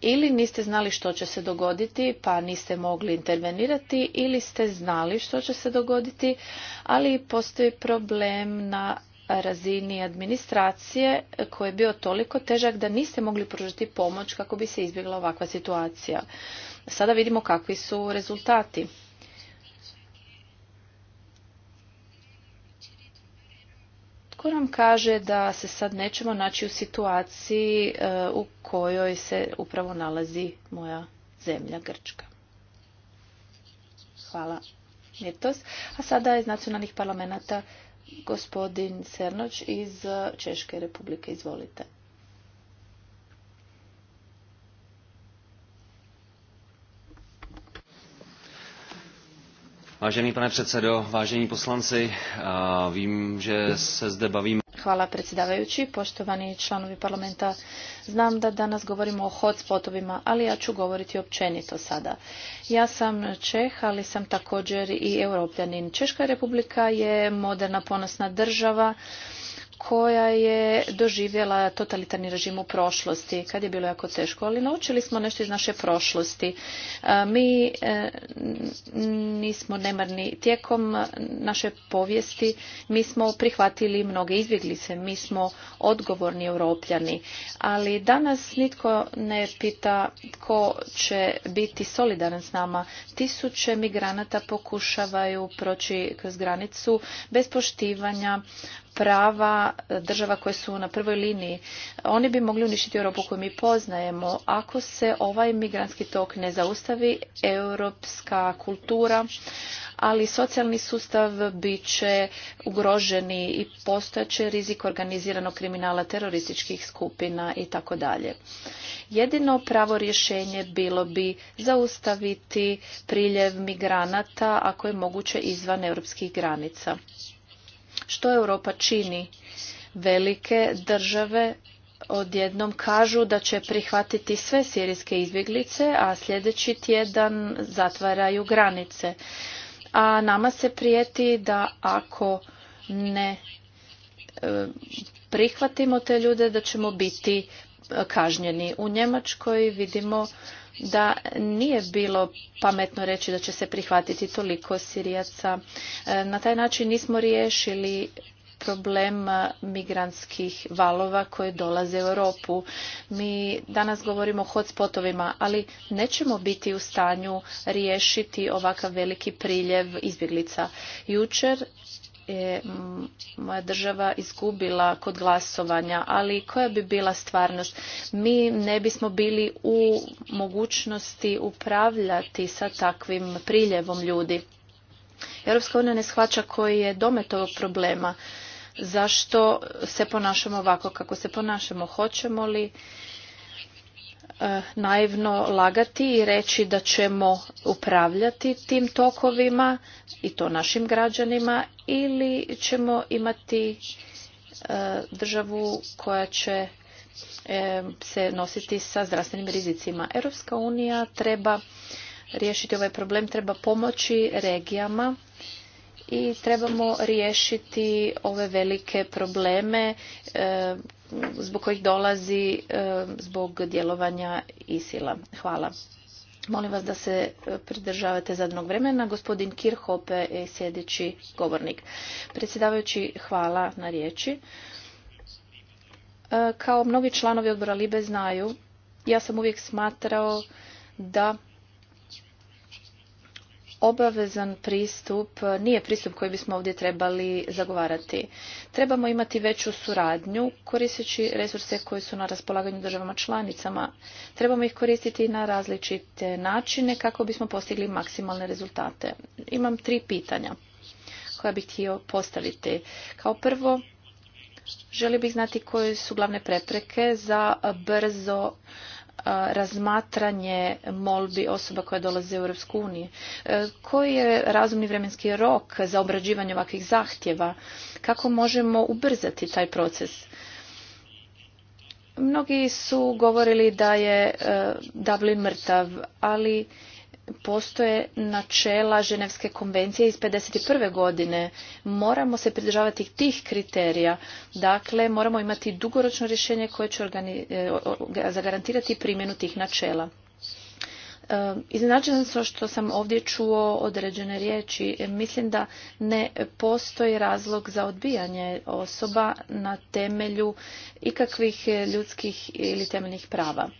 ili niste znali što će se dogoditi pa niste mogli intervenirati ili ste znali što će se dogoditi, ali postoji problem na razini administracije koji je bio toliko težak da niste mogli pružiti pomoć kako bi se izbjegla ovakva situacija. Sada vidimo kakvi su rezultati. Tko nam kaže da se sad nećemo naći u situaciji e, u kojoj se upravo nalazi moja zemlja Grčka? Hvala. A sada iz nacionalnih parlamenta gospodin Sernoć iz Češke republike. Izvolite. Vážený pane poslanci, vím, se zde Hvala predsjedavajući, poštovani članovi parlamenta. Znam da danas govorimo o hotspotovima, ali ja ću govoriti općenito sada. Ja sam Čeh, ali sam također i europljanin. Češka republika je moderna ponosna država koja je doživjela totalitarni režim u prošlosti, kad je bilo jako teško, ali naučili smo nešto iz naše prošlosti. Mi e, nismo nemarni tijekom naše povijesti, mi smo prihvatili mnoge izbjeglice, mi smo odgovorni europljani, ali danas nitko ne pita ko će biti solidaran s nama. Tisuće migranata pokušavaju proći kroz granicu bez poštivanja prava država koje su na prvoj liniji. Oni bi mogli uništiti Europu koju mi poznajemo. Ako se ovaj migrantski tok ne zaustavi, europska kultura, ali socijalni sustav bit će ugroženi i postojeće rizik organiziranog kriminala terorističkih skupina i tako dalje. Jedino pravo rješenje bilo bi zaustaviti priljev migranata ako je moguće izvan europskih granica. Što Europa čini? Velike države odjednom kažu da će prihvatiti sve sirijske izbjeglice, a sljedeći tjedan zatvaraju granice. A nama se prijeti da ako ne e, prihvatimo te ljude da ćemo biti kažnjeni. U Njemačkoj vidimo da nije bilo pametno reći da će se prihvatiti toliko Sirijaca. E, na taj način nismo riješili problem migrantskih valova koje dolaze u Europu. Mi danas govorimo o hotspotovima, ali nećemo biti u stanju riješiti ovakav veliki priljev izbjeglica. Jučer je mm, moja država izgubila kod glasovanja, ali koja bi bila stvarnost? Mi ne bismo bili u mogućnosti upravljati sa takvim priljevom ljudi. Europska unija ne shvaća koji je domet ovog problema. Zašto se ponašamo ovako kako se ponašamo? Hoćemo li E, naivno lagati i reći da ćemo upravljati tim tokovima i to našim građanima ili ćemo imati e, državu koja će e, se nositi sa zdravstvenim rizicima. Europska unija treba riješiti ovaj problem, treba pomoći regijama i trebamo riješiti ove velike probleme zbog kojih dolazi e, zbog djelovanja sila. Hvala. Molim vas da se e, pridržavate zadnog vremena. Gospodin Kirhope je sljedeći govornik. Predsjedavajući, hvala na riječi. E, kao mnogi članovi odbora Libe znaju, ja sam uvijek smatrao da obavezan pristup nije pristup koji bismo ovdje trebali zagovarati. Trebamo imati veću suradnju koristeći resurse koji su na raspolaganju državama članicama. Trebamo ih koristiti na različite načine kako bismo postigli maksimalne rezultate. Imam tri pitanja koja bih htio postaviti. Kao prvo, želio bih znati koje su glavne prepreke za brzo razmatranje molbi osoba koja dolaze u Europsku uniju. E, koji je razumni vremenski rok za obrađivanje ovakvih zahtjeva? Kako možemo ubrzati taj proces? Mnogi su govorili da je e, Dublin mrtav, ali postoje načela Ženevske konvencije iz 51. godine. Moramo se pridržavati tih kriterija. Dakle, moramo imati dugoročno rješenje koje će e, zagarantirati primjenu tih načela. E, sam što sam ovdje čuo određene riječi. Mislim da ne postoji razlog za odbijanje osoba na temelju ikakvih ljudskih ili temeljnih prava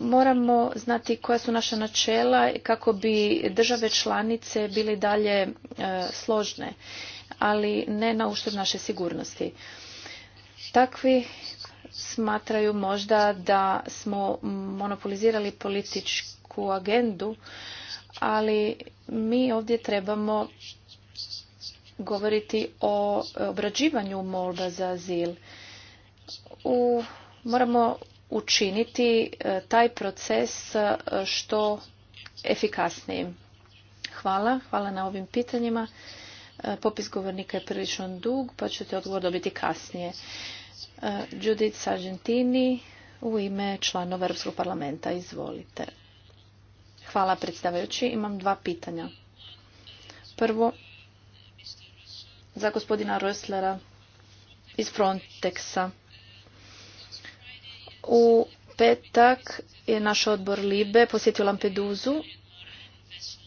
moramo znati koja su naša načela kako bi države članice bili dalje e, složne, ali ne na uštrb naše sigurnosti. Takvi smatraju možda da smo monopolizirali političku agendu, ali mi ovdje trebamo govoriti o obrađivanju molba za azil. U, moramo učiniti e, taj proces e, što efikasnijim. Hvala, hvala na ovim pitanjima. E, popis govornika je prilično dug, pa ćete odgovor dobiti kasnije. Judith Sargentini u ime članova Europskog parlamenta, izvolite. Hvala predstavajući, imam dva pitanja. Prvo, za gospodina Röslera iz Frontexa. U petak je naš odbor Libe posjetio Lampeduzu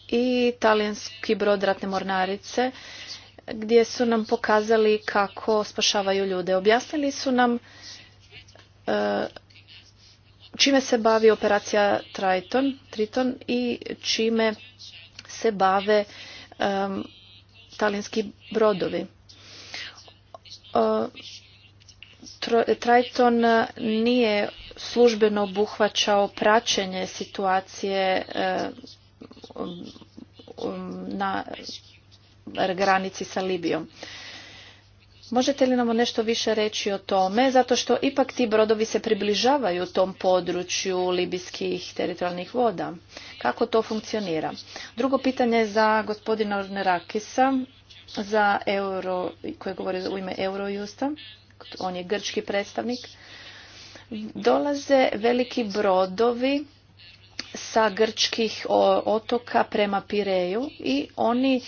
i talijanski brod ratne mornarice gdje su nam pokazali kako spašavaju ljude. Objasnili su nam e, čime se bavi operacija Triton, Triton i čime se bave e, talijanski brodovi. E, Triton nije službeno obuhvaćao praćenje situacije e, na granici sa Libijom. Možete li nam nešto više reći o tome? Zato što ipak ti brodovi se približavaju tom području libijskih teritorijalnih voda. Kako to funkcionira? Drugo pitanje je za gospodina Ornerakisa za euro, koji govori u ime Eurojusta on je grčki predstavnik, dolaze veliki brodovi sa grčkih otoka prema Pireju i oni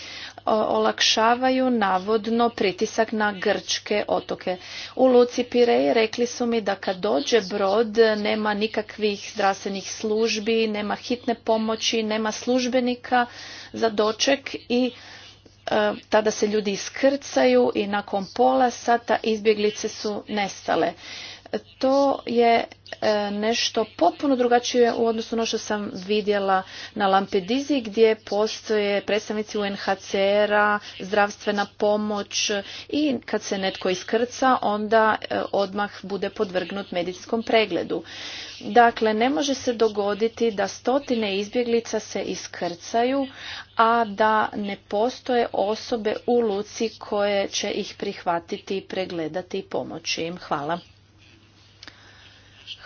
olakšavaju navodno pritisak na grčke otoke. U Luci Pireje rekli su mi da kad dođe brod nema nikakvih zdravstvenih službi, nema hitne pomoći, nema službenika za doček i E, tada se ljudi iskrcaju i nakon pola sata izbjeglice su nestale to je e, nešto potpuno drugačije u odnosu na ono što sam vidjela na Lampedizi gdje postoje predstavnici UNHCR-a, zdravstvena pomoć i kad se netko iskrca onda e, odmah bude podvrgnut medicinskom pregledu. Dakle, ne može se dogoditi da stotine izbjeglica se iskrcaju, a da ne postoje osobe u luci koje će ih prihvatiti, pregledati i pomoći im. Hvala.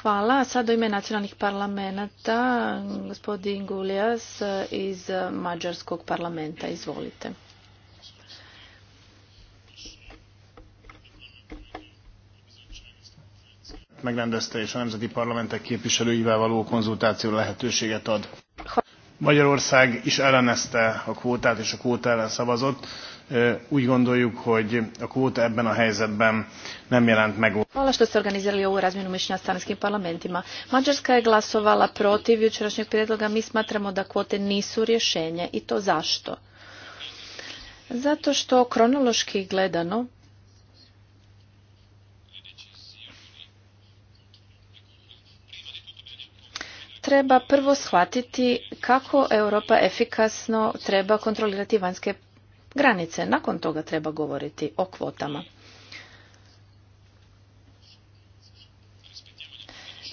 Hvala. Sad u ime nacionalnih parlamenta, gospodin Gulijas iz Mađarskog parlamenta. Izvolite. megrendezte és a nemzeti parlamentek képviselőivel való konzultáció lehetőséget ad. Magyarország is ellenezte a kvótát és a kvóta ellen szavazott úgy gondoljuk, hogy a kvóta ebben a helyzetben nem jelent Hvala što ste organizirali ovu razmjenu mišljenja s stranskim parlamentima. Mađarska je glasovala protiv jučerašnjeg prijedloga. Mi smatramo da kvote nisu rješenje. I to zašto? Zato što kronološki gledano treba prvo shvatiti kako Europa efikasno treba kontrolirati vanjske granice. Nakon toga treba govoriti o kvotama.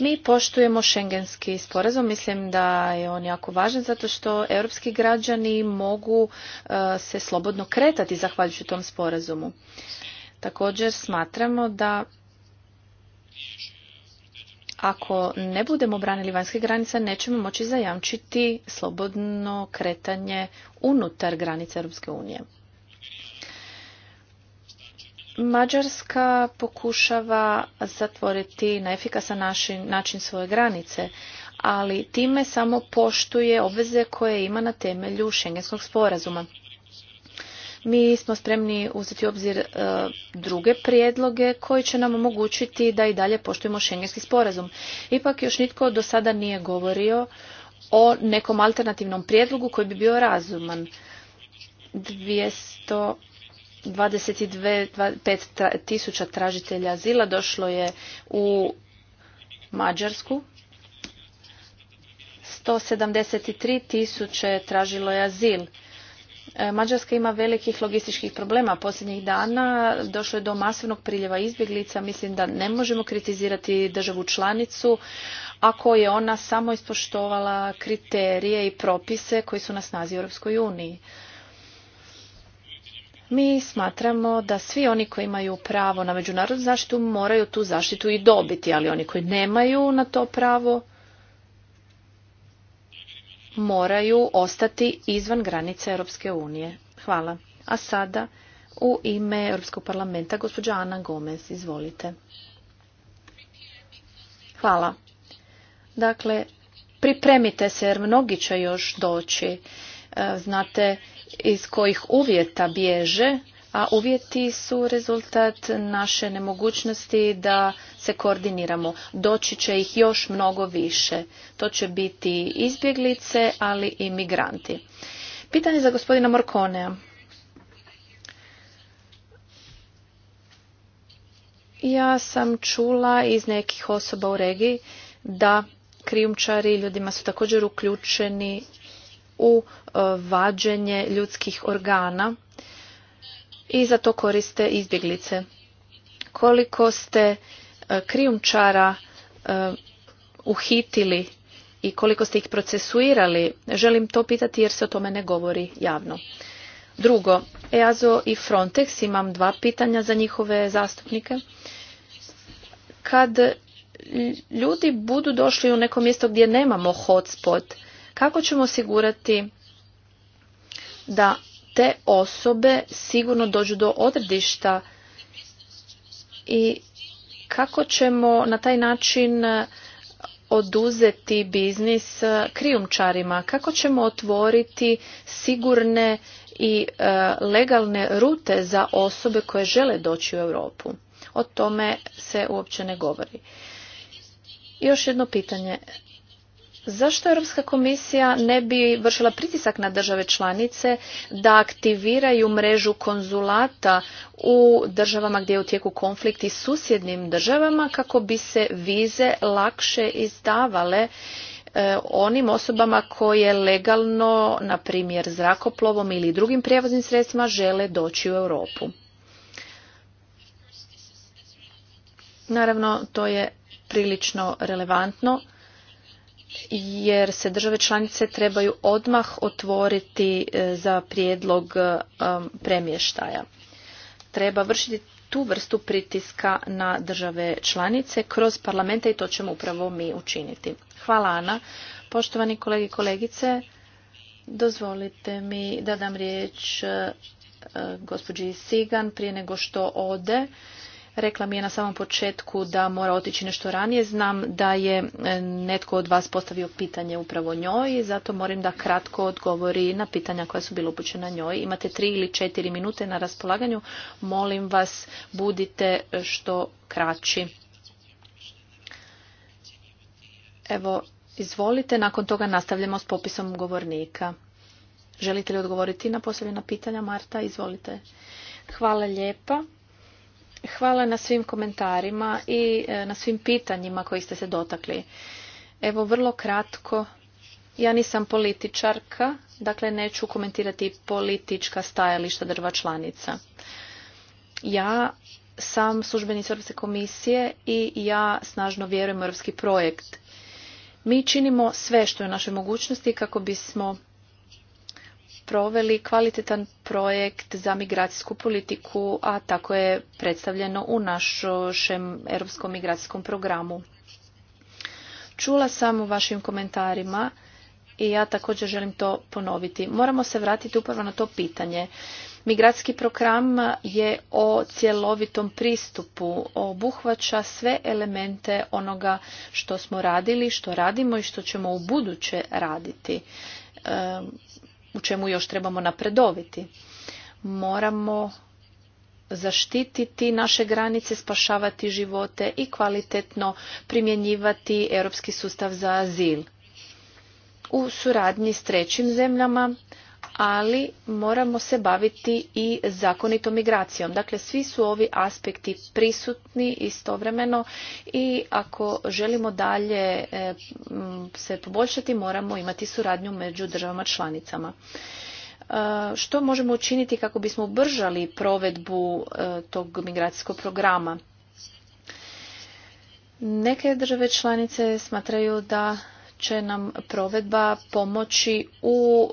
Mi poštujemo šengenski sporazum, mislim da je on jako važan zato što europski građani mogu e, se slobodno kretati zahvaljujući tom sporazumu. Također smatramo da ako ne budemo branili vanjske granice, nećemo moći zajamčiti slobodno kretanje unutar granice Europske unije. Mađarska pokušava zatvoriti na efikasan način, svoje granice, ali time samo poštuje obveze koje ima na temelju šengenskog sporazuma. Mi smo spremni uzeti u obzir e, druge prijedloge koji će nam omogućiti da i dalje poštujemo šengenski sporazum. Ipak još nitko do sada nije govorio o nekom alternativnom prijedlogu koji bi bio razuman. 225 tisuća tražitelja azila došlo je u Mađarsku. 173 tisuće tražilo je azil. E, Mađarska ima velikih logističkih problema posljednjih dana. Došlo je do masivnog priljeva izbjeglica. Mislim da ne možemo kritizirati državu članicu ako je ona samo ispoštovala kriterije i propise koji su na snazi u Europskoj uniji. Mi smatramo da svi oni koji imaju pravo na međunarodnu zaštitu moraju tu zaštitu i dobiti, ali oni koji nemaju na to pravo moraju ostati izvan granice Europske unije. Hvala. A sada u ime Europskog parlamenta gospođa Ana Gomez. Izvolite. Hvala. Dakle, pripremite se jer mnogi će još doći. E, znate iz kojih uvjeta bježe a uvjeti su rezultat naše nemogućnosti da se koordiniramo. Doći će ih još mnogo više. To će biti izbjeglice, ali i migranti. Pitanje za gospodina Morkonea. Ja sam čula iz nekih osoba u regiji da krijumčari ljudima su također uključeni u e, vađenje ljudskih organa i za to koriste izbjeglice. Koliko ste e, krijumčara e, uhitili i koliko ste ih procesuirali, želim to pitati jer se o tome ne govori javno. Drugo, Eazo i Frontex, imam dva pitanja za njihove zastupnike. Kad ljudi budu došli u neko mjesto gdje nemamo hotspot, kako ćemo osigurati da te osobe sigurno dođu do odredišta i kako ćemo na taj način oduzeti biznis krijumčarima, kako ćemo otvoriti sigurne i e, legalne rute za osobe koje žele doći u Europu. O tome se uopće ne govori. Još jedno pitanje. Zašto Europska komisija ne bi vršila pritisak na države članice da aktiviraju mrežu konzulata u državama gdje je u tijeku konflikt i susjednim državama kako bi se vize lakše izdavale e, onim osobama koje legalno, na primjer zrakoplovom ili drugim prijevoznim sredstvima, žele doći u Europu? Naravno, to je prilično relevantno jer se države članice trebaju odmah otvoriti e, za prijedlog e, premještaja. Treba vršiti tu vrstu pritiska na države članice kroz parlamente i to ćemo upravo mi učiniti. Hvala Ana. Poštovani kolegi i kolegice, dozvolite mi da dam riječ e, gospođi Sigan prije nego što ode Rekla mi je na samom početku da mora otići nešto ranije. Znam da je e, netko od vas postavio pitanje upravo njoj, zato moram da kratko odgovori na pitanja koja su bila upućena njoj. Imate tri ili četiri minute na raspolaganju. Molim vas, budite što kraći. Evo, izvolite, nakon toga nastavljamo s popisom govornika. Želite li odgovoriti na postavljena pitanja, Marta? Izvolite. Hvala lijepa. Hvala na svim komentarima i e, na svim pitanjima koji ste se dotakli. Evo vrlo kratko, ja nisam političarka, dakle neću komentirati politička stajališta drva članica. Ja sam službenica Europske komisije i ja snažno vjerujem u europski projekt. Mi činimo sve što je u našoj mogućnosti kako bismo proveli kvalitetan projekt za migracijsku politiku, a tako je predstavljeno u našem europskom migracijskom programu. Čula sam u vašim komentarima i ja također želim to ponoviti. Moramo se vratiti upravo na to pitanje. Migracijski program je o cjelovitom pristupu, obuhvaća sve elemente onoga što smo radili, što radimo i što ćemo u buduće raditi. Ehm, u čemu još trebamo napredoviti. Moramo zaštititi naše granice, spašavati živote i kvalitetno primjenjivati europski sustav za azil. U suradnji s trećim zemljama ali moramo se baviti i zakonitom migracijom. Dakle, svi su ovi aspekti prisutni istovremeno i ako želimo dalje e, se poboljšati, moramo imati suradnju među državama članicama. E, što možemo učiniti kako bismo ubržali provedbu e, tog migracijskog programa? Neke države članice smatraju da će nam provedba pomoći u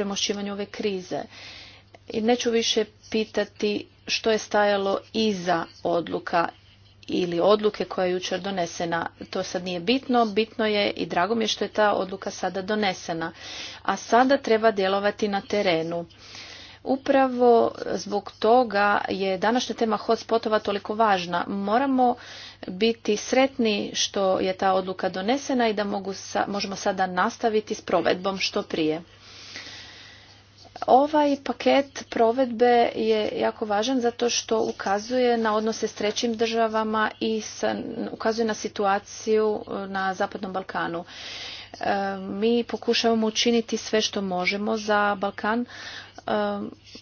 premošćivanju ove krize. I neću više pitati što je stajalo iza odluka ili odluke koja je jučer donesena. To sad nije bitno, bitno je i drago mi je što je ta odluka sada donesena. A sada treba djelovati na terenu. Upravo zbog toga je današnja tema hotspotova toliko važna. Moramo biti sretni što je ta odluka donesena i da možemo sada nastaviti s provedbom što prije. Ovaj paket provedbe je jako važan zato što ukazuje na odnose s trećim državama i ukazuje na situaciju e, na Zapadnom Balkanu. E, mi pokušavamo učiniti sve što možemo za Balkan, e,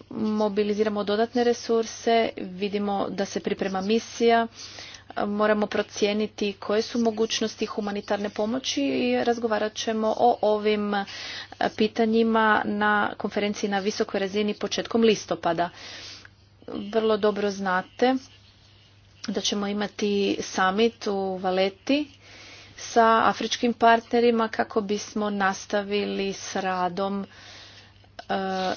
mobiliziramo dodatne resurse, vidimo da se priprema misija moramo procijeniti koje su mogućnosti humanitarne pomoći i razgovarat ćemo o ovim e, pitanjima na konferenciji na visokoj razini početkom listopada. Vrlo dobro znate da ćemo imati summit u Valeti sa afričkim partnerima kako bismo nastavili s radom e,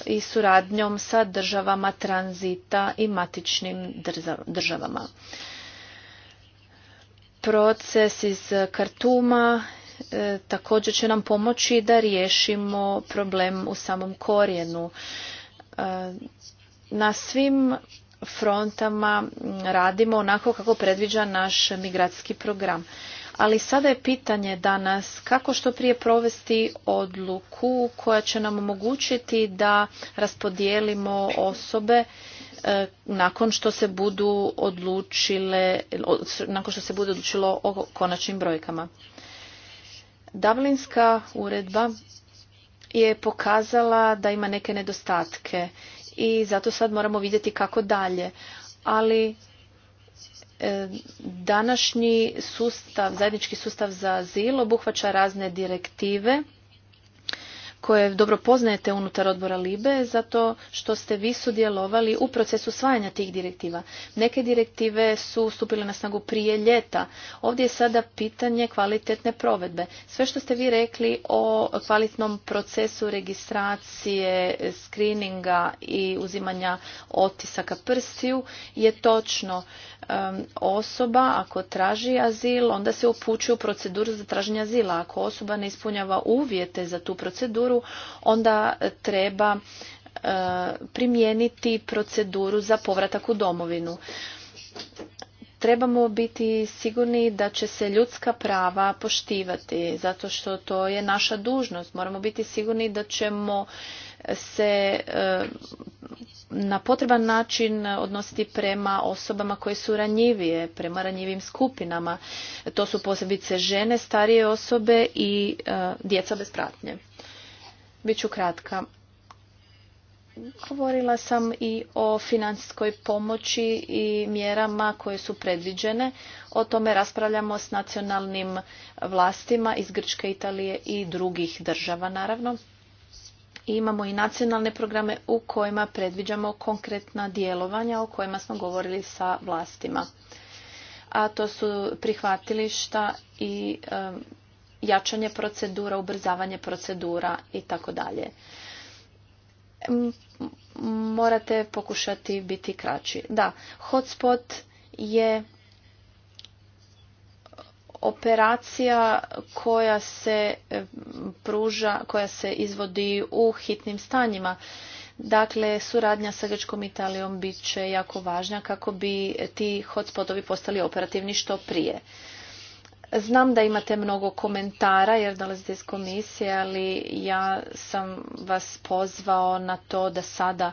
i suradnjom sa državama tranzita i matičnim državama proces iz Kartuma e, također će nam pomoći da riješimo problem u samom korijenu. E, na svim frontama radimo onako kako predviđa naš migracijski program. Ali sada je pitanje danas kako što prije provesti odluku koja će nam omogućiti da raspodijelimo osobe E, nakon što se budu odlučile, nakon što se bude odlučilo o konačnim brojkama. Dublinska uredba je pokazala da ima neke nedostatke i zato sad moramo vidjeti kako dalje. Ali e, današnji sustav, zajednički sustav za azil obuhvaća razne direktive koje dobro poznajete unutar odbora LIBE zato što ste vi sudjelovali u procesu svajanja tih direktiva. Neke direktive su stupile na snagu prije ljeta. Ovdje je sada pitanje kvalitetne provedbe. Sve što ste vi rekli o kvalitnom procesu registracije, skrininga i uzimanja otisaka prstiju je točno osoba ako traži azil onda se upućuje u proceduru za traženje azila. Ako osoba ne ispunjava uvjete za tu proceduru onda treba e, primijeniti proceduru za povratak u domovinu. Trebamo biti sigurni da će se ljudska prava poštivati, zato što to je naša dužnost. Moramo biti sigurni da ćemo se e, na potreban način odnositi prema osobama koje su ranjivije, prema ranjivim skupinama. To su posebice žene, starije osobe i e, djeca bez pratnje. Bit ću kratka. Govorila sam i o financijskoj pomoći i mjerama koje su predviđene. O tome raspravljamo s nacionalnim vlastima iz Grčke, Italije i drugih država naravno. imamo i nacionalne programe u kojima predviđamo konkretna djelovanja o kojima smo govorili sa vlastima. A to su prihvatilišta i jačanje procedura, ubrzavanje procedura i tako dalje. Morate pokušati biti kraći. Da, hotspot je operacija koja se e, pruža, koja se izvodi u hitnim stanjima. Dakle, suradnja sa Grčkom Italijom bit će jako važna kako bi ti hotspotovi postali operativni što prije. Znam da imate mnogo komentara jer dolazite iz komisije, ali ja sam vas pozvao na to da sada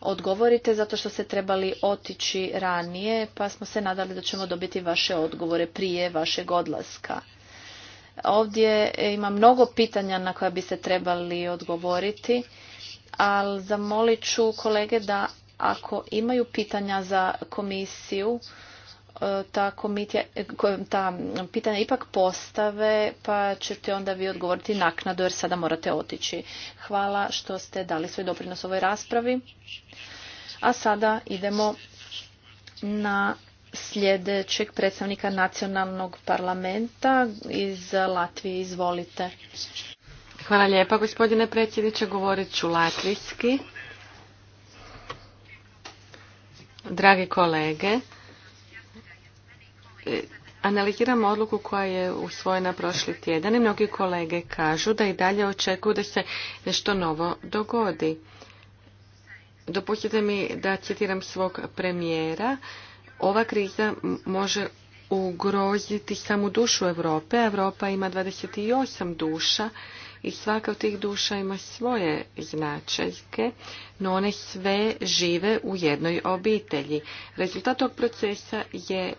odgovorite zato što ste trebali otići ranije, pa smo se nadali da ćemo dobiti vaše odgovore prije vašeg odlaska. Ovdje ima mnogo pitanja na koja biste trebali odgovoriti, ali zamolit ću kolege da ako imaju pitanja za komisiju, E, ta, komitija e, ta pitanja ipak postave, pa ćete onda vi odgovoriti naknadu jer sada morate otići. Hvala što ste dali svoj doprinos ovoj raspravi. A sada idemo na sljedećeg predstavnika nacionalnog parlamenta iz Latvije. Izvolite. Hvala lijepa gospodine predsjedniče, govorit ću latvijski. Dragi kolege, E, analiziramo odluku koja je usvojena prošli tjedan i mnogi kolege kažu da i dalje očekuju da se nešto novo dogodi. Dopustite mi da citiram svog premijera. Ova kriza može ugroziti samu dušu Europe. Europa ima 28 duša i svaka od tih duša ima svoje značajke, no one sve žive u jednoj obitelji. Rezultat tog procesa je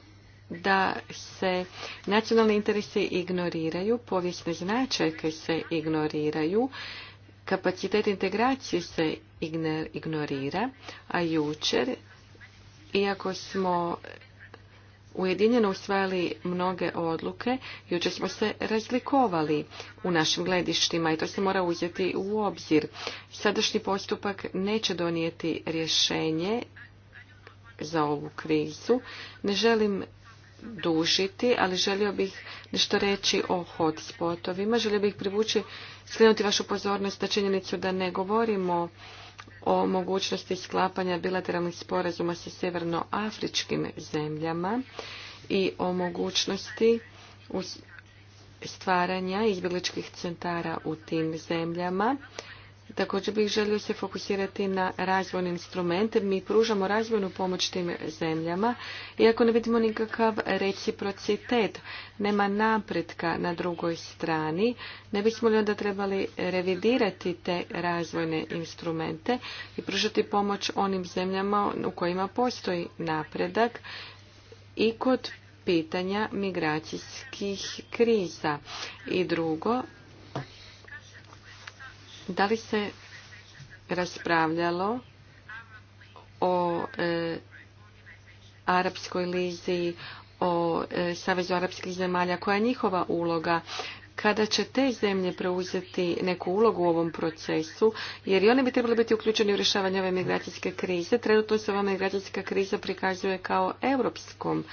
da se nacionalni interesi ignoriraju, povijesne značajke se ignoriraju, kapacitet integracije se ignorira, a jučer, iako smo ujedinjeno usvajali mnoge odluke, jučer smo se razlikovali u našim gledištima i to se mora uzeti u obzir. Sadašnji postupak neće donijeti rješenje za ovu krizu. Ne želim dužiti, ali želio bih nešto reći o hotspotovima. Želio bih privući, skrenuti vašu pozornost na činjenicu da ne govorimo o mogućnosti sklapanja bilateralnih sporazuma sa severnoafričkim zemljama i o mogućnosti stvaranja izbjegličkih centara u tim zemljama. Također bih želio se fokusirati na razvojne instrumente. Mi pružamo razvojnu pomoć tim zemljama, iako ne vidimo nikakav reciprocitet, nema napretka na drugoj strani, ne bismo li onda trebali revidirati te razvojne instrumente i pružati pomoć onim zemljama u kojima postoji napredak i kod pitanja migracijskih kriza. I drugo, da li se raspravljalo o e, Arapskoj lizi, o e, Savezu arapskih zemalja, koja je njihova uloga? Kada će te zemlje preuzeti neku ulogu u ovom procesu, jer i one bi trebali biti uključeni u rješavanje ove migracijske krize, trenutno se ova migracijska kriza prikazuje kao europskom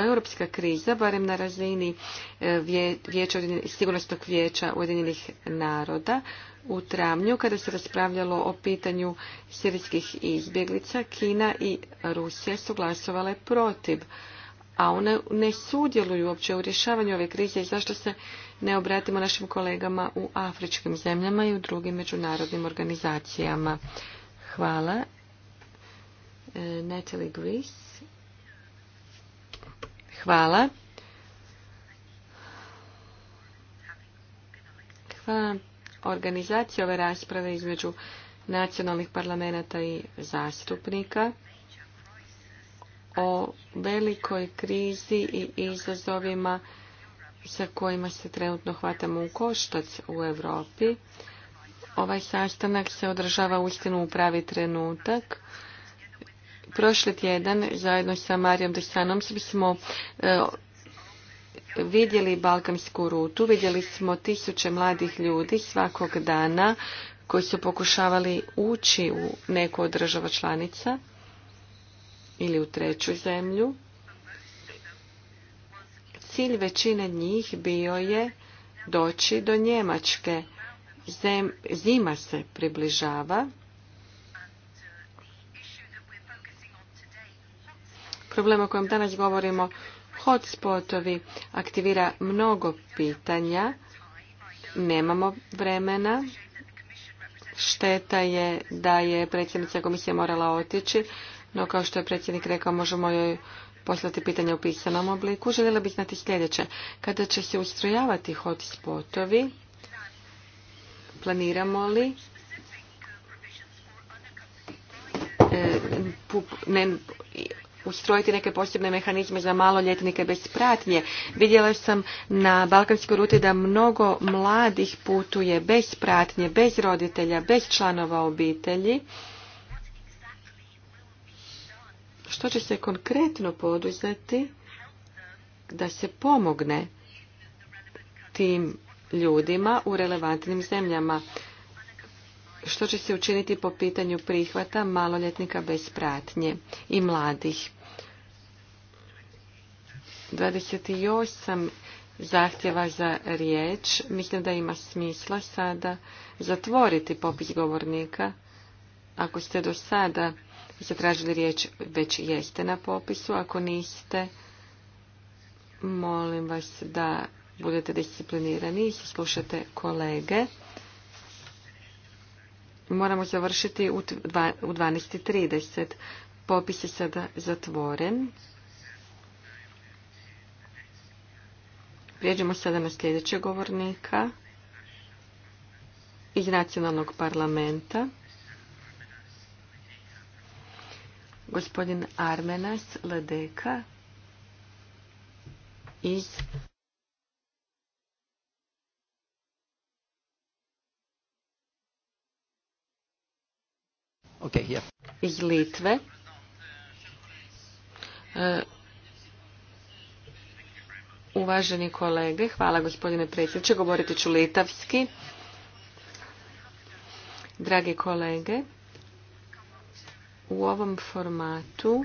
europska kriza, barem na razini e, vijeća, sigurnosnog vijeća Ujedinjenih naroda, u travnju kada se raspravljalo o pitanju sirijskih izbjeglica, Kina i Rusija su glasovale protiv, a one ne sudjeluju uopće u rješavanju ove krize i zašto se ne obratimo našim kolegama u afričkim zemljama i u drugim međunarodnim organizacijama. Hvala. E, Natalie Greece, Hvala. Hvala organizaciji ove rasprave između nacionalnih parlamenta i zastupnika o velikoj krizi i izazovima sa kojima se trenutno hvatamo u koštac u Europi. Ovaj sastanak se održava ustinu u pravi trenutak Prošli tjedan zajedno sa Marijom Desanom, smo e, vidjeli balkansku rutu, vidjeli smo tisuće mladih ljudi svakog dana koji su pokušavali ući u neku od država članica ili u treću zemlju. Cilj većine njih bio je doći do Njemačke. zima se približava. problem o kojem danas govorimo, hotspotovi, aktivira mnogo pitanja, nemamo vremena, šteta je da je predsjednica komisije morala otići, no kao što je predsjednik rekao možemo joj poslati pitanje u pisanom obliku. Željela bih znati sljedeće. Kada će se ustrojavati hotspotovi, planiramo li e, ne, ustrojiti neke posebne mehanizme za maloljetnike bez pratnje. Vidjela sam na balkanskoj ruti da mnogo mladih putuje bez pratnje, bez roditelja, bez članova obitelji. Što će se konkretno poduzeti da se pomogne tim ljudima u relevantnim zemljama? što će se učiniti po pitanju prihvata maloljetnika bez pratnje i mladih. 28 zahtjeva za riječ. Mislim da ima smisla sada zatvoriti popis govornika. Ako ste do sada zatražili riječ, već jeste na popisu. Ako niste, molim vas da budete disciplinirani i slušate kolege moramo završiti u 12.30. Popis je sada zatvoren. Prijeđemo sada na sljedećeg govornika iz nacionalnog parlamenta. Gospodin Armenas Ledeka iz iz Litve. E, uvaženi kolege, hvala gospodine predsjedniče, govoriti ću litavski. Dragi kolege, u ovom formatu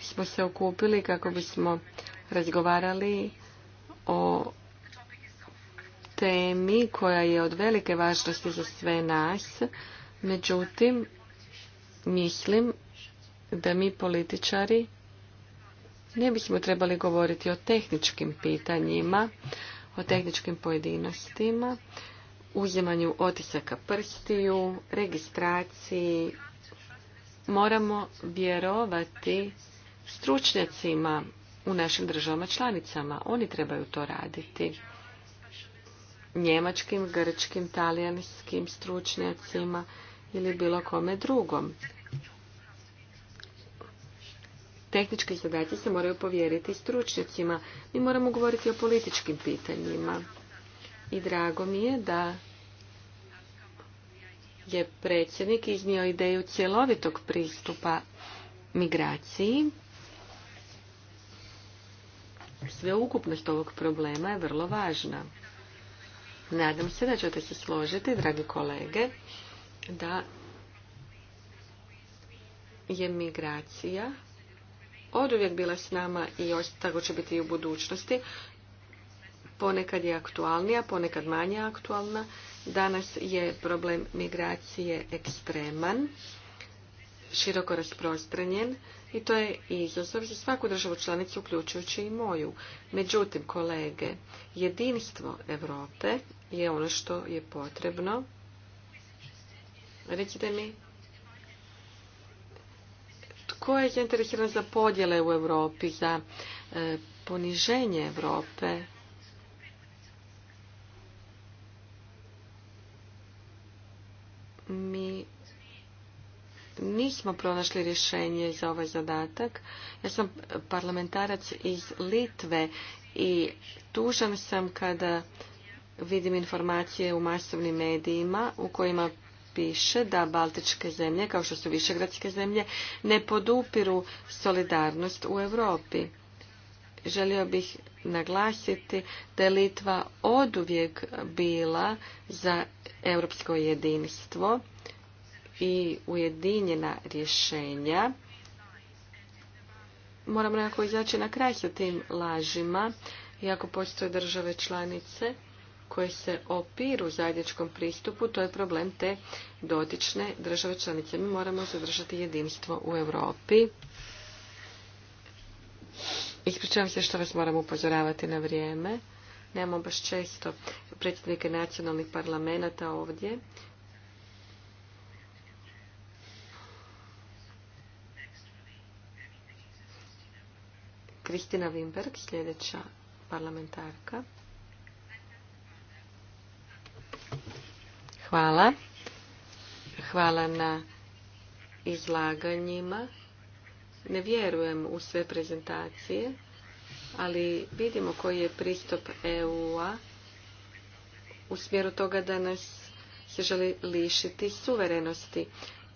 smo se okupili kako bismo razgovarali o temi koja je od velike važnosti za sve nas, Međutim, mislim da mi političari ne bismo trebali govoriti o tehničkim pitanjima, o tehničkim pojedinostima, uzimanju otisaka prstiju, registraciji. Moramo vjerovati stručnjacima u našim državama članicama. Oni trebaju to raditi. Njemačkim, grčkim, talijanskim stručnjacima ili bilo kome drugom. Tehničke zadatje se moraju povjeriti stručnjacima. Mi moramo govoriti o političkim pitanjima. I drago mi je da je predsjednik iznio ideju cjelovitog pristupa migraciji. Sveukupnost ovog problema je vrlo važna. Nadam se da ćete se složiti, dragi kolege, da je migracija od uvijek bila s nama i tako će biti i u budućnosti. Ponekad je aktualnija, ponekad manje aktualna. Danas je problem migracije ekstreman, široko rasprostranjen i to je izazov za svaku državu članicu, uključujući i moju. Međutim, kolege, jedinstvo Europe je ono što je potrebno Recite mi, tko je zainteresiran za podjele u Europi, za e, poniženje Europe? Mi nismo pronašli rješenje za ovaj zadatak. Ja sam parlamentarac iz Litve i tužan sam kada vidim informacije u masovnim medijima u kojima piše da baltičke zemlje, kao što su višegradske zemlje, ne podupiru solidarnost u Europi. Želio bih naglasiti da je Litva oduvijek bila za europsko jedinstvo i ujedinjena rješenja. Moramo nekako izaći na kraj sa tim lažima, iako postoje države članice koje se opiru zajedničkom pristupu, to je problem te dotične države članice. Mi moramo zadržati jedinstvo u Europi. Ispričavam se što vas moram upozoravati na vrijeme. Nemamo baš često predsjednike nacionalnih parlamenta ovdje. Kristina Wimberg, sljedeća parlamentarka. Hvala. Hvala na izlaganjima. Ne vjerujem u sve prezentacije, ali vidimo koji je pristup EU-a u smjeru toga da nas se želi lišiti suverenosti.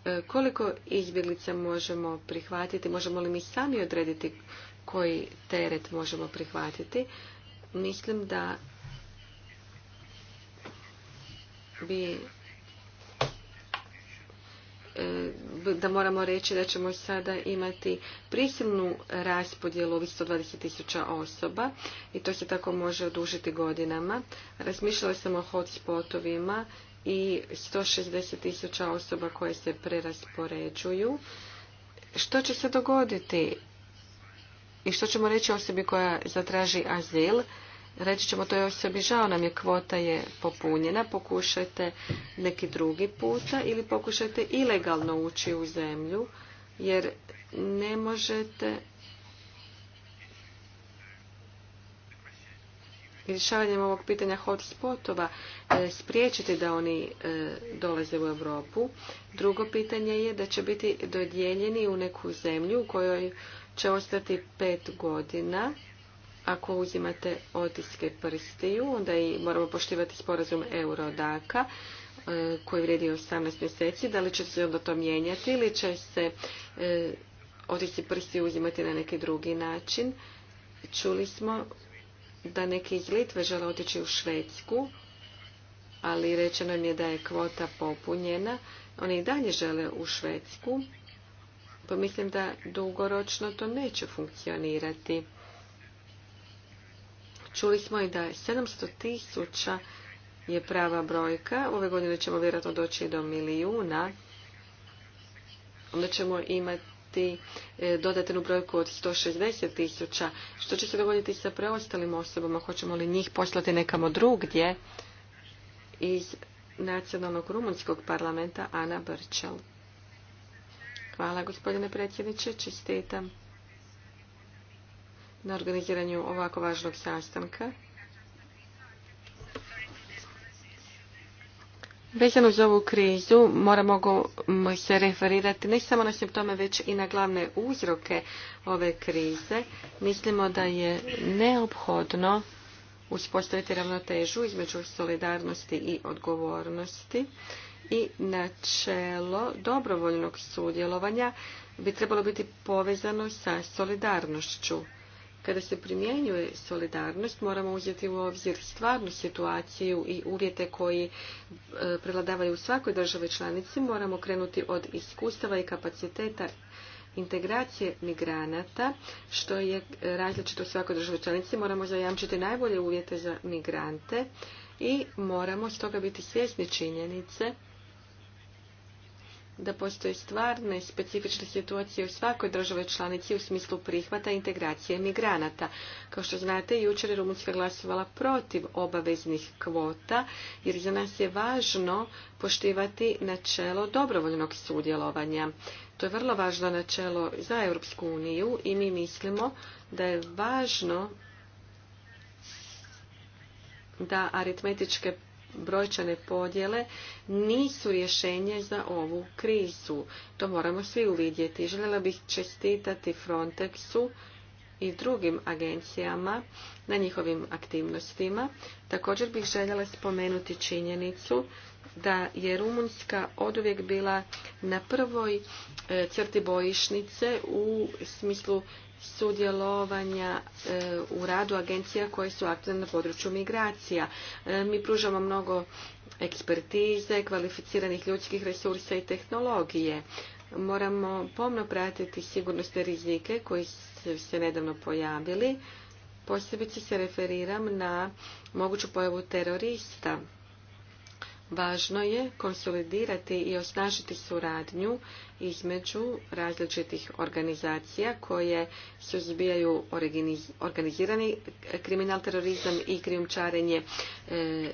E, koliko izbjeglica možemo prihvatiti? Možemo li mi sami odrediti koji teret možemo prihvatiti? Mislim da bi e, da moramo reći da ćemo sada imati prisilnu raspodjelu ovih 120.000 osoba i to se tako može odužiti godinama. Razmišljala sam o hotspotovima i 160.000 osoba koje se preraspoređuju. Što će se dogoditi i što ćemo reći osobi koja zatraži azil? reći ćemo to još sebi, žao nam je kvota je popunjena, pokušajte neki drugi puta ili pokušajte ilegalno ući u zemlju jer ne možete rješavanjem ovog pitanja hotspotova e, spriječiti da oni e, dolaze u Europu. Drugo pitanje je da će biti dodijeljeni u neku zemlju u kojoj će ostati pet godina ako uzimate otiske prstiju, onda i moramo poštivati sporazum Eurodaka e, koji vrijedi 18 mjeseci. Da li će se onda to mijenjati ili će se e, otiske prstiju uzimati na neki drugi način? Čuli smo da neki iz Litve žele otići u Švedsku, ali rečeno im je da je kvota popunjena. Oni i dalje žele u Švedsku, pa mislim da dugoročno to neće funkcionirati. Čuli smo i da je 700 tisuća je prava brojka. Ove godine ćemo vjerojatno doći do milijuna. Onda ćemo imati e, dodatnu brojku od 160 tisuća. Što će se dogoditi sa preostalim osobama? Hoćemo li njih poslati nekamo drugdje? Iz nacionalnog rumunskog parlamenta Ana Brčel. Hvala gospodine predsjedniče, čestitam na organiziranju ovako važnog sastanka. Vezano uz ovu krizu moramo se referirati ne samo na simptome, već i na glavne uzroke ove krize. Mislimo da je neophodno uspostaviti ravnotežu između solidarnosti i odgovornosti i načelo dobrovoljnog sudjelovanja bi trebalo biti povezano sa solidarnošću. Kada se primjenjuje solidarnost, moramo uzeti u obzir stvarnu situaciju i uvjete koji e, prevladavaju u svakoj državi članici. Moramo krenuti od iskustava i kapaciteta integracije migranata, što je različito u svakoj državi članici. Moramo zajamčiti najbolje uvjete za migrante i moramo stoga biti svjesni činjenice da postoje stvarne specifične situacije u svakoj državi članici u smislu prihvata integracije migranata. Kao što znate, jučer je Rumunjska glasovala protiv obaveznih kvota, jer za nas je važno poštivati načelo dobrovoljnog sudjelovanja. To je vrlo važno načelo za Europsku uniju i mi mislimo da je važno da aritmetičke brojčane podjele nisu rješenje za ovu krizu. To moramo svi uvidjeti. Željela bih čestitati Frontexu i drugim agencijama na njihovim aktivnostima. Također bih željela spomenuti činjenicu da je Rumunjska oduvijek bila na prvoj e, crti bojišnice u smislu sudjelovanja e, u radu agencija koje su aktivne na području migracija. E, mi pružamo mnogo ekspertize, kvalificiranih ljudskih resursa i tehnologije. Moramo pomno pratiti sigurnosne rizike koji su se nedavno pojavili. Posebice se referiram na moguću pojavu terorista Važno je konsolidirati i osnažiti suradnju između različitih organizacija koje suzbijaju organizirani kriminal, terorizam i krijumčarenje e,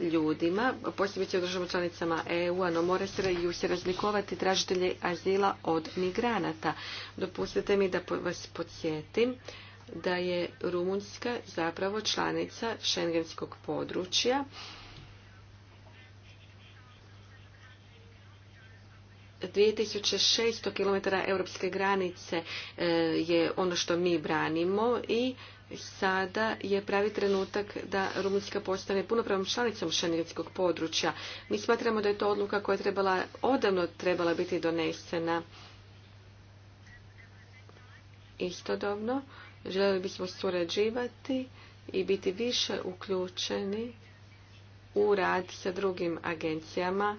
ljudima, posebice u državama članicama EU-a, no mora se razlikovati tražitelje azila od migranata. Dopustite mi da vas podsjetim da je Rumunjska zapravo članica šengenskog područja 2600 km europske granice e, je ono što mi branimo i sada je pravi trenutak da Rumunjska postane punopravnom članicom šengenskog područja. Mi smatramo da je to odluka koja je trebala, odavno trebala biti donesena. Istodobno željeli bismo surađivati i biti više uključeni u rad sa drugim agencijama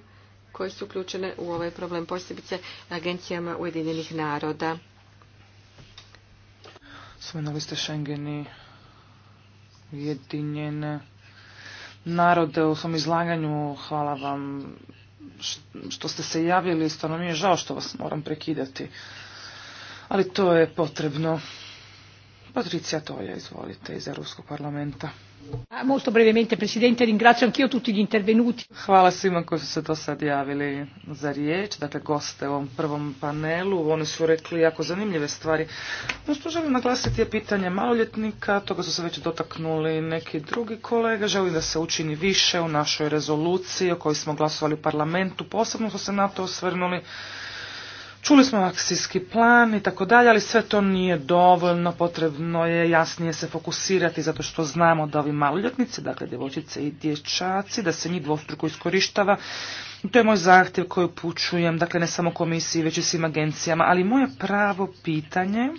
koje su uključene u ovaj problem, posebice agencijama Ujedinjenih naroda. Spomenuli ste Schengen i Ujedinjene narode u svom izlaganju. Hvala vam što ste se javili. Stvarno mi je žao što vas moram prekidati. Ali to je potrebno. Patricija Toja, izvolite, iz Europskog parlamenta. Molto brevemente, presidente, ringrazio anch'io tutti gli intervenuti. Hvala svima koji su se do sad javili za riječ, dakle goste u ovom prvom panelu, oni su rekli jako zanimljive stvari. No što želim naglasiti je pitanje maloljetnika, toga su se već dotaknuli neki drugi kolega. želim da se učini više u našoj rezoluciji o kojoj smo glasovali u parlamentu, posebno su se na to osvrnuli Čuli smo akcijski plan i tako dalje, ali sve to nije dovoljno, potrebno je jasnije se fokusirati zato što znamo da ovi maloljetnici, dakle djevojčice i dječaci, da se njih dvostruko iskorištava. To je moj zahtjev koji upućujem, dakle ne samo komisiji, već i svim agencijama, ali moje pravo pitanje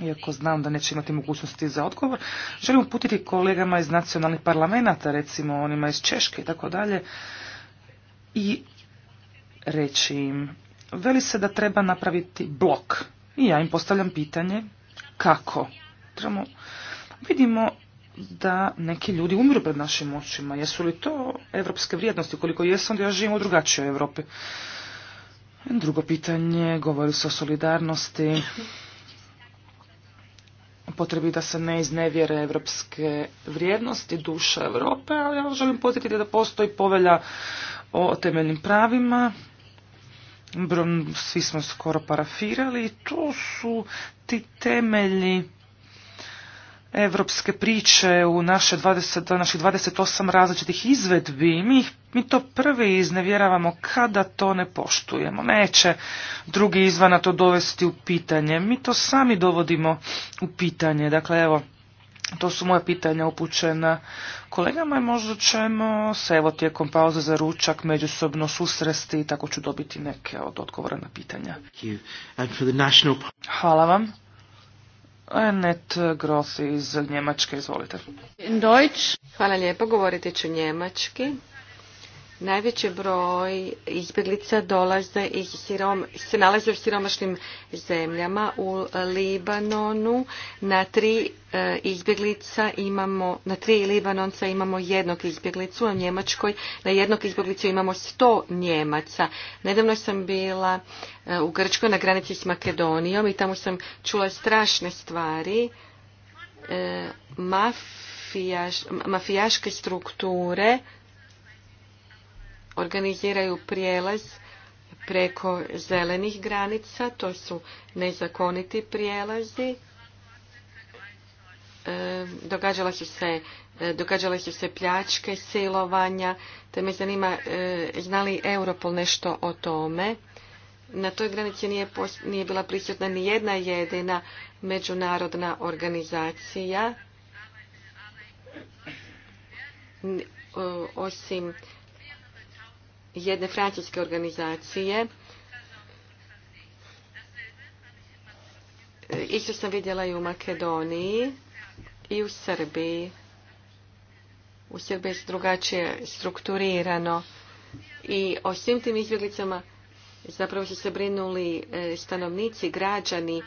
iako znam da neće imati mogućnosti za odgovor, želim uputiti kolegama iz nacionalnih parlamenta, recimo onima iz Češke i tako dalje, i reći im veli se da treba napraviti blok. I ja im postavljam pitanje kako. Trebamo, vidimo da neki ljudi umiru pred našim očima. Jesu li to evropske vrijednosti? Koliko jesu, onda ja živim u drugačijoj Europi. Drugo pitanje, govori se o solidarnosti, potrebi da se ne iznevjere evropske vrijednosti, duša Europe, ali ja želim podsjetiti da postoji povelja o temeljnim pravima svi smo skoro parafirali i to su ti temelji evropske priče u naše 20, naših 28 različitih izvedbi. Mi, mi to prvi iznevjeravamo kada to ne poštujemo. Neće drugi izvana to dovesti u pitanje. Mi to sami dovodimo u pitanje. Dakle, evo, to su moje pitanja upućena kolegama i možda ćemo se evo tijekom pauze za ručak međusobno susresti i tako ću dobiti neke od odgovora na pitanja. Hvala vam. Net Gross iz Njemačke, izvolite. Hvala lijepo, govoriti ću njemački. Najveći broj izbjeglica dolaze iz se nalaze u siromašnim zemljama u Libanonu. Na tri e, izbjeglica imamo, na tri Libanonca imamo jednog izbjeglicu, a u Njemačkoj na jednog izbjeglicu imamo sto Njemaca. Nedavno sam bila e, u Grčkoj na granici s Makedonijom i tamo sam čula strašne stvari. E, mafijaške strukture organiziraju prijelaz preko zelenih granica, to su nezakoniti prijelazi. E, se e, događale su se pljačke, silovanja, te me zanima znali e, zna li Europol nešto o tome. Na toj granici nije, bila prisutna ni jedna jedina međunarodna organizacija, osim jedne francuske organizacije. Isto sam vidjela i u Makedoniji i u Srbiji. U Srbiji je drugačije strukturirano i o svim tim izbjeglicama zapravo su se brinuli e, stanovnici, građani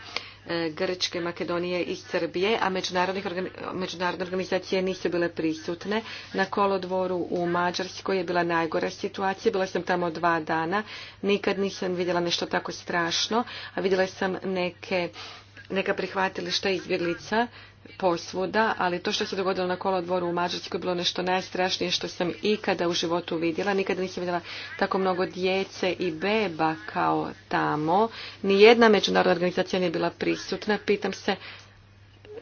E, Grčke, Makedonije i Srbije, a međunarodne organizacije nisu bile prisutne. Na kolodvoru u Mađarskoj je bila najgora situacija, bila sam tamo dva dana, nikad nisam vidjela nešto tako strašno, a vidjela sam neke, neka prihvatilišta izbjeglica posvuda, ali to što se dogodilo na kolodvoru u Mađarskoj je bilo nešto najstrašnije što sam ikada u životu vidjela. Nikada nisam vidjela tako mnogo djece i beba kao tamo. Nijedna međunarodna organizacija nije bila prisutna. Pitam se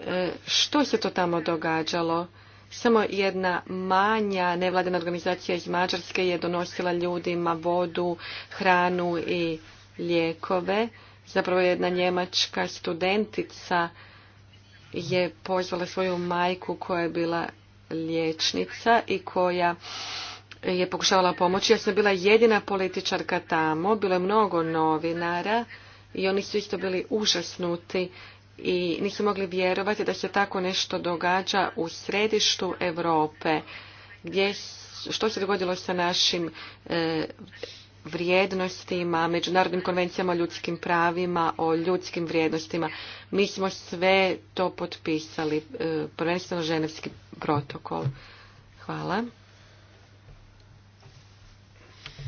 e, što se to tamo događalo. Samo jedna manja nevladena organizacija iz Mađarske je donosila ljudima vodu, hranu i lijekove. Zapravo jedna njemačka studentica je pozvala svoju majku koja je bila liječnica i koja je pokušavala pomoći. Ja sam bila jedina političarka tamo, bilo je mnogo novinara i oni su isto bili užasnuti i nisu mogli vjerovati da se tako nešto događa u središtu Europe, gdje što se dogodilo sa našim e, vrijednostima, međunarodnim konvencijama o ljudskim pravima, o ljudskim vrijednostima. Mi smo sve to potpisali, e, prvenstveno ženevski protokol. Hvala.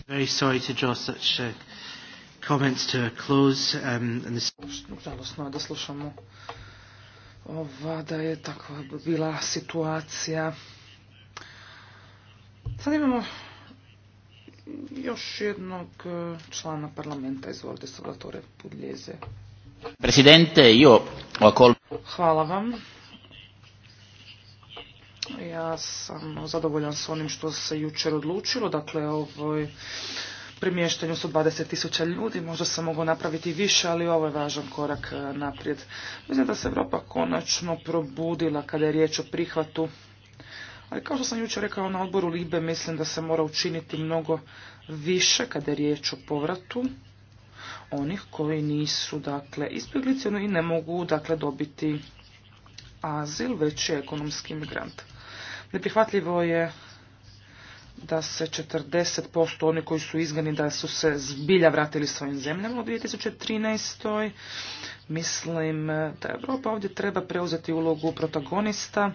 Very sorry to such uh, comments to close. Um, and this... je da slušamo ova da je takva bila situacija. Sad imamo još jednog e, člana parlamenta. Izvolite, Salvatore Pudljeze. Presidente, io Hvala vam. Ja sam zadovoljan s onim što se jučer odlučilo, dakle ovoj premještanju su 20 tisuća ljudi, možda se mogu napraviti više, ali ovo je važan korak e, naprijed. Mislim da se Europa konačno probudila kada je riječ o prihvatu ali kao što sam jučer rekao na odboru Libe, mislim da se mora učiniti mnogo više kada je riječ o povratu onih koji nisu dakle i ne mogu dakle dobiti azil, već je ekonomski migrant. Neprihvatljivo je da se 40% oni koji su izgani da su se zbilja vratili svojim zemljama u 2013. Mislim e, da Europa ovdje treba preuzeti ulogu protagonista,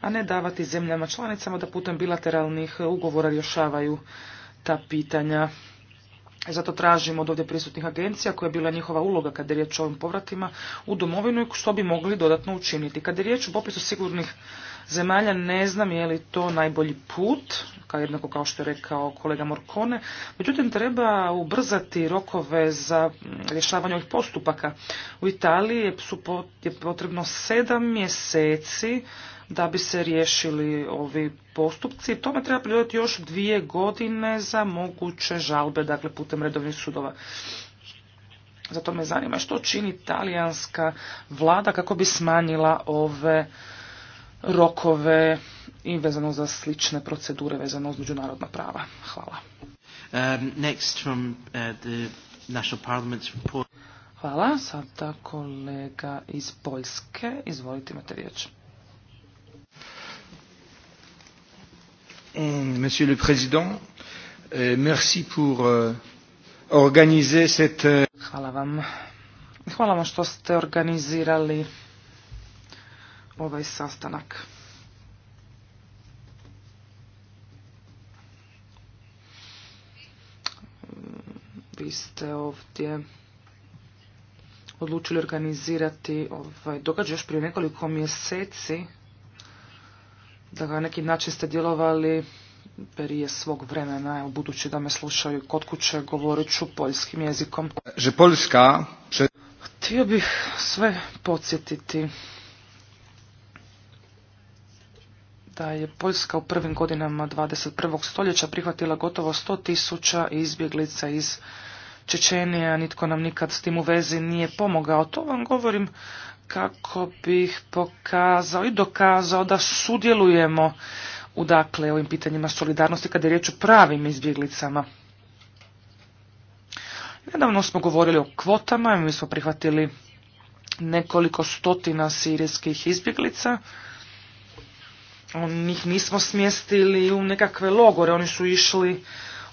a ne davati zemljama članicama da putem bilateralnih ugovora rješavaju ta pitanja. Zato tražimo od ovdje prisutnih agencija koja je bila njihova uloga kada je riječ o ovim povratima u domovinu i što bi mogli dodatno učiniti. Kada je riječ o popisu sigurnih zemalja, ne znam je li to najbolji put, jednako kao što je rekao kolega Morkone. Međutim, treba ubrzati rokove za rješavanje ovih postupaka. U Italiji je potrebno sedam mjeseci da bi se riješili ovi postupci. Tome treba pridodati još dvije godine za moguće žalbe, dakle putem redovnih sudova. Zato me zanima što čini talijanska vlada kako bi smanjila ove rokove i vezano za slične procedure vezano uz međunarodna prava. Hvala. Um, next from, uh, the Hvala. Sada kolega iz Poljske. Izvolite, imate riječ. Um, monsieur le Président, uh, merci pour uh, organiser cette... Hvala vam. Hvala vam što ste organizirali ovaj sastanak. vi ste ovdje odlučili organizirati ovaj događaj još prije nekoliko mjeseci, da ga na neki način ste djelovali prije svog vremena, evo budući da me slušaju kod kuće, govorit ću poljskim jezikom. Že Poljska... Htio bih sve podsjetiti da je Poljska u prvim godinama 21. stoljeća prihvatila gotovo 100.000 tisuća izbjeglica iz Čečenija, nitko nam nikad s tim u vezi nije pomogao. To vam govorim kako bih pokazao i dokazao da sudjelujemo u dakle ovim pitanjima solidarnosti kada je riječ o pravim izbjeglicama. Nedavno smo govorili o kvotama, mi smo prihvatili nekoliko stotina sirijskih izbjeglica. Njih nismo smjestili u nekakve logore, oni su išli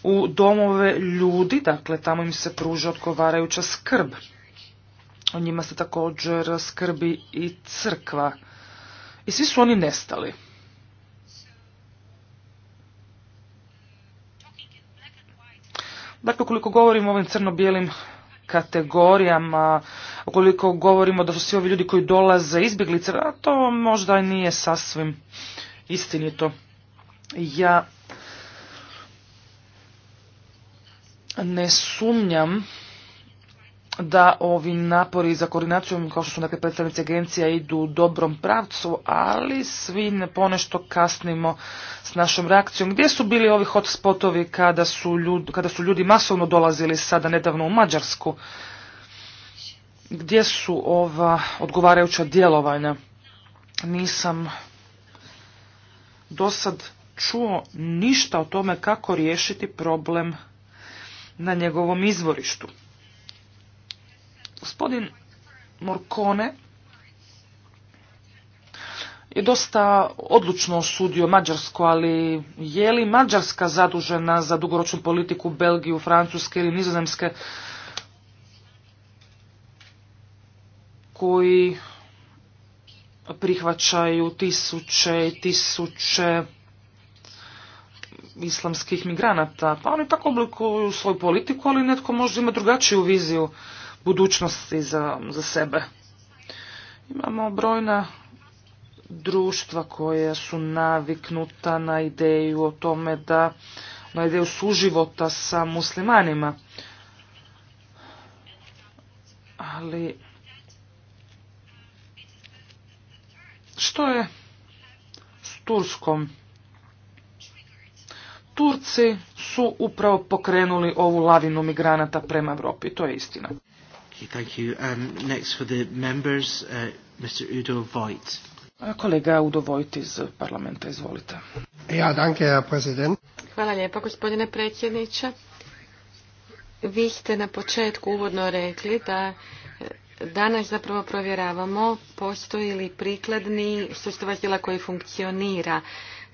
u domove ljudi, dakle tamo im se pruža odgovarajuća skrb. O njima se također skrbi i crkva. I svi su oni nestali. Dakle, ukoliko govorimo o ovim crno-bijelim kategorijama, koliko govorimo da su svi ovi ljudi koji dolaze izbjeglice, to možda i nije sasvim istinito. Ja Ne sumnjam da ovi napori za koordinacijom, kao što su neke dakle predstavnice agencija, idu u dobrom pravcu, ali svi ne ponešto kasnimo s našom reakcijom. Gdje su bili ovi hotspotovi kada su, kada su ljudi masovno dolazili sada nedavno u Mađarsku? Gdje su ova odgovarajuća djelovanja? Nisam do sad čuo ništa o tome kako riješiti problem na njegovom izvorištu. Gospodin Morkone je dosta odlučno osudio Mađarsku, ali je li Mađarska zadužena za dugoročnu politiku Belgiju, Francuske ili Nizozemske koji prihvaćaju tisuće i tisuće islamskih migranata. Pa oni tako oblikuju svoju politiku, ali netko može imati drugačiju viziju budućnosti za, za sebe. Imamo brojna društva koja su naviknuta na ideju o tome da na ideju suživota sa muslimanima. Ali što je s Turskom? Turci su upravo pokrenuli ovu lavinu migranata prema Europi, to je istina. Okay, um, next for the members, uh, Mr. Udo Vojt. Kolega Udo Vojt iz parlamenta, izvolite. Ja, danke, president. Hvala lijepa, gospodine predsjedniče. Vi ste na početku uvodno rekli da eh, danas zapravo provjeravamo postoji li prikladni sustav azila koji funkcionira.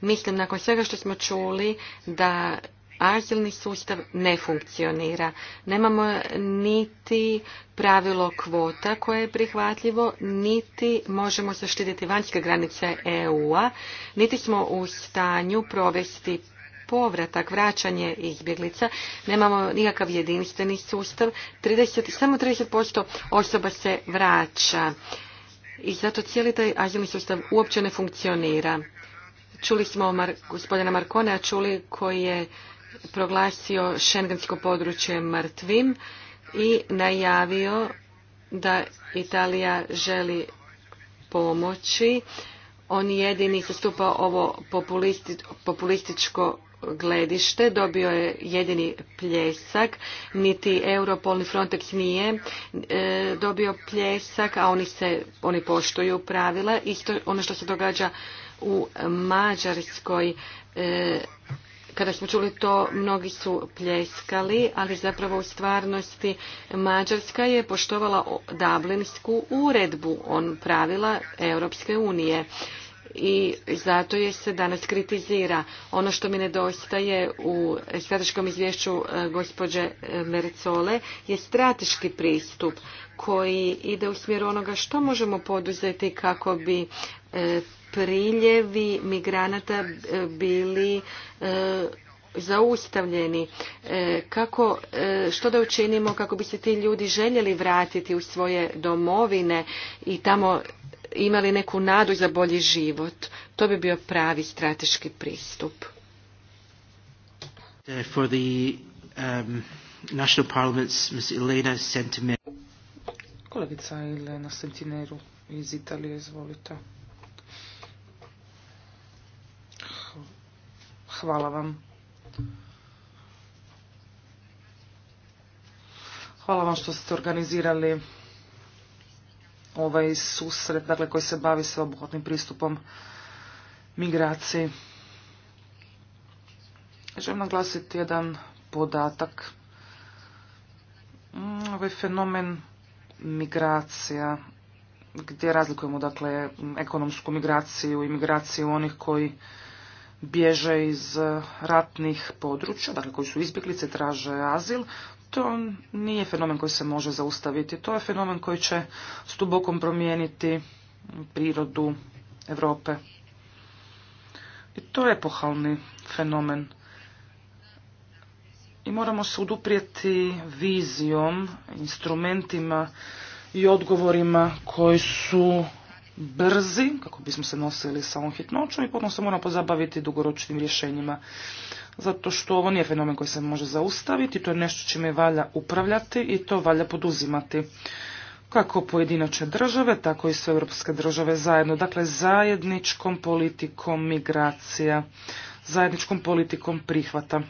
Mislim, nakon svega što smo čuli, da azilni sustav ne funkcionira. Nemamo niti pravilo kvota koje je prihvatljivo, niti možemo zaštititi vanjske granice EU-a, niti smo u stanju provesti povratak, vraćanje izbjeglica. Nemamo nikakav jedinstveni sustav. 30, samo 30% osoba se vraća. I zato cijeli taj azilni sustav uopće ne funkcionira. Čuli smo gospodina a čuli koji je proglasio šengensko područje mrtvim i najavio da Italija želi pomoći. On jedini zastupa ovo populističko gledište, dobio je jedini pljesak, niti Europolni Frontex nije e, dobio pljesak, a oni se, oni poštuju pravila. Isto ono što se događa u Mađarskoj e, kada smo čuli to, mnogi su pljeskali, ali zapravo u stvarnosti Mađarska je poštovala Dublinsku uredbu, on pravila Europske unije. I zato je se danas kritizira. Ono što mi nedostaje u strateškom izvješću e, gospođe e, Mercole je strateški pristup koji ide u smjeru onoga što možemo poduzeti kako bi e, priljevi migranata e, bili e, zaustavljeni što da učinimo kako bi se ti ljudi željeli vratiti u svoje domovine i tamo imali neku nadu za bolji život to bi bio pravi strateški pristup For the, um, national parliaments, Ms. Elena Sentiment. Kolegica na Sentineru iz Italije, izvolite. Hvala vam. Hvala vam što ste organizirali ovaj susret, dakle koji se bavi sveobuhvatnim pristupom migraciji. Želim naglasiti jedan podatak. Mm, ovaj fenomen migracija, gdje razlikujemo dakle ekonomsku migraciju i migraciju onih koji bježe iz ratnih područja, dakle koji su izbjeglice, traže azil, to nije fenomen koji se može zaustaviti. To je fenomen koji će s promijeniti prirodu Europe. I to je epohalni fenomen i moramo se uduprijeti vizijom, instrumentima i odgovorima koji su brzi, kako bismo se nosili sa ovom hitnoćom i potom se moramo pozabaviti dugoročnim rješenjima. Zato što ovo nije fenomen koji se može zaustaviti, to je nešto čime valja upravljati i to valja poduzimati. Kako pojedinačne države, tako i sve europske države zajedno. Dakle, zajedničkom politikom migracija, zajedničkom politikom prihvata.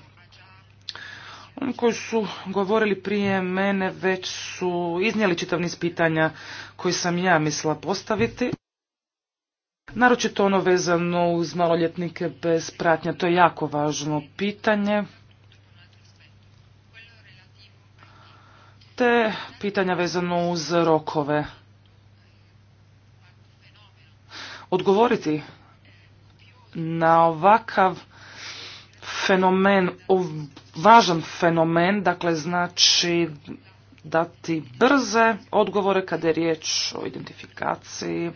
Oni koji su govorili prije mene već su iznijeli čitav niz pitanja koji sam ja mislila postaviti. Naročito ono vezano uz maloljetnike bez pratnja, to je jako važno pitanje. Te pitanja vezano uz rokove. Odgovoriti na ovakav fenomen važan fenomen, dakle znači dati brze odgovore kada je riječ o identifikaciji,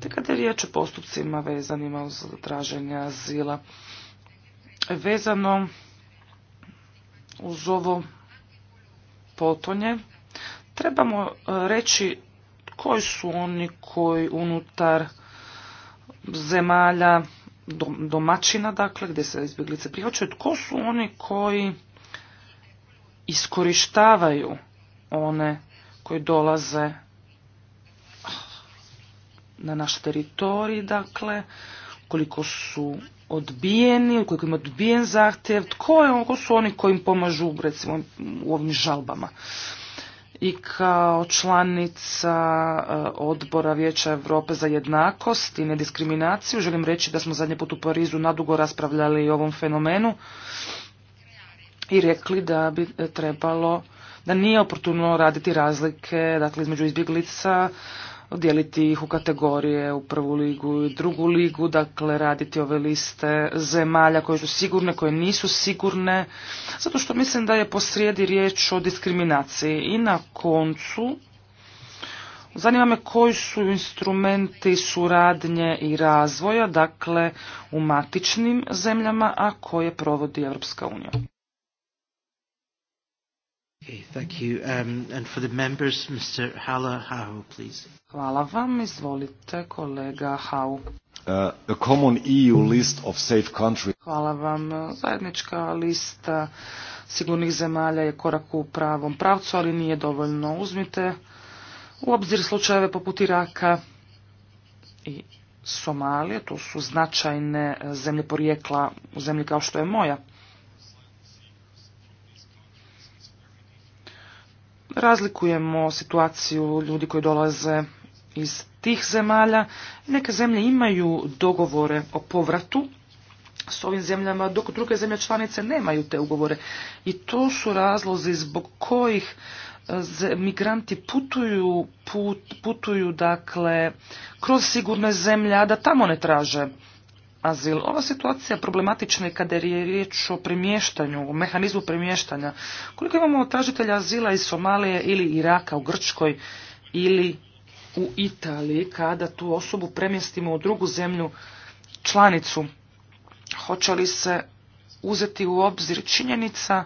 te kada je riječ o postupcima vezanima uz traženje azila. Vezano uz ovo potonje, trebamo e, reći koji su oni koji unutar zemalja domaćina, dakle, gdje se izbjeglice prihvaćaju, tko su oni koji iskorištavaju one koji dolaze na naš teritorij, dakle, koliko su odbijeni, koliko im odbijen zahtjev, tko, je, tko su oni koji im pomažu, recimo, u ovim žalbama i kao članica e, odbora Vijeća Europe za jednakost i nediskriminaciju želim reći da smo zadnje put u Parizu nadugo raspravljali o ovom fenomenu i rekli da bi e, trebalo da nije oportuno raditi razlike dakle, između izbjeglica, dijeliti ih u kategorije u prvu ligu i drugu ligu, dakle raditi ove liste zemalja koje su sigurne, koje nisu sigurne, zato što mislim da je posrijedi riječ o diskriminaciji. I na koncu, zanima me koji su instrumenti suradnje i razvoja, dakle u matičnim zemljama, a koje provodi Europska unija thank you. Um, Hvala vam, izvolite kolega Hau. Uh, EU Hvala vam. Zajednička lista sigurnih zemalja je korak u pravom pravcu, ali nije dovoljno. Uzmite u obzir slučajeve poput Iraka i Somalije, to su značajne uh, zemlje porijekla u zemlji kao što je moja. razlikujemo situaciju ljudi koji dolaze iz tih zemalja. Neke zemlje imaju dogovore o povratu s ovim zemljama, dok druge zemlje članice nemaju te ugovore. I to su razlozi zbog kojih e, migranti putuju, putuju dakle, kroz sigurne zemlje, a da tamo ne traže azil. Ova situacija problematična je kada je riječ o premještanju, o mehanizmu premještanja. Koliko imamo tražitelja azila iz Somalije ili Iraka u Grčkoj ili u Italiji kada tu osobu premjestimo u drugu zemlju članicu? Hoće li se uzeti u obzir činjenica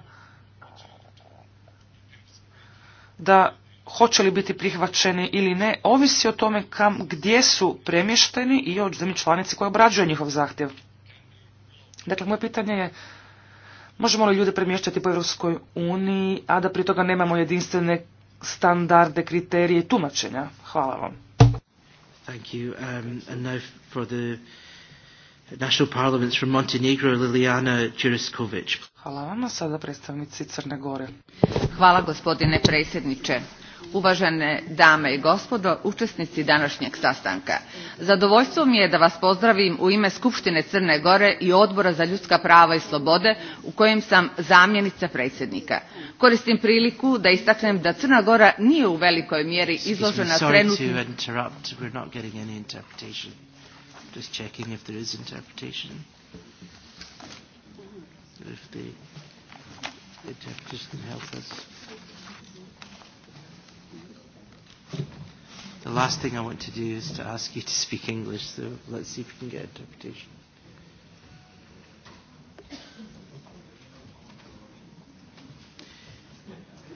da hoće li biti prihvaćeni ili ne, ovisi o tome kam, gdje su premješteni i od zemlji članici koja obrađuje njihov zahtjev. Dakle, moje pitanje je, možemo li ljude premještati po Europskoj uniji, a da pri toga nemamo jedinstvene standarde, kriterije i tumačenja? Hvala vam. Thank you. Um, and now for the National Parliaments from Montenegro, Liliana Hvala vam, sada predstavnici Crne Gore. Hvala gospodine predsjedniče uvažene dame i gospodo, učesnici današnjeg sastanka. Zadovoljstvo mi je da vas pozdravim u ime Skupštine Crne Gore i Odbora za ljudska prava i slobode u kojem sam zamjenica predsjednika. Koristim priliku da istaknem da Crna Gora nije u velikoj mjeri izložena trenutnim... The last thing I want to do is to ask you to speak English, so let's see if we can get interpretation.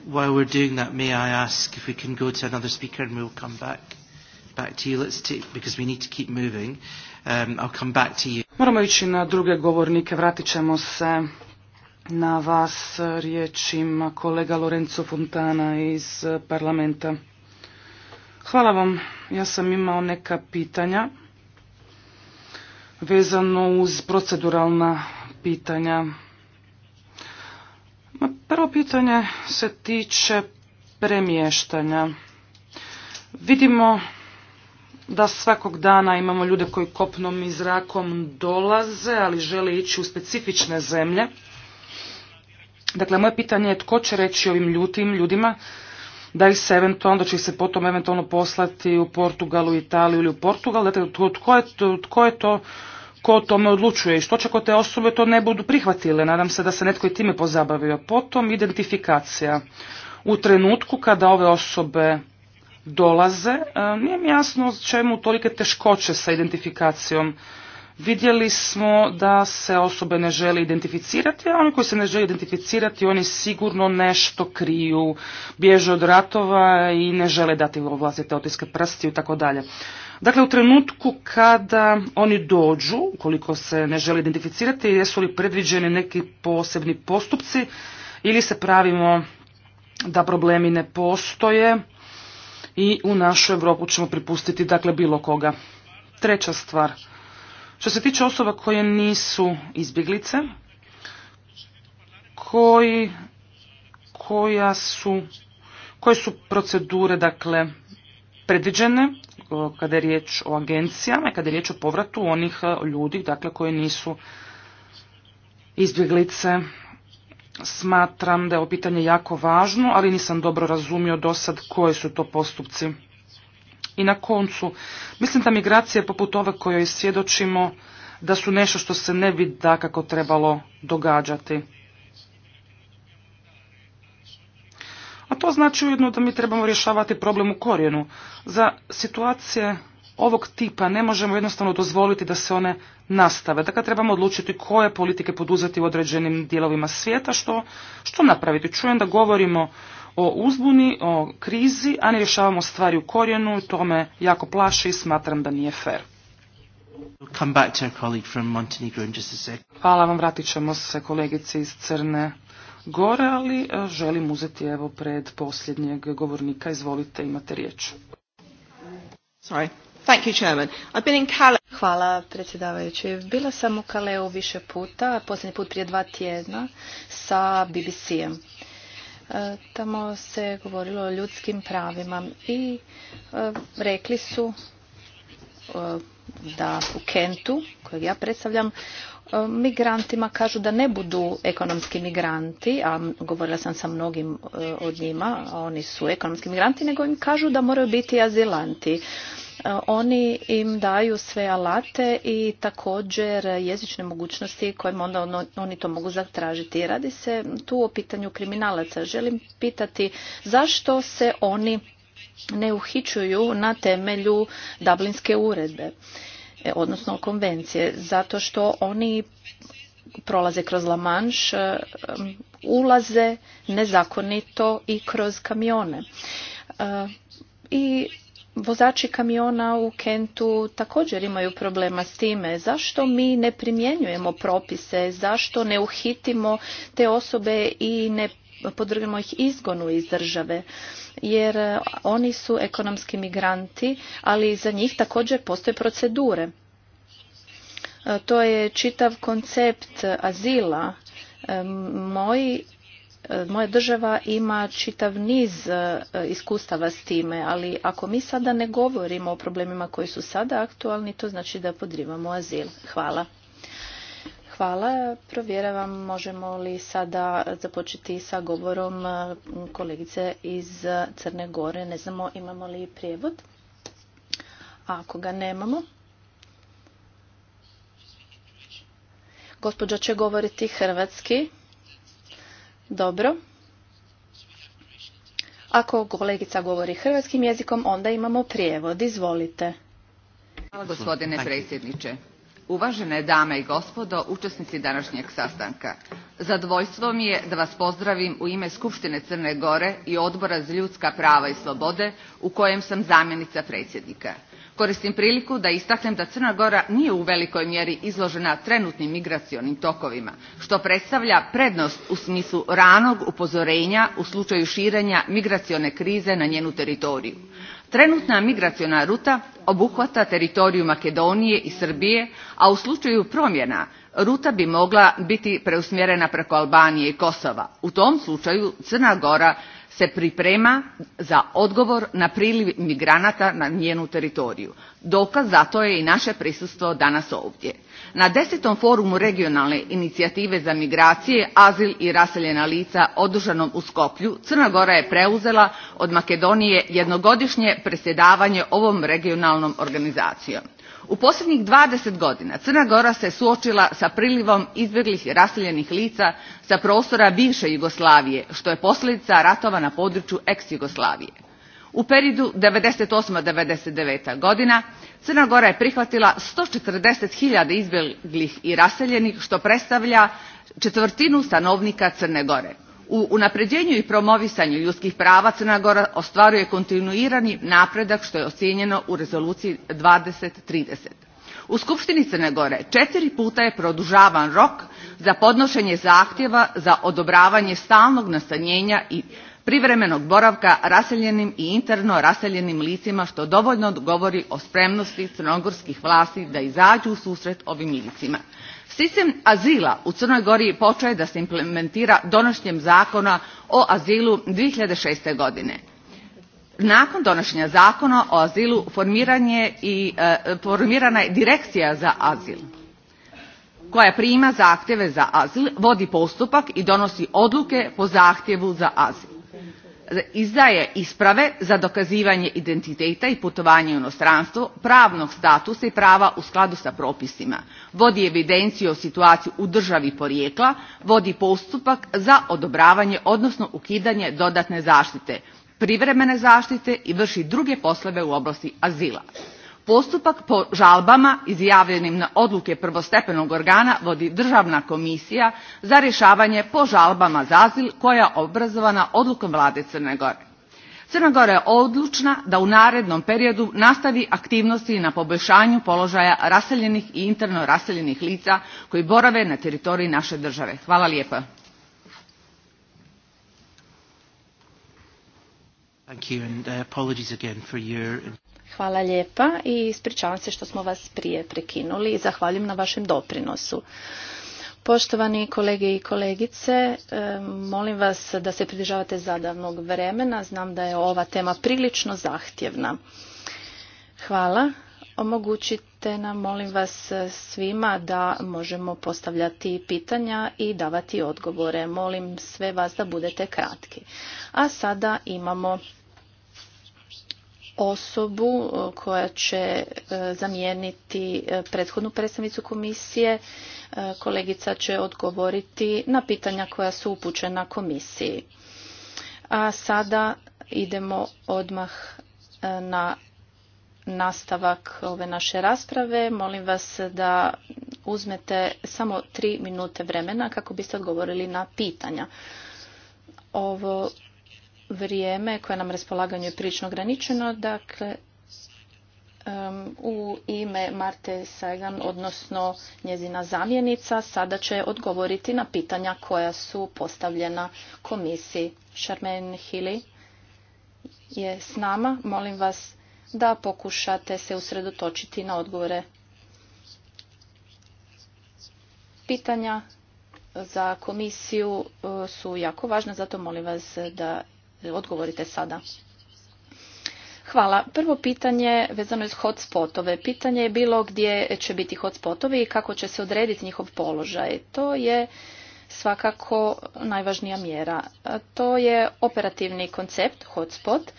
While we're doing that, may I ask if we can go to another speaker and we'll come back back to you. Let's take, because we need to keep moving. Um, I'll come back to you. Moramo ići na druge govornike, vratit ćemo se na vas riječima kolega Lorenzo Fontana iz parlamenta. Hvala vam. Ja sam imao neka pitanja vezano uz proceduralna pitanja. Prvo pitanje se tiče premještanja. Vidimo da svakog dana imamo ljude koji kopnom i zrakom dolaze, ali žele ići u specifične zemlje. Dakle, moje pitanje je tko će reći ovim ljutim ljudima da ih se eventualno, da će ih se potom eventualno poslati u Portugalu, Italiju ili u Portugal, dakle tko je, to ko o tome odlučuje i što će ako te osobe to ne budu prihvatile. Nadam se da se netko i time pozabavio. Potom identifikacija. U trenutku kada ove osobe dolaze, eh, nije mi jasno čemu tolike teškoće sa identifikacijom vidjeli smo da se osobe ne žele identificirati, a oni koji se ne žele identificirati, oni sigurno nešto kriju, bježe od ratova i ne žele dati vlastite otiske prsti i tako dalje. Dakle, u trenutku kada oni dođu, ukoliko se ne žele identificirati, jesu li predviđeni neki posebni postupci ili se pravimo da problemi ne postoje i u našu Europu ćemo pripustiti dakle bilo koga. Treća stvar, što se tiče osoba koje nisu izbjeglice, koji, koja su, koje su procedure dakle predviđene kada je riječ o agencijama kada je riječ o povratu onih e, ljudi dakle koji nisu izbjeglice. Smatram da je ovo pitanje jako važno, ali nisam dobro razumio do sad koji su to postupci. I na koncu, mislim da migracije poput ove kojoj svjedočimo da su nešto što se ne bi dakako trebalo događati. A to znači ujedno da mi trebamo rješavati problem u korijenu. Za situacije ovog tipa ne možemo jednostavno dozvoliti da se one nastave. Dakle, trebamo odlučiti koje politike poduzeti u određenim dijelovima svijeta, što, što napraviti. Čujem da govorimo o uzbuni, o krizi, a ne rješavamo stvari u korijenu to me jako plaši i smatram da nije fair. Hvala vam, vratit ćemo se kolegice iz Crne Gore, ali e, želim uzeti evo pred posljednjeg govornika. Izvolite, imate riječ. Sorry. Thank you, Chairman. I've been in Hvala predsjedavajući. Bila sam u Kaleu više puta, posljednji put prije dva tjedna sa BBC-em. E, tamo se govorilo o ljudskim pravima i e, rekli su e, da u Kentu, kojeg ja predstavljam, migrantima kažu da ne budu ekonomski migranti, a govorila sam sa mnogim od njima, oni su ekonomski migranti, nego im kažu da moraju biti azilanti. E, oni im daju sve alate i također jezične mogućnosti kojim onda ono, oni to mogu zatražiti. Radi se tu o pitanju kriminalaca. Želim pitati zašto se oni ne uhićuju na temelju Dublinske uredbe, e, odnosno konvencije, zato što oni prolaze kroz La Manche, e, ulaze nezakonito i kroz kamione. I vozači kamiona u Kentu također imaju problema s time. Zašto mi ne primjenjujemo propise? Zašto ne uhitimo te osobe i ne podvrgnemo ih izgonu iz države? Jer e, oni su ekonomski migranti, ali za njih također postoje procedure. E, to je čitav koncept azila. E, Moj moja država ima čitav niz e, iskustava s time, ali ako mi sada ne govorimo o problemima koji su sada aktualni, to znači da podrivamo azil. Hvala. Hvala. Provjeravam možemo li sada započeti sa govorom e, kolegice iz Crne Gore. Ne znamo imamo li prijevod. A ako ga nemamo, gospođa će govoriti hrvatski. Dobro. Ako kolegica govori hrvatskim jezikom, onda imamo prijevod. Izvolite. Hvala gospodine predsjedniče. Uvažene dame i gospodo, učesnici današnjeg sastanka. Zadvojstvo mi je da vas pozdravim u ime Skupštine Crne Gore i Odbora za ljudska prava i slobode u kojem sam zamjenica predsjednika koristim priliku da istaknem da crna gora nije u velikoj mjeri izložena trenutnim migracionim tokovima što predstavlja prednost u smislu ranog upozorenja u slučaju širenja migracione krize na njenu teritoriju. trenutna migraciona ruta obuhvata teritoriju makedonije i srbije a u slučaju promjena ruta bi mogla biti preusmjerena preko albanije i kosova. u tom slučaju crna gora se priprema za odgovor na priliv migranata na njenu teritoriju. Dokaz za to je i naše prisustvo danas ovdje. Na desetom forumu regionalne inicijative za migracije, azil i raseljena lica održanom u Skoplju, Crna Gora je preuzela od Makedonije jednogodišnje predsjedavanje ovom regionalnom organizacijom u posljednjih 20 godina crna gora se suočila sa prilivom izbjeglih i raseljenih lica sa prostora bivše jugoslavije što je posljedica ratova na području ex jugoslavije. u periodu ninety eight godina crna gora je prihvatila 140.000 izbjeglih i raseljenih što predstavlja četvrtinu stanovnika crne gore. U unapređenju i promovisanju ljudskih prava Crna Gora ostvaruje kontinuirani napredak što je ocijenjeno u rezoluciji 2030. U Skupštini Crne Gore četiri puta je produžavan rok za podnošenje zahtjeva za odobravanje stalnog nastanjenja i privremenog boravka raseljenim i interno raseljenim licima što dovoljno govori o spremnosti crnogorskih vlasti da izađu u susret ovim licima sistem azila u crnoj gori počeo je da se implementira donošenjem zakona o azilu. 2006. godine nakon donošenja zakona o azilu i e, formirana je direkcija za azil koja prima zahtjeve za azil vodi postupak i donosi odluke po zahtjevu za azil izdaje isprave za dokazivanje identiteta i putovanje u inostranstvo, pravnog statusa i prava u skladu sa propisima, vodi evidenciju o situaciji u državi porijekla, vodi postupak za odobravanje odnosno ukidanje dodatne zaštite, privremene zaštite i vrši druge poslove u oblasti azila postupak po žalbama izjavljenim na odluke prvostepenog organa vodi državna komisija za rješavanje po žalbama za azil koja je obrazovana odlukom vlade crne gore. crna gora je odlučna da u narednom periodu nastavi aktivnosti na poboljšanju položaja raseljenih i interno raseljenih lica koji borave na teritoriji naše države. hvala lijepa. Uh, Hvala lijepa i ispričavam se što smo vas prije prekinuli i zahvaljujem na vašem doprinosu. Poštovani kolege i kolegice, e, molim vas da se pridržavate zadavnog vremena. Znam da je ova tema prilično zahtjevna. Hvala. Omogućite nam, molim vas, svima da možemo postavljati pitanja i davati odgovore. Molim sve vas da budete kratki. A sada imamo osobu e, koja će e, zamijeniti e, prethodnu predstavnicu komisije. Kolegica će odgovoriti na pitanja koja su upućena komisiji. A sada idemo odmah na nastavak ove naše rasprave. Molim vas da uzmete samo tri minute vremena kako biste odgovorili na pitanja. Ovo vrijeme koje nam raspolaganju je prilično ograničeno. Dakle, u ime Marte Sagan, odnosno njezina zamjenica, sada će odgovoriti na pitanja koja su postavljena komisiji. Šarmen Hili je s nama. Molim vas da pokušate se usredotočiti na odgovore pitanja za komisiju eh, su jako važna, zato molim vas da odgovorite sada. Hvala. Prvo pitanje vezano iz hotspotove. Pitanje je bilo gdje će biti hotspotovi i kako će se odrediti njihov položaj. To je svakako najvažnija mjera. To je operativni koncept, hotspot,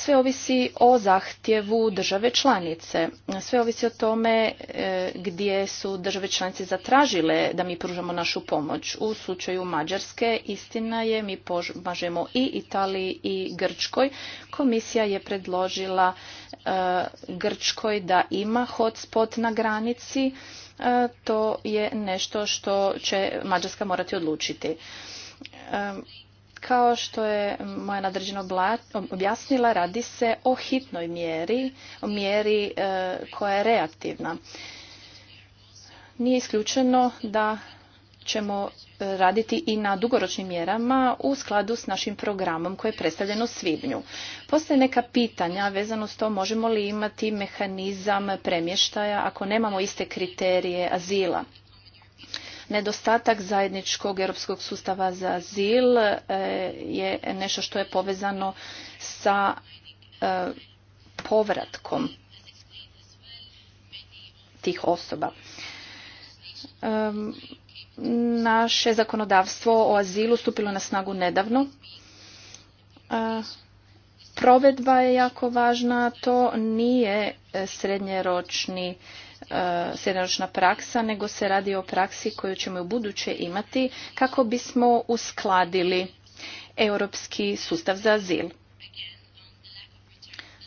sve ovisi o zahtjevu države članice. Sve ovisi o tome e, gdje su države članice zatražile da mi pružamo našu pomoć. U slučaju Mađarske istina je mi pomažemo i Italiji i Grčkoj. Komisija je predložila e, Grčkoj da ima hotspot na granici. E, to je nešto što će Mađarska morati odlučiti kao što je moja nadređena objasnila, radi se o hitnoj mjeri, o mjeri e, koja je reaktivna. Nije isključeno da ćemo raditi i na dugoročnim mjerama u skladu s našim programom koje je predstavljeno u svibnju. Postoje neka pitanja vezano s to možemo li imati mehanizam premještaja ako nemamo iste kriterije azila. Nedostatak zajedničkog europskog sustava za azil e, je nešto što je povezano sa e, povratkom tih osoba. E, naše zakonodavstvo o azilu stupilo na snagu nedavno. Provedba je jako važna, to nije srednjeročni E, srednoročna praksa, nego se radi o praksi koju ćemo u buduće imati kako bismo uskladili europski sustav za azil.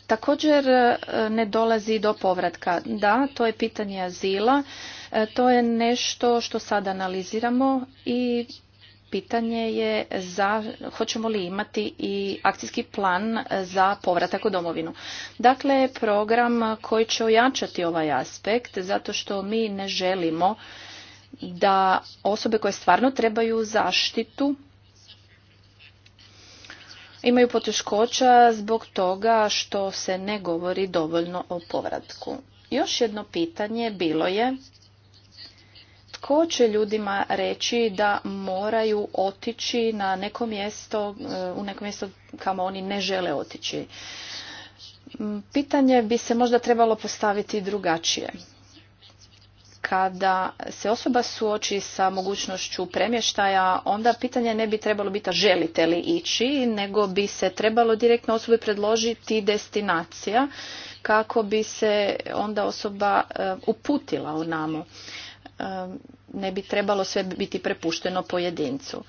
Također e, ne dolazi do povratka. Da, to je pitanje azila. E, to je nešto što sad analiziramo i pitanje je za, hoćemo li imati i akcijski plan za povratak u domovinu. Dakle, program koji će ojačati ovaj aspekt zato što mi ne želimo da osobe koje stvarno trebaju zaštitu imaju poteškoća zbog toga što se ne govori dovoljno o povratku. Još jedno pitanje bilo je tko će ljudima reći da moraju otići na neko mjesto, eh, u neko mjesto kamo oni ne žele otići? Mm, pitanje bi se možda trebalo postaviti drugačije kada se osoba suoči sa mogućnošću premještaja, onda pitanje ne bi trebalo biti želite li ići, nego bi se trebalo direktno osobi predložiti destinacija kako bi se onda osoba eh, uputila u namo. Eh, ne bi trebalo sve biti prepušteno pojedincu.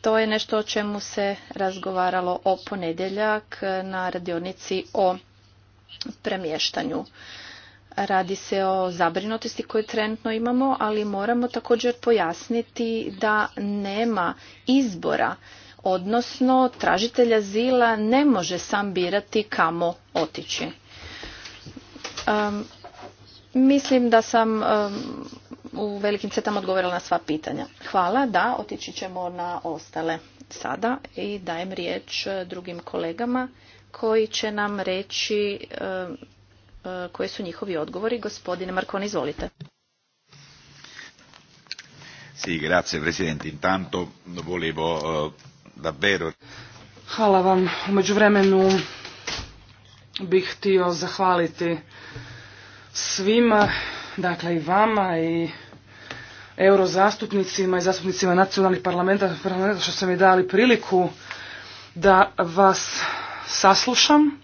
To je nešto o čemu se razgovaralo o ponedjeljak na radionici o premještanju. Radi se o zabrinutosti koju trenutno imamo, ali moramo također pojasniti da nema izbora, odnosno tražitelja zila ne može sam birati kamo otići. mislim da sam u velikim crtama odgovorila na sva pitanja. Hvala, da, otići ćemo na ostale sada i dajem riječ e, drugim kolegama koji će nam reći e, e, koji su njihovi odgovori. Gospodine Marko, izvolite. Sì, grazie Presidente. Intanto volevo davvero... Hvala vam. Umeđu vremenu bih htio zahvaliti svima dakle i vama i eurozastupnicima i zastupnicima nacionalnih parlamenta, što ste mi dali priliku da vas saslušam.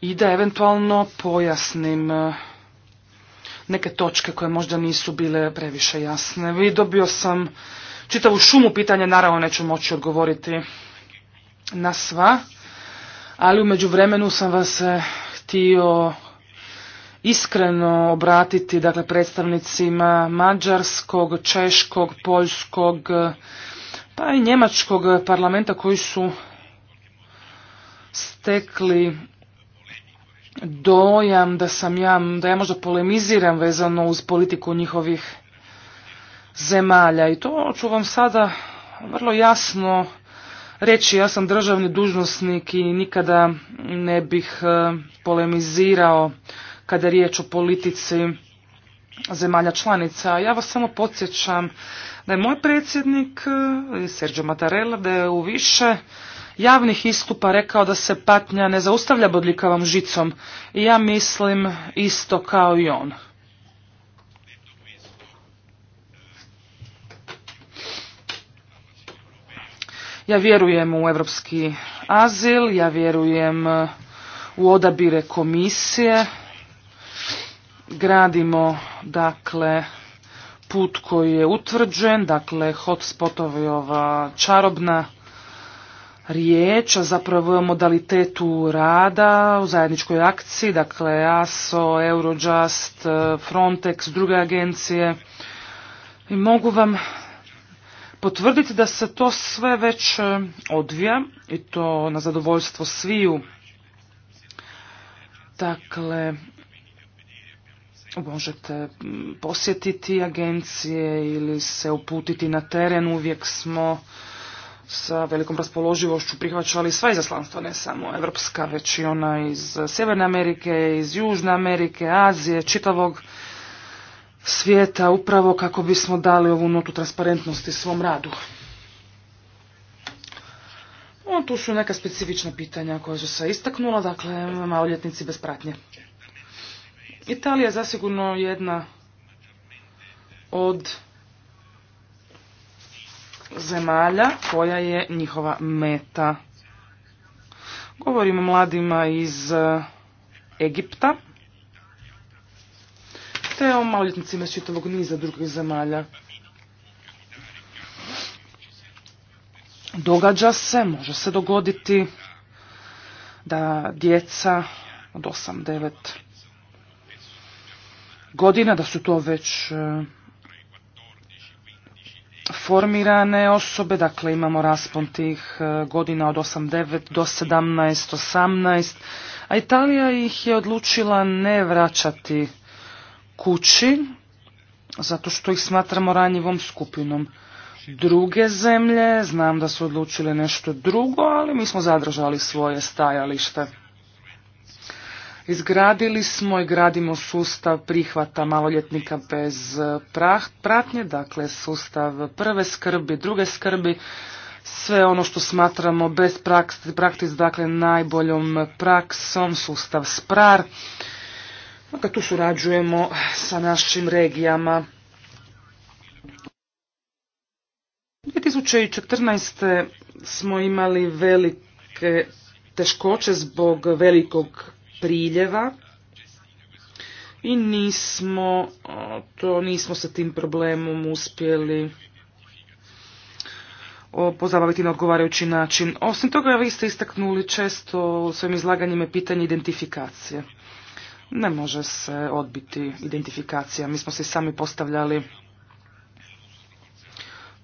I da eventualno pojasnim e, neke točke koje možda nisu bile previše jasne. Vi dobio sam čitavu šumu pitanja, naravno neću moći odgovoriti na sva ali u međuvremenu sam vas eh, htio iskreno obratiti dakle predstavnicima mađarskog, češkog, poljskog eh, pa i njemačkog parlamenta koji su stekli dojam da sam ja, da ja možda polemiziram vezano uz politiku njihovih zemalja i to ću vam sada vrlo jasno reći ja sam državni dužnosnik i nikada ne bih e, polemizirao kada je riječ o politici zemalja članica. Ja vas samo podsjećam da je moj predsjednik e, Sergio Mattarella da je u više javnih istupa rekao da se patnja ne zaustavlja bodljikavom žicom i ja mislim isto kao i on. Ja vjerujem u evropski azil, ja vjerujem e, u odabire komisije. Gradimo, dakle, put koji je utvrđen, dakle, hotspotovi ova čarobna riječ, a zapravo o modalitetu rada u zajedničkoj akciji, dakle ASO, Eurojust, e, Frontex, druge agencije. I mogu vam potvrditi da se to sve već e, odvija i to na zadovoljstvo sviju. Dakle, možete posjetiti agencije ili se uputiti na teren. Uvijek smo sa velikom raspoloživošću prihvaćali sva izaslanstva, ne samo evropska, već i ona iz Sjeverne Amerike, iz Južne Amerike, Azije, čitavog svijeta upravo kako bismo dali ovu notu transparentnosti svom radu. on tu su neka specifična pitanja koja su se istaknula, dakle maloljetnici bez pratnje. Italija je zasigurno jedna od zemalja koja je njihova meta. Govorimo o mladima iz Egipta te o maljetnicima iz čitavog niza drugih zemalja. Događa se, može se dogoditi da djeca od 8-9 godina, da su to već e, formirane osobe, dakle imamo raspon tih e, godina od 8-9 do 17-18, a Italija ih je odlučila ne vraćati kući, zato što ih smatramo ranjivom skupinom. Druge zemlje, znam da su odlučile nešto drugo, ali mi smo zadržali svoje stajalište. Izgradili smo i gradimo sustav prihvata maloljetnika bez eh, pratnje, dakle sustav prve skrbi, druge skrbi, sve ono što smatramo bez praktis, dakle najboljom praksom, sustav SPRAR kad dakle, tu surađujemo sa našim regijama. 2014. smo imali velike teškoće zbog velikog priljeva i nismo, to, nismo se tim problemom uspjeli pozabaviti na odgovarajući način. Osim toga, vi ste istaknuli često svojim izlaganjima pitanje identifikacije ne može se odbiti identifikacija. Mi smo se sami postavljali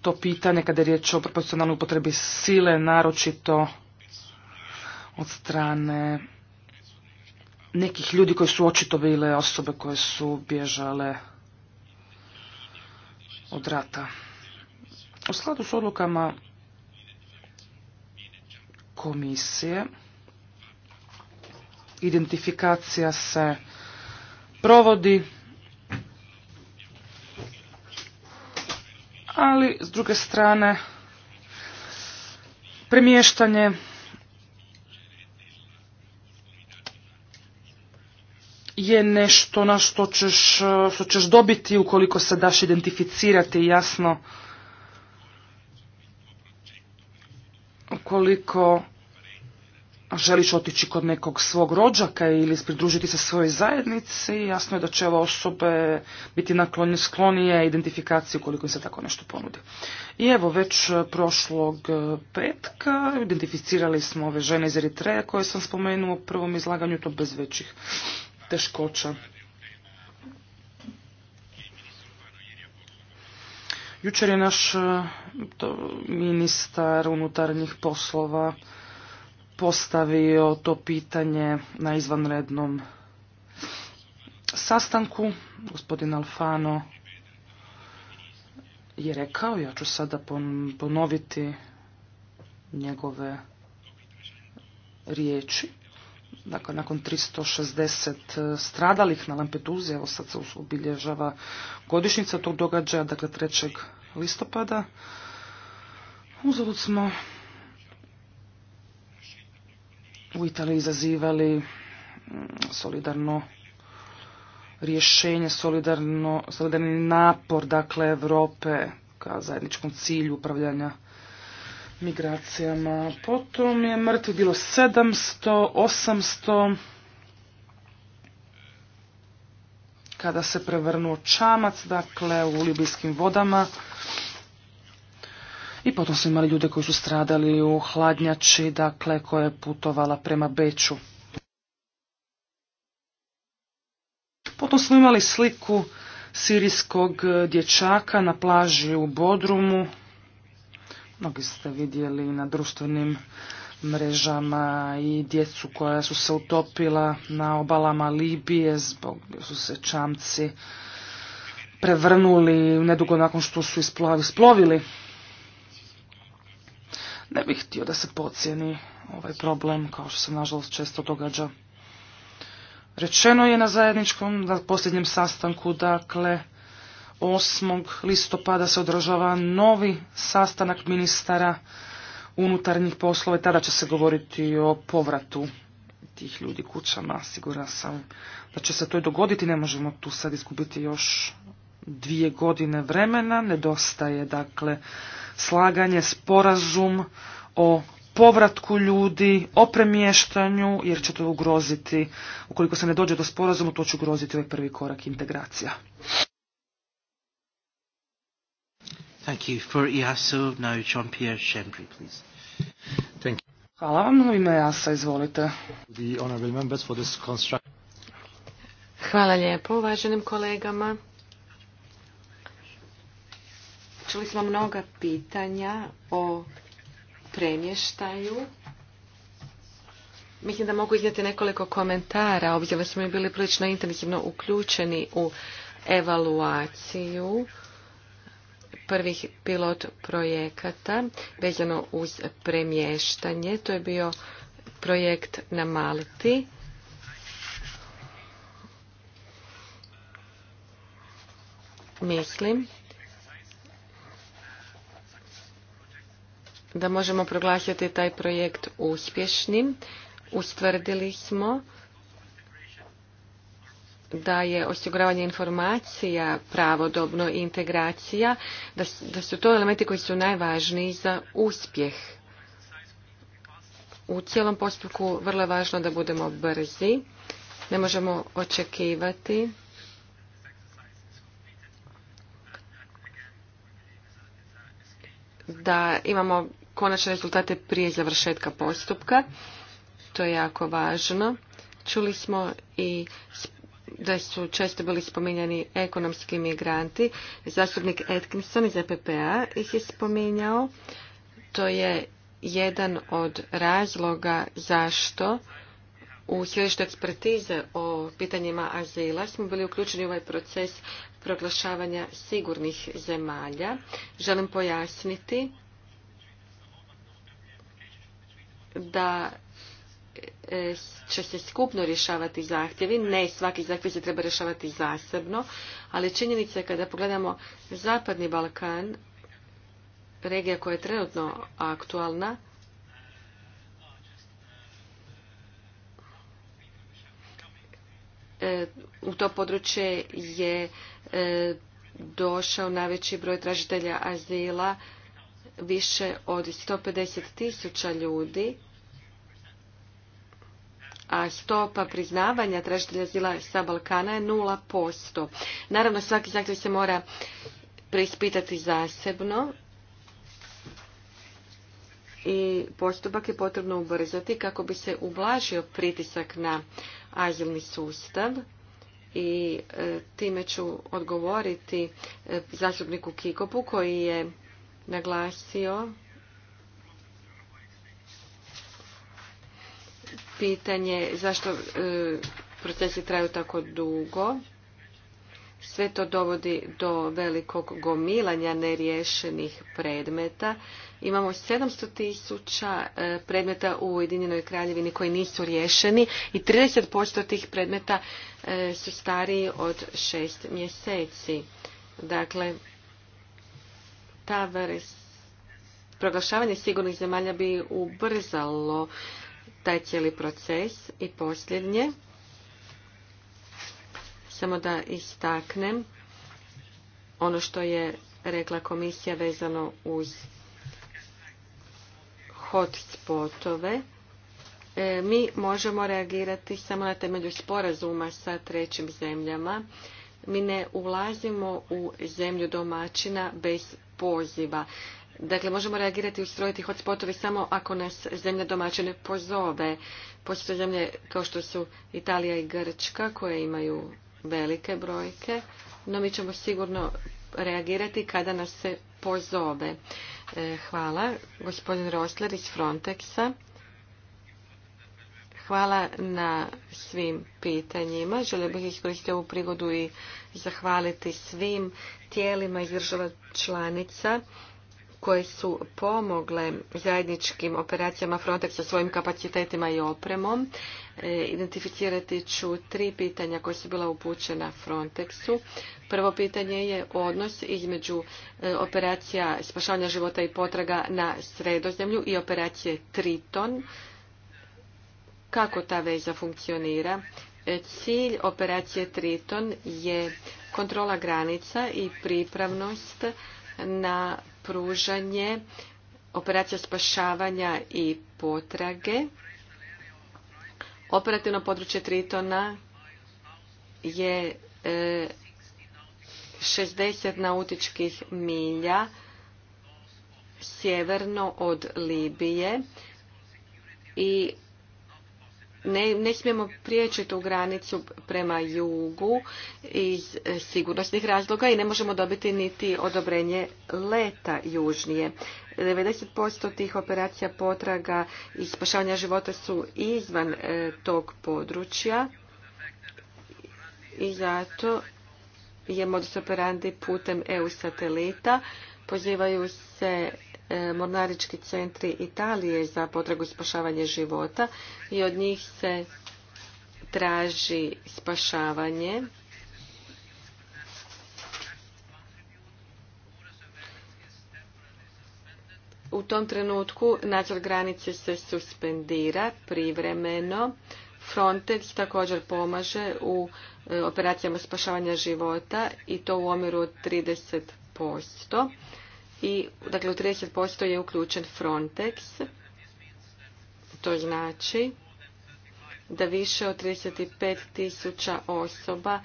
to pitanje kada je riječ o proporcionalnoj upotrebi sile, naročito od strane nekih ljudi koji su očito bile osobe koje su bježale od rata. U skladu s odlukama komisije identifikacija se provodi, ali s druge strane premještanje je nešto na što ćeš, što dobiti ukoliko se daš identificirati jasno ukoliko želiš otići kod nekog svog rođaka ili pridružiti se svojoj zajednici, jasno je da će ove osobe biti naklonje sklonije identifikaciji ukoliko im se tako nešto ponudi. I evo, već prošlog petka identificirali smo ove žene iz Eritreja koje sam spomenuo u prvom izlaganju, to bez većih teškoća. Jučer je naš eh, ministar unutarnjih poslova postavio to pitanje na izvanrednom sastanku. Gospodin Alfano je rekao, ja ću sada ponoviti njegove riječi. Dakle, nakon 360 stradalih na Lampeduzi, evo sad se obilježava godišnjica tog događaja, dakle 3. listopada. Uzavut smo u Italiji izazivali mm, solidarno rješenje, solidarno, solidarni napor dakle Europe ka zajedničkom cilju upravljanja migracijama. Potom je mrtvi bilo 700, 800, kada se prevrnuo čamac, dakle, u libijskim vodama. I potom smo imali ljude koji su stradali u hladnjači, dakle, koja je putovala prema Beču. Potom smo imali sliku sirijskog dječaka na plaži u Bodrumu. Mnogi ste vidjeli na društvenim mrežama i djecu koja su se utopila na obalama Libije zbog su se čamci prevrnuli nedugo nakon što su isplovili. Ne bih htio da se pocijeni ovaj problem, kao što se nažalost često događa. Rečeno je na zajedničkom, na posljednjem sastanku, dakle, 8. listopada se održava novi sastanak ministara unutarnjih poslova i tada će se govoriti o povratu tih ljudi kućama. Siguran sam da će se to i dogoditi. Ne možemo tu sad izgubiti još dvije godine vremena. Nedostaje, dakle, slaganje, sporazum o povratku ljudi, o premještanju, jer će to ugroziti, ukoliko se ne dođe do sporazuma, to će ugroziti ovaj prvi korak integracija. Thank you. For now Jean-Pierre please. Thank you. Hvala vam, u ime Jasa, izvolite. The honorable for this Hvala lijepo uvaženim kolegama Čuli smo mnoga pitanja o premještaju. Mislim da mogu iznijeti nekoliko komentara, obzirom da smo mi bili prilično intenzivno uključeni u evaluaciju prvih pilot projekata vezano uz premještanje. To je bio projekt na Malti. Mislim da možemo proglasiti taj projekt uspješnim. Ustvrdili smo da je osiguravanje informacija pravodobno i integracija, da, da su to elementi koji su najvažniji za uspjeh. U cijelom postupku vrlo je važno da budemo brzi. Ne možemo očekivati da imamo konačne rezultate prije završetka postupka. To je jako važno. Čuli smo i da su često bili spominjani ekonomski migranti. Zastupnik Atkinson iz EPPA ih je spominjao. To je jedan od razloga zašto u sjedištu ekspertize o pitanjima azila smo bili uključeni u ovaj proces proglašavanja sigurnih zemalja. Želim pojasniti da e, će se skupno rješavati zahtjevi. Ne, svaki zahtjev se treba rješavati zasebno, ali činjenica je kada pogledamo Zapadni Balkan, regija koja je trenutno aktualna, e, u to područje je e, došao najveći broj tražitelja azila više od 150 tisuća ljudi, a stopa priznavanja tražitelja zila sa Balkana je 0%. Naravno, svaki zahtjev se mora preispitati zasebno i postupak je potrebno ubrzati kako bi se ublažio pritisak na azilni sustav i e, time ću odgovoriti e, zastupniku Kikopu koji je naglasio pitanje zašto e, procesi traju tako dugo. Sve to dovodi do velikog gomilanja neriješenih predmeta. Imamo 700 tisuća e, predmeta u Ujedinjenoj kraljevini koji nisu riješeni i 30% tih predmeta e, su stariji od 6 mjeseci. Dakle, ta proglašavanje sigurnih zemalja bi ubrzalo taj cijeli proces. I posljednje, samo da istaknem ono što je rekla komisija vezano uz hot spotove e, mi možemo reagirati samo na temelju sporazuma sa trećim zemljama. Mi ne ulazimo u zemlju domaćina bez poziva. Dakle, možemo reagirati i ustrojiti hotspotovi samo ako nas zemlja domaćine pozove. Postoje zemlje kao što su Italija i Grčka koje imaju velike brojke, no mi ćemo sigurno reagirati kada nas se pozove. E, hvala. Gospodin Rosler iz Frontexa. Hvala na svim pitanjima. Želio bih iskoristiti ovu prigodu i zahvaliti svim tijelima iz država članica koje su pomogle zajedničkim operacijama Frontex sa svojim kapacitetima i opremom. E, identificirati ću tri pitanja koje su bila upućena Frontexu. Prvo pitanje je odnos između e, operacija spašavanja života i potraga na sredozemlju i operacije Triton kako ta veza funkcionira. E, cilj operacije Triton je kontrola granica i pripravnost na pružanje operacija spašavanja i potrage. Operativno područje Tritona je 60 e, nautičkih milja sjeverno od Libije i ne, ne smijemo prijeći tu granicu prema jugu iz sigurnosnih razloga i ne možemo dobiti niti odobrenje leta južnije. 90% tih operacija potraga i spašavanja života su izvan e, tog područja i zato je modus operandi putem EU satelita. Pozivaju se E, mornarički centri Italije za potragu spašavanja života i od njih se traži spašavanje. U tom trenutku nadzor granice se suspendira privremeno. Frontex također pomaže u e, operacijama spašavanja života i to u omjeru od 30% i dakle u 30% je uključen Frontex. To znači da više od 35 tisuća osoba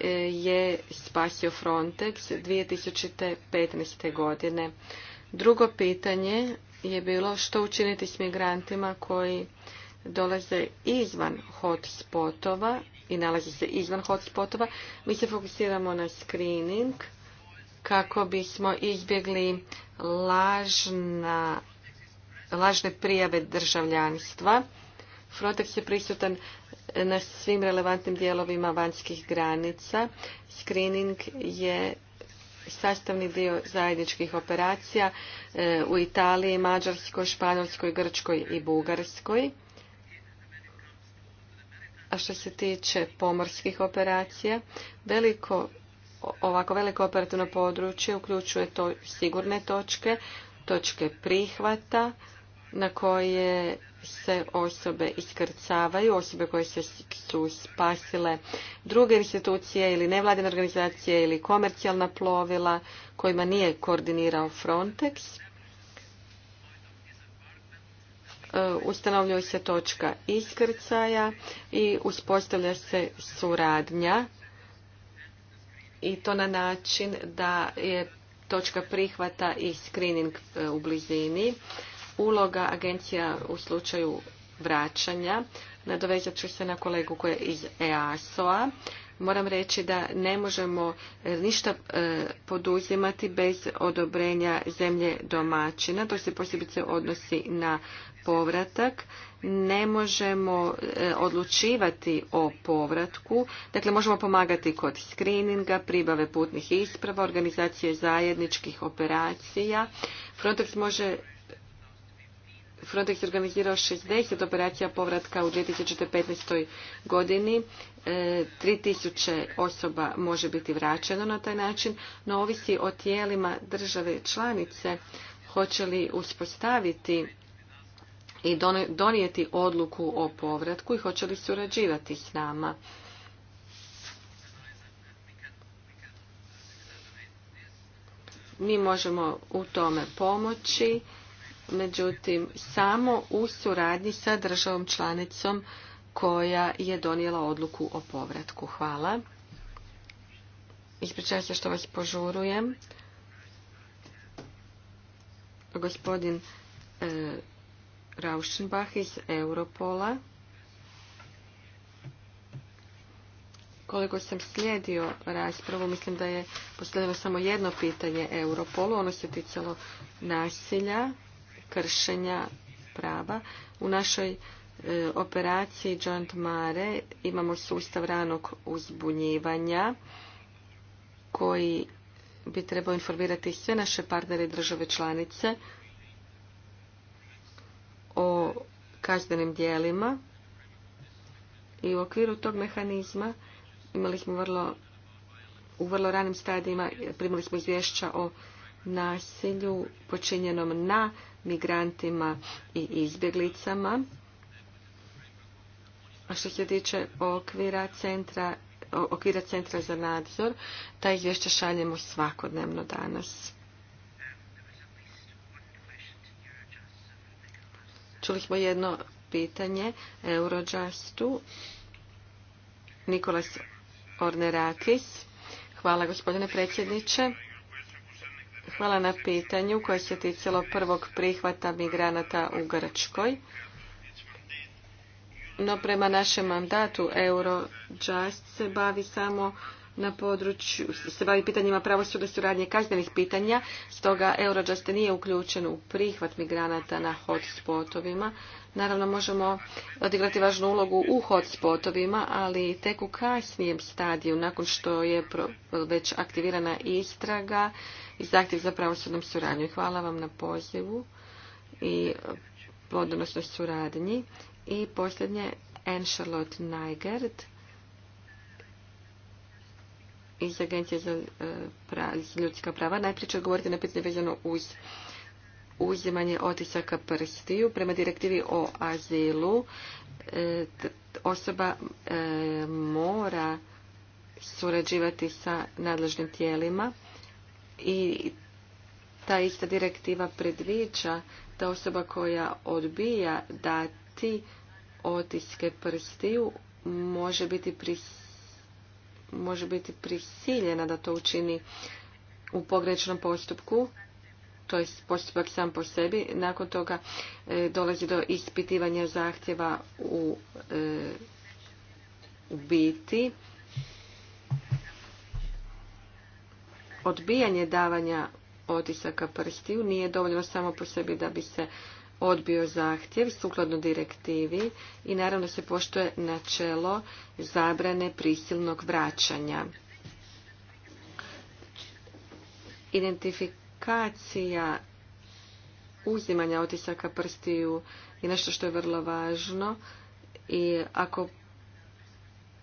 e, je spasio Frontex 2015. godine. Drugo pitanje je bilo što učiniti s migrantima koji dolaze izvan hotspotova i nalaze se izvan hotspotova. Mi se fokusiramo na screening kako bismo izbjegli lažna, lažne prijave državljanstva. Frontex je prisutan na svim relevantnim dijelovima vanjskih granica. Screening je sastavni dio zajedničkih operacija e, u Italiji, Mađarskoj, Španjolskoj, Grčkoj i Bugarskoj. A što se tiče pomorskih operacija, veliko ovako veliko operativno područje uključuje to sigurne točke, točke prihvata na koje se osobe iskrcavaju, osobe koje se su spasile druge institucije ili nevladine organizacije ili komercijalna plovila kojima nije koordinirao Frontex. E, ustanovljuje se točka iskrcaja i uspostavlja se suradnja i to na način da je točka prihvata i screening e, u blizini. Uloga agencija u slučaju vraćanja. Nadovezat ću se na kolegu koji je iz EASO-a. Moram reći da ne možemo e, ništa e, poduzimati bez odobrenja zemlje domaćina. To se posebice odnosi na povratak ne možemo e, odlučivati o povratku. Dakle, možemo pomagati kod screeninga, pribave putnih isprava, organizacije zajedničkih operacija. Frontex može Frontex organizirao 60 operacija povratka u 2015. godini. 3000 e, osoba može biti vraćeno na taj način, no ovisi o tijelima države članice hoće li uspostaviti i donijeti odluku o povratku i hoće li surađivati s nama. Mi možemo u tome pomoći, međutim samo u suradnji sa državom članicom koja je donijela odluku o povratku. Hvala. Ispričavam se što vas požurujem. Gospodin e, Rauschenbach iz Europola. Koliko sam slijedio raspravu, mislim da je postavljeno samo jedno pitanje Europolu. Ono se ticalo nasilja, kršenja prava. U našoj e, operaciji Joint Mare imamo sustav ranog uzbunjivanja koji bi trebao informirati sve naše partnere i države članice kaznenim dijelima i u okviru tog mehanizma imali smo vrlo u vrlo ranim stadijima primili smo izvješća o nasilju počinjenom na migrantima i izbjeglicama. A što se tiče okvira centra, okvira centra za nadzor, ta izvješća šaljemo svakodnevno danas. Čuli smo jedno pitanje Eurojustu. Nikolas Ornerakis. Hvala gospodine predsjedniče. Hvala na pitanju koje se ticalo prvog prihvata migranata u Grčkoj. No prema našem mandatu Eurojust se bavi samo na području, se bavi pitanjima pravosudne suradnje kaznenih pitanja, stoga Eurojust nije uključen u prihvat migranata na hotspotovima. Naravno, možemo odigrati važnu ulogu u hotspotovima, ali tek u kasnijem stadiju, nakon što je već aktivirana istraga i zahtjev za pravosudnom suradnju. Hvala vam na pozivu i plodonosnoj suradnji. I posljednje, Anne Charlotte Neigert iz Agencije za e, ljudska prava. Najprije ću govoriti na pitanje vezano uz uzimanje otisaka prstiju. Prema direktivi o azilu e, osoba e, mora surađivati sa nadležnim tijelima i ta ista direktiva predviđa da osoba koja odbija dati otiske prstiju može biti prisutna može biti prisiljena da to učini u pogrečnom postupku, to je postupak sam po sebi. Nakon toga e, dolazi do ispitivanja zahtjeva u, e, u biti. Odbijanje davanja otisaka prstiju nije dovoljno samo po sebi da bi se odbio zahtjev sukladno direktivi i naravno se poštuje načelo zabrane prisilnog vraćanja. Identifikacija uzimanja otisaka prstiju je nešto što je vrlo važno i ako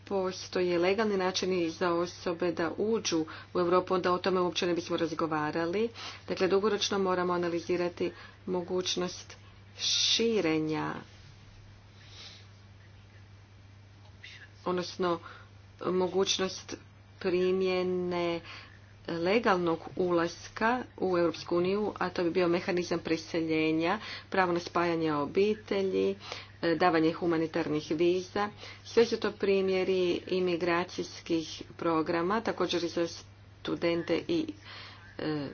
postoje legalni načini za osobe da uđu u Europu, onda o tome uopće ne bismo razgovarali. Dakle, dugoročno moramo analizirati mogućnost širenja odnosno mogućnost primjene legalnog ulaska u Europsku uniju, a to bi bio mehanizam preseljenja, pravo na spajanje obitelji, e, davanje humanitarnih viza. Sve su to primjeri imigracijskih programa, također i za studente i e,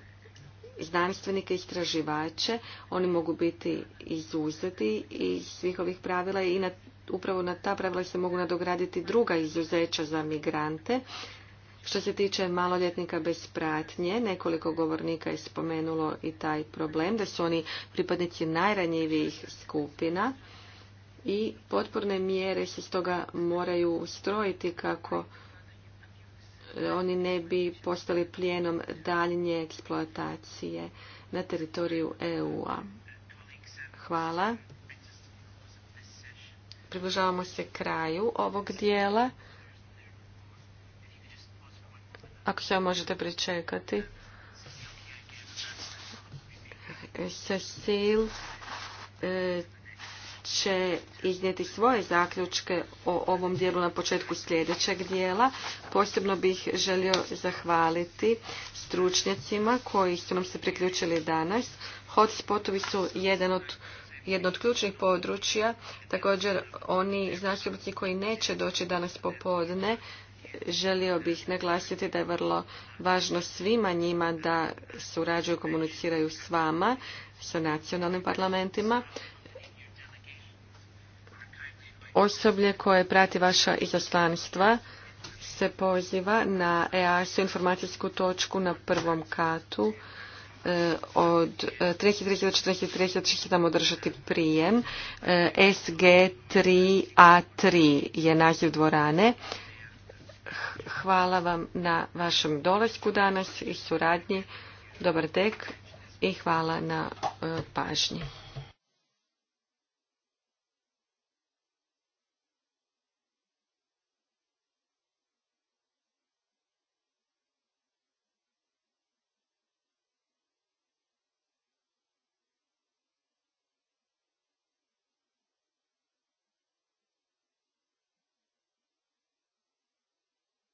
znanstvenike, istraživače. Oni mogu biti izuzeti iz svih ovih pravila i upravo na ta pravila se mogu nadograditi druga izuzeća za migrante. Što se tiče maloljetnika bez pratnje, nekoliko govornika je spomenulo i taj problem, da su oni pripadnici najranjivijih skupina i potporne mjere se stoga moraju ustrojiti kako oni ne bi postali plijenom daljnje eksploatacije na teritoriju EU-a. Hvala. Približavamo se kraju ovog dijela. Ako se možete pričekati. Cecil, e, će iznijeti svoje zaključke o ovom dijelu na početku sljedećeg dijela. Posebno bih želio zahvaliti stručnjacima koji su nam se priključili danas. Hotspotovi su jedan od jedno od ključnih područja, također oni znanstvenici koji neće doći danas popodne, želio bih naglasiti da je vrlo važno svima njima da surađuju i komuniciraju s vama, sa nacionalnim parlamentima. Osoblje koje prati vaša izaslanstva se poziva na EASO informacijsku točku na prvom katu e, od 30.30 e, do održati prijem. E, SG3A3 je naziv dvorane. Hvala vam na vašem dolasku danas i suradnji. Dobar tek i hvala na pažnji.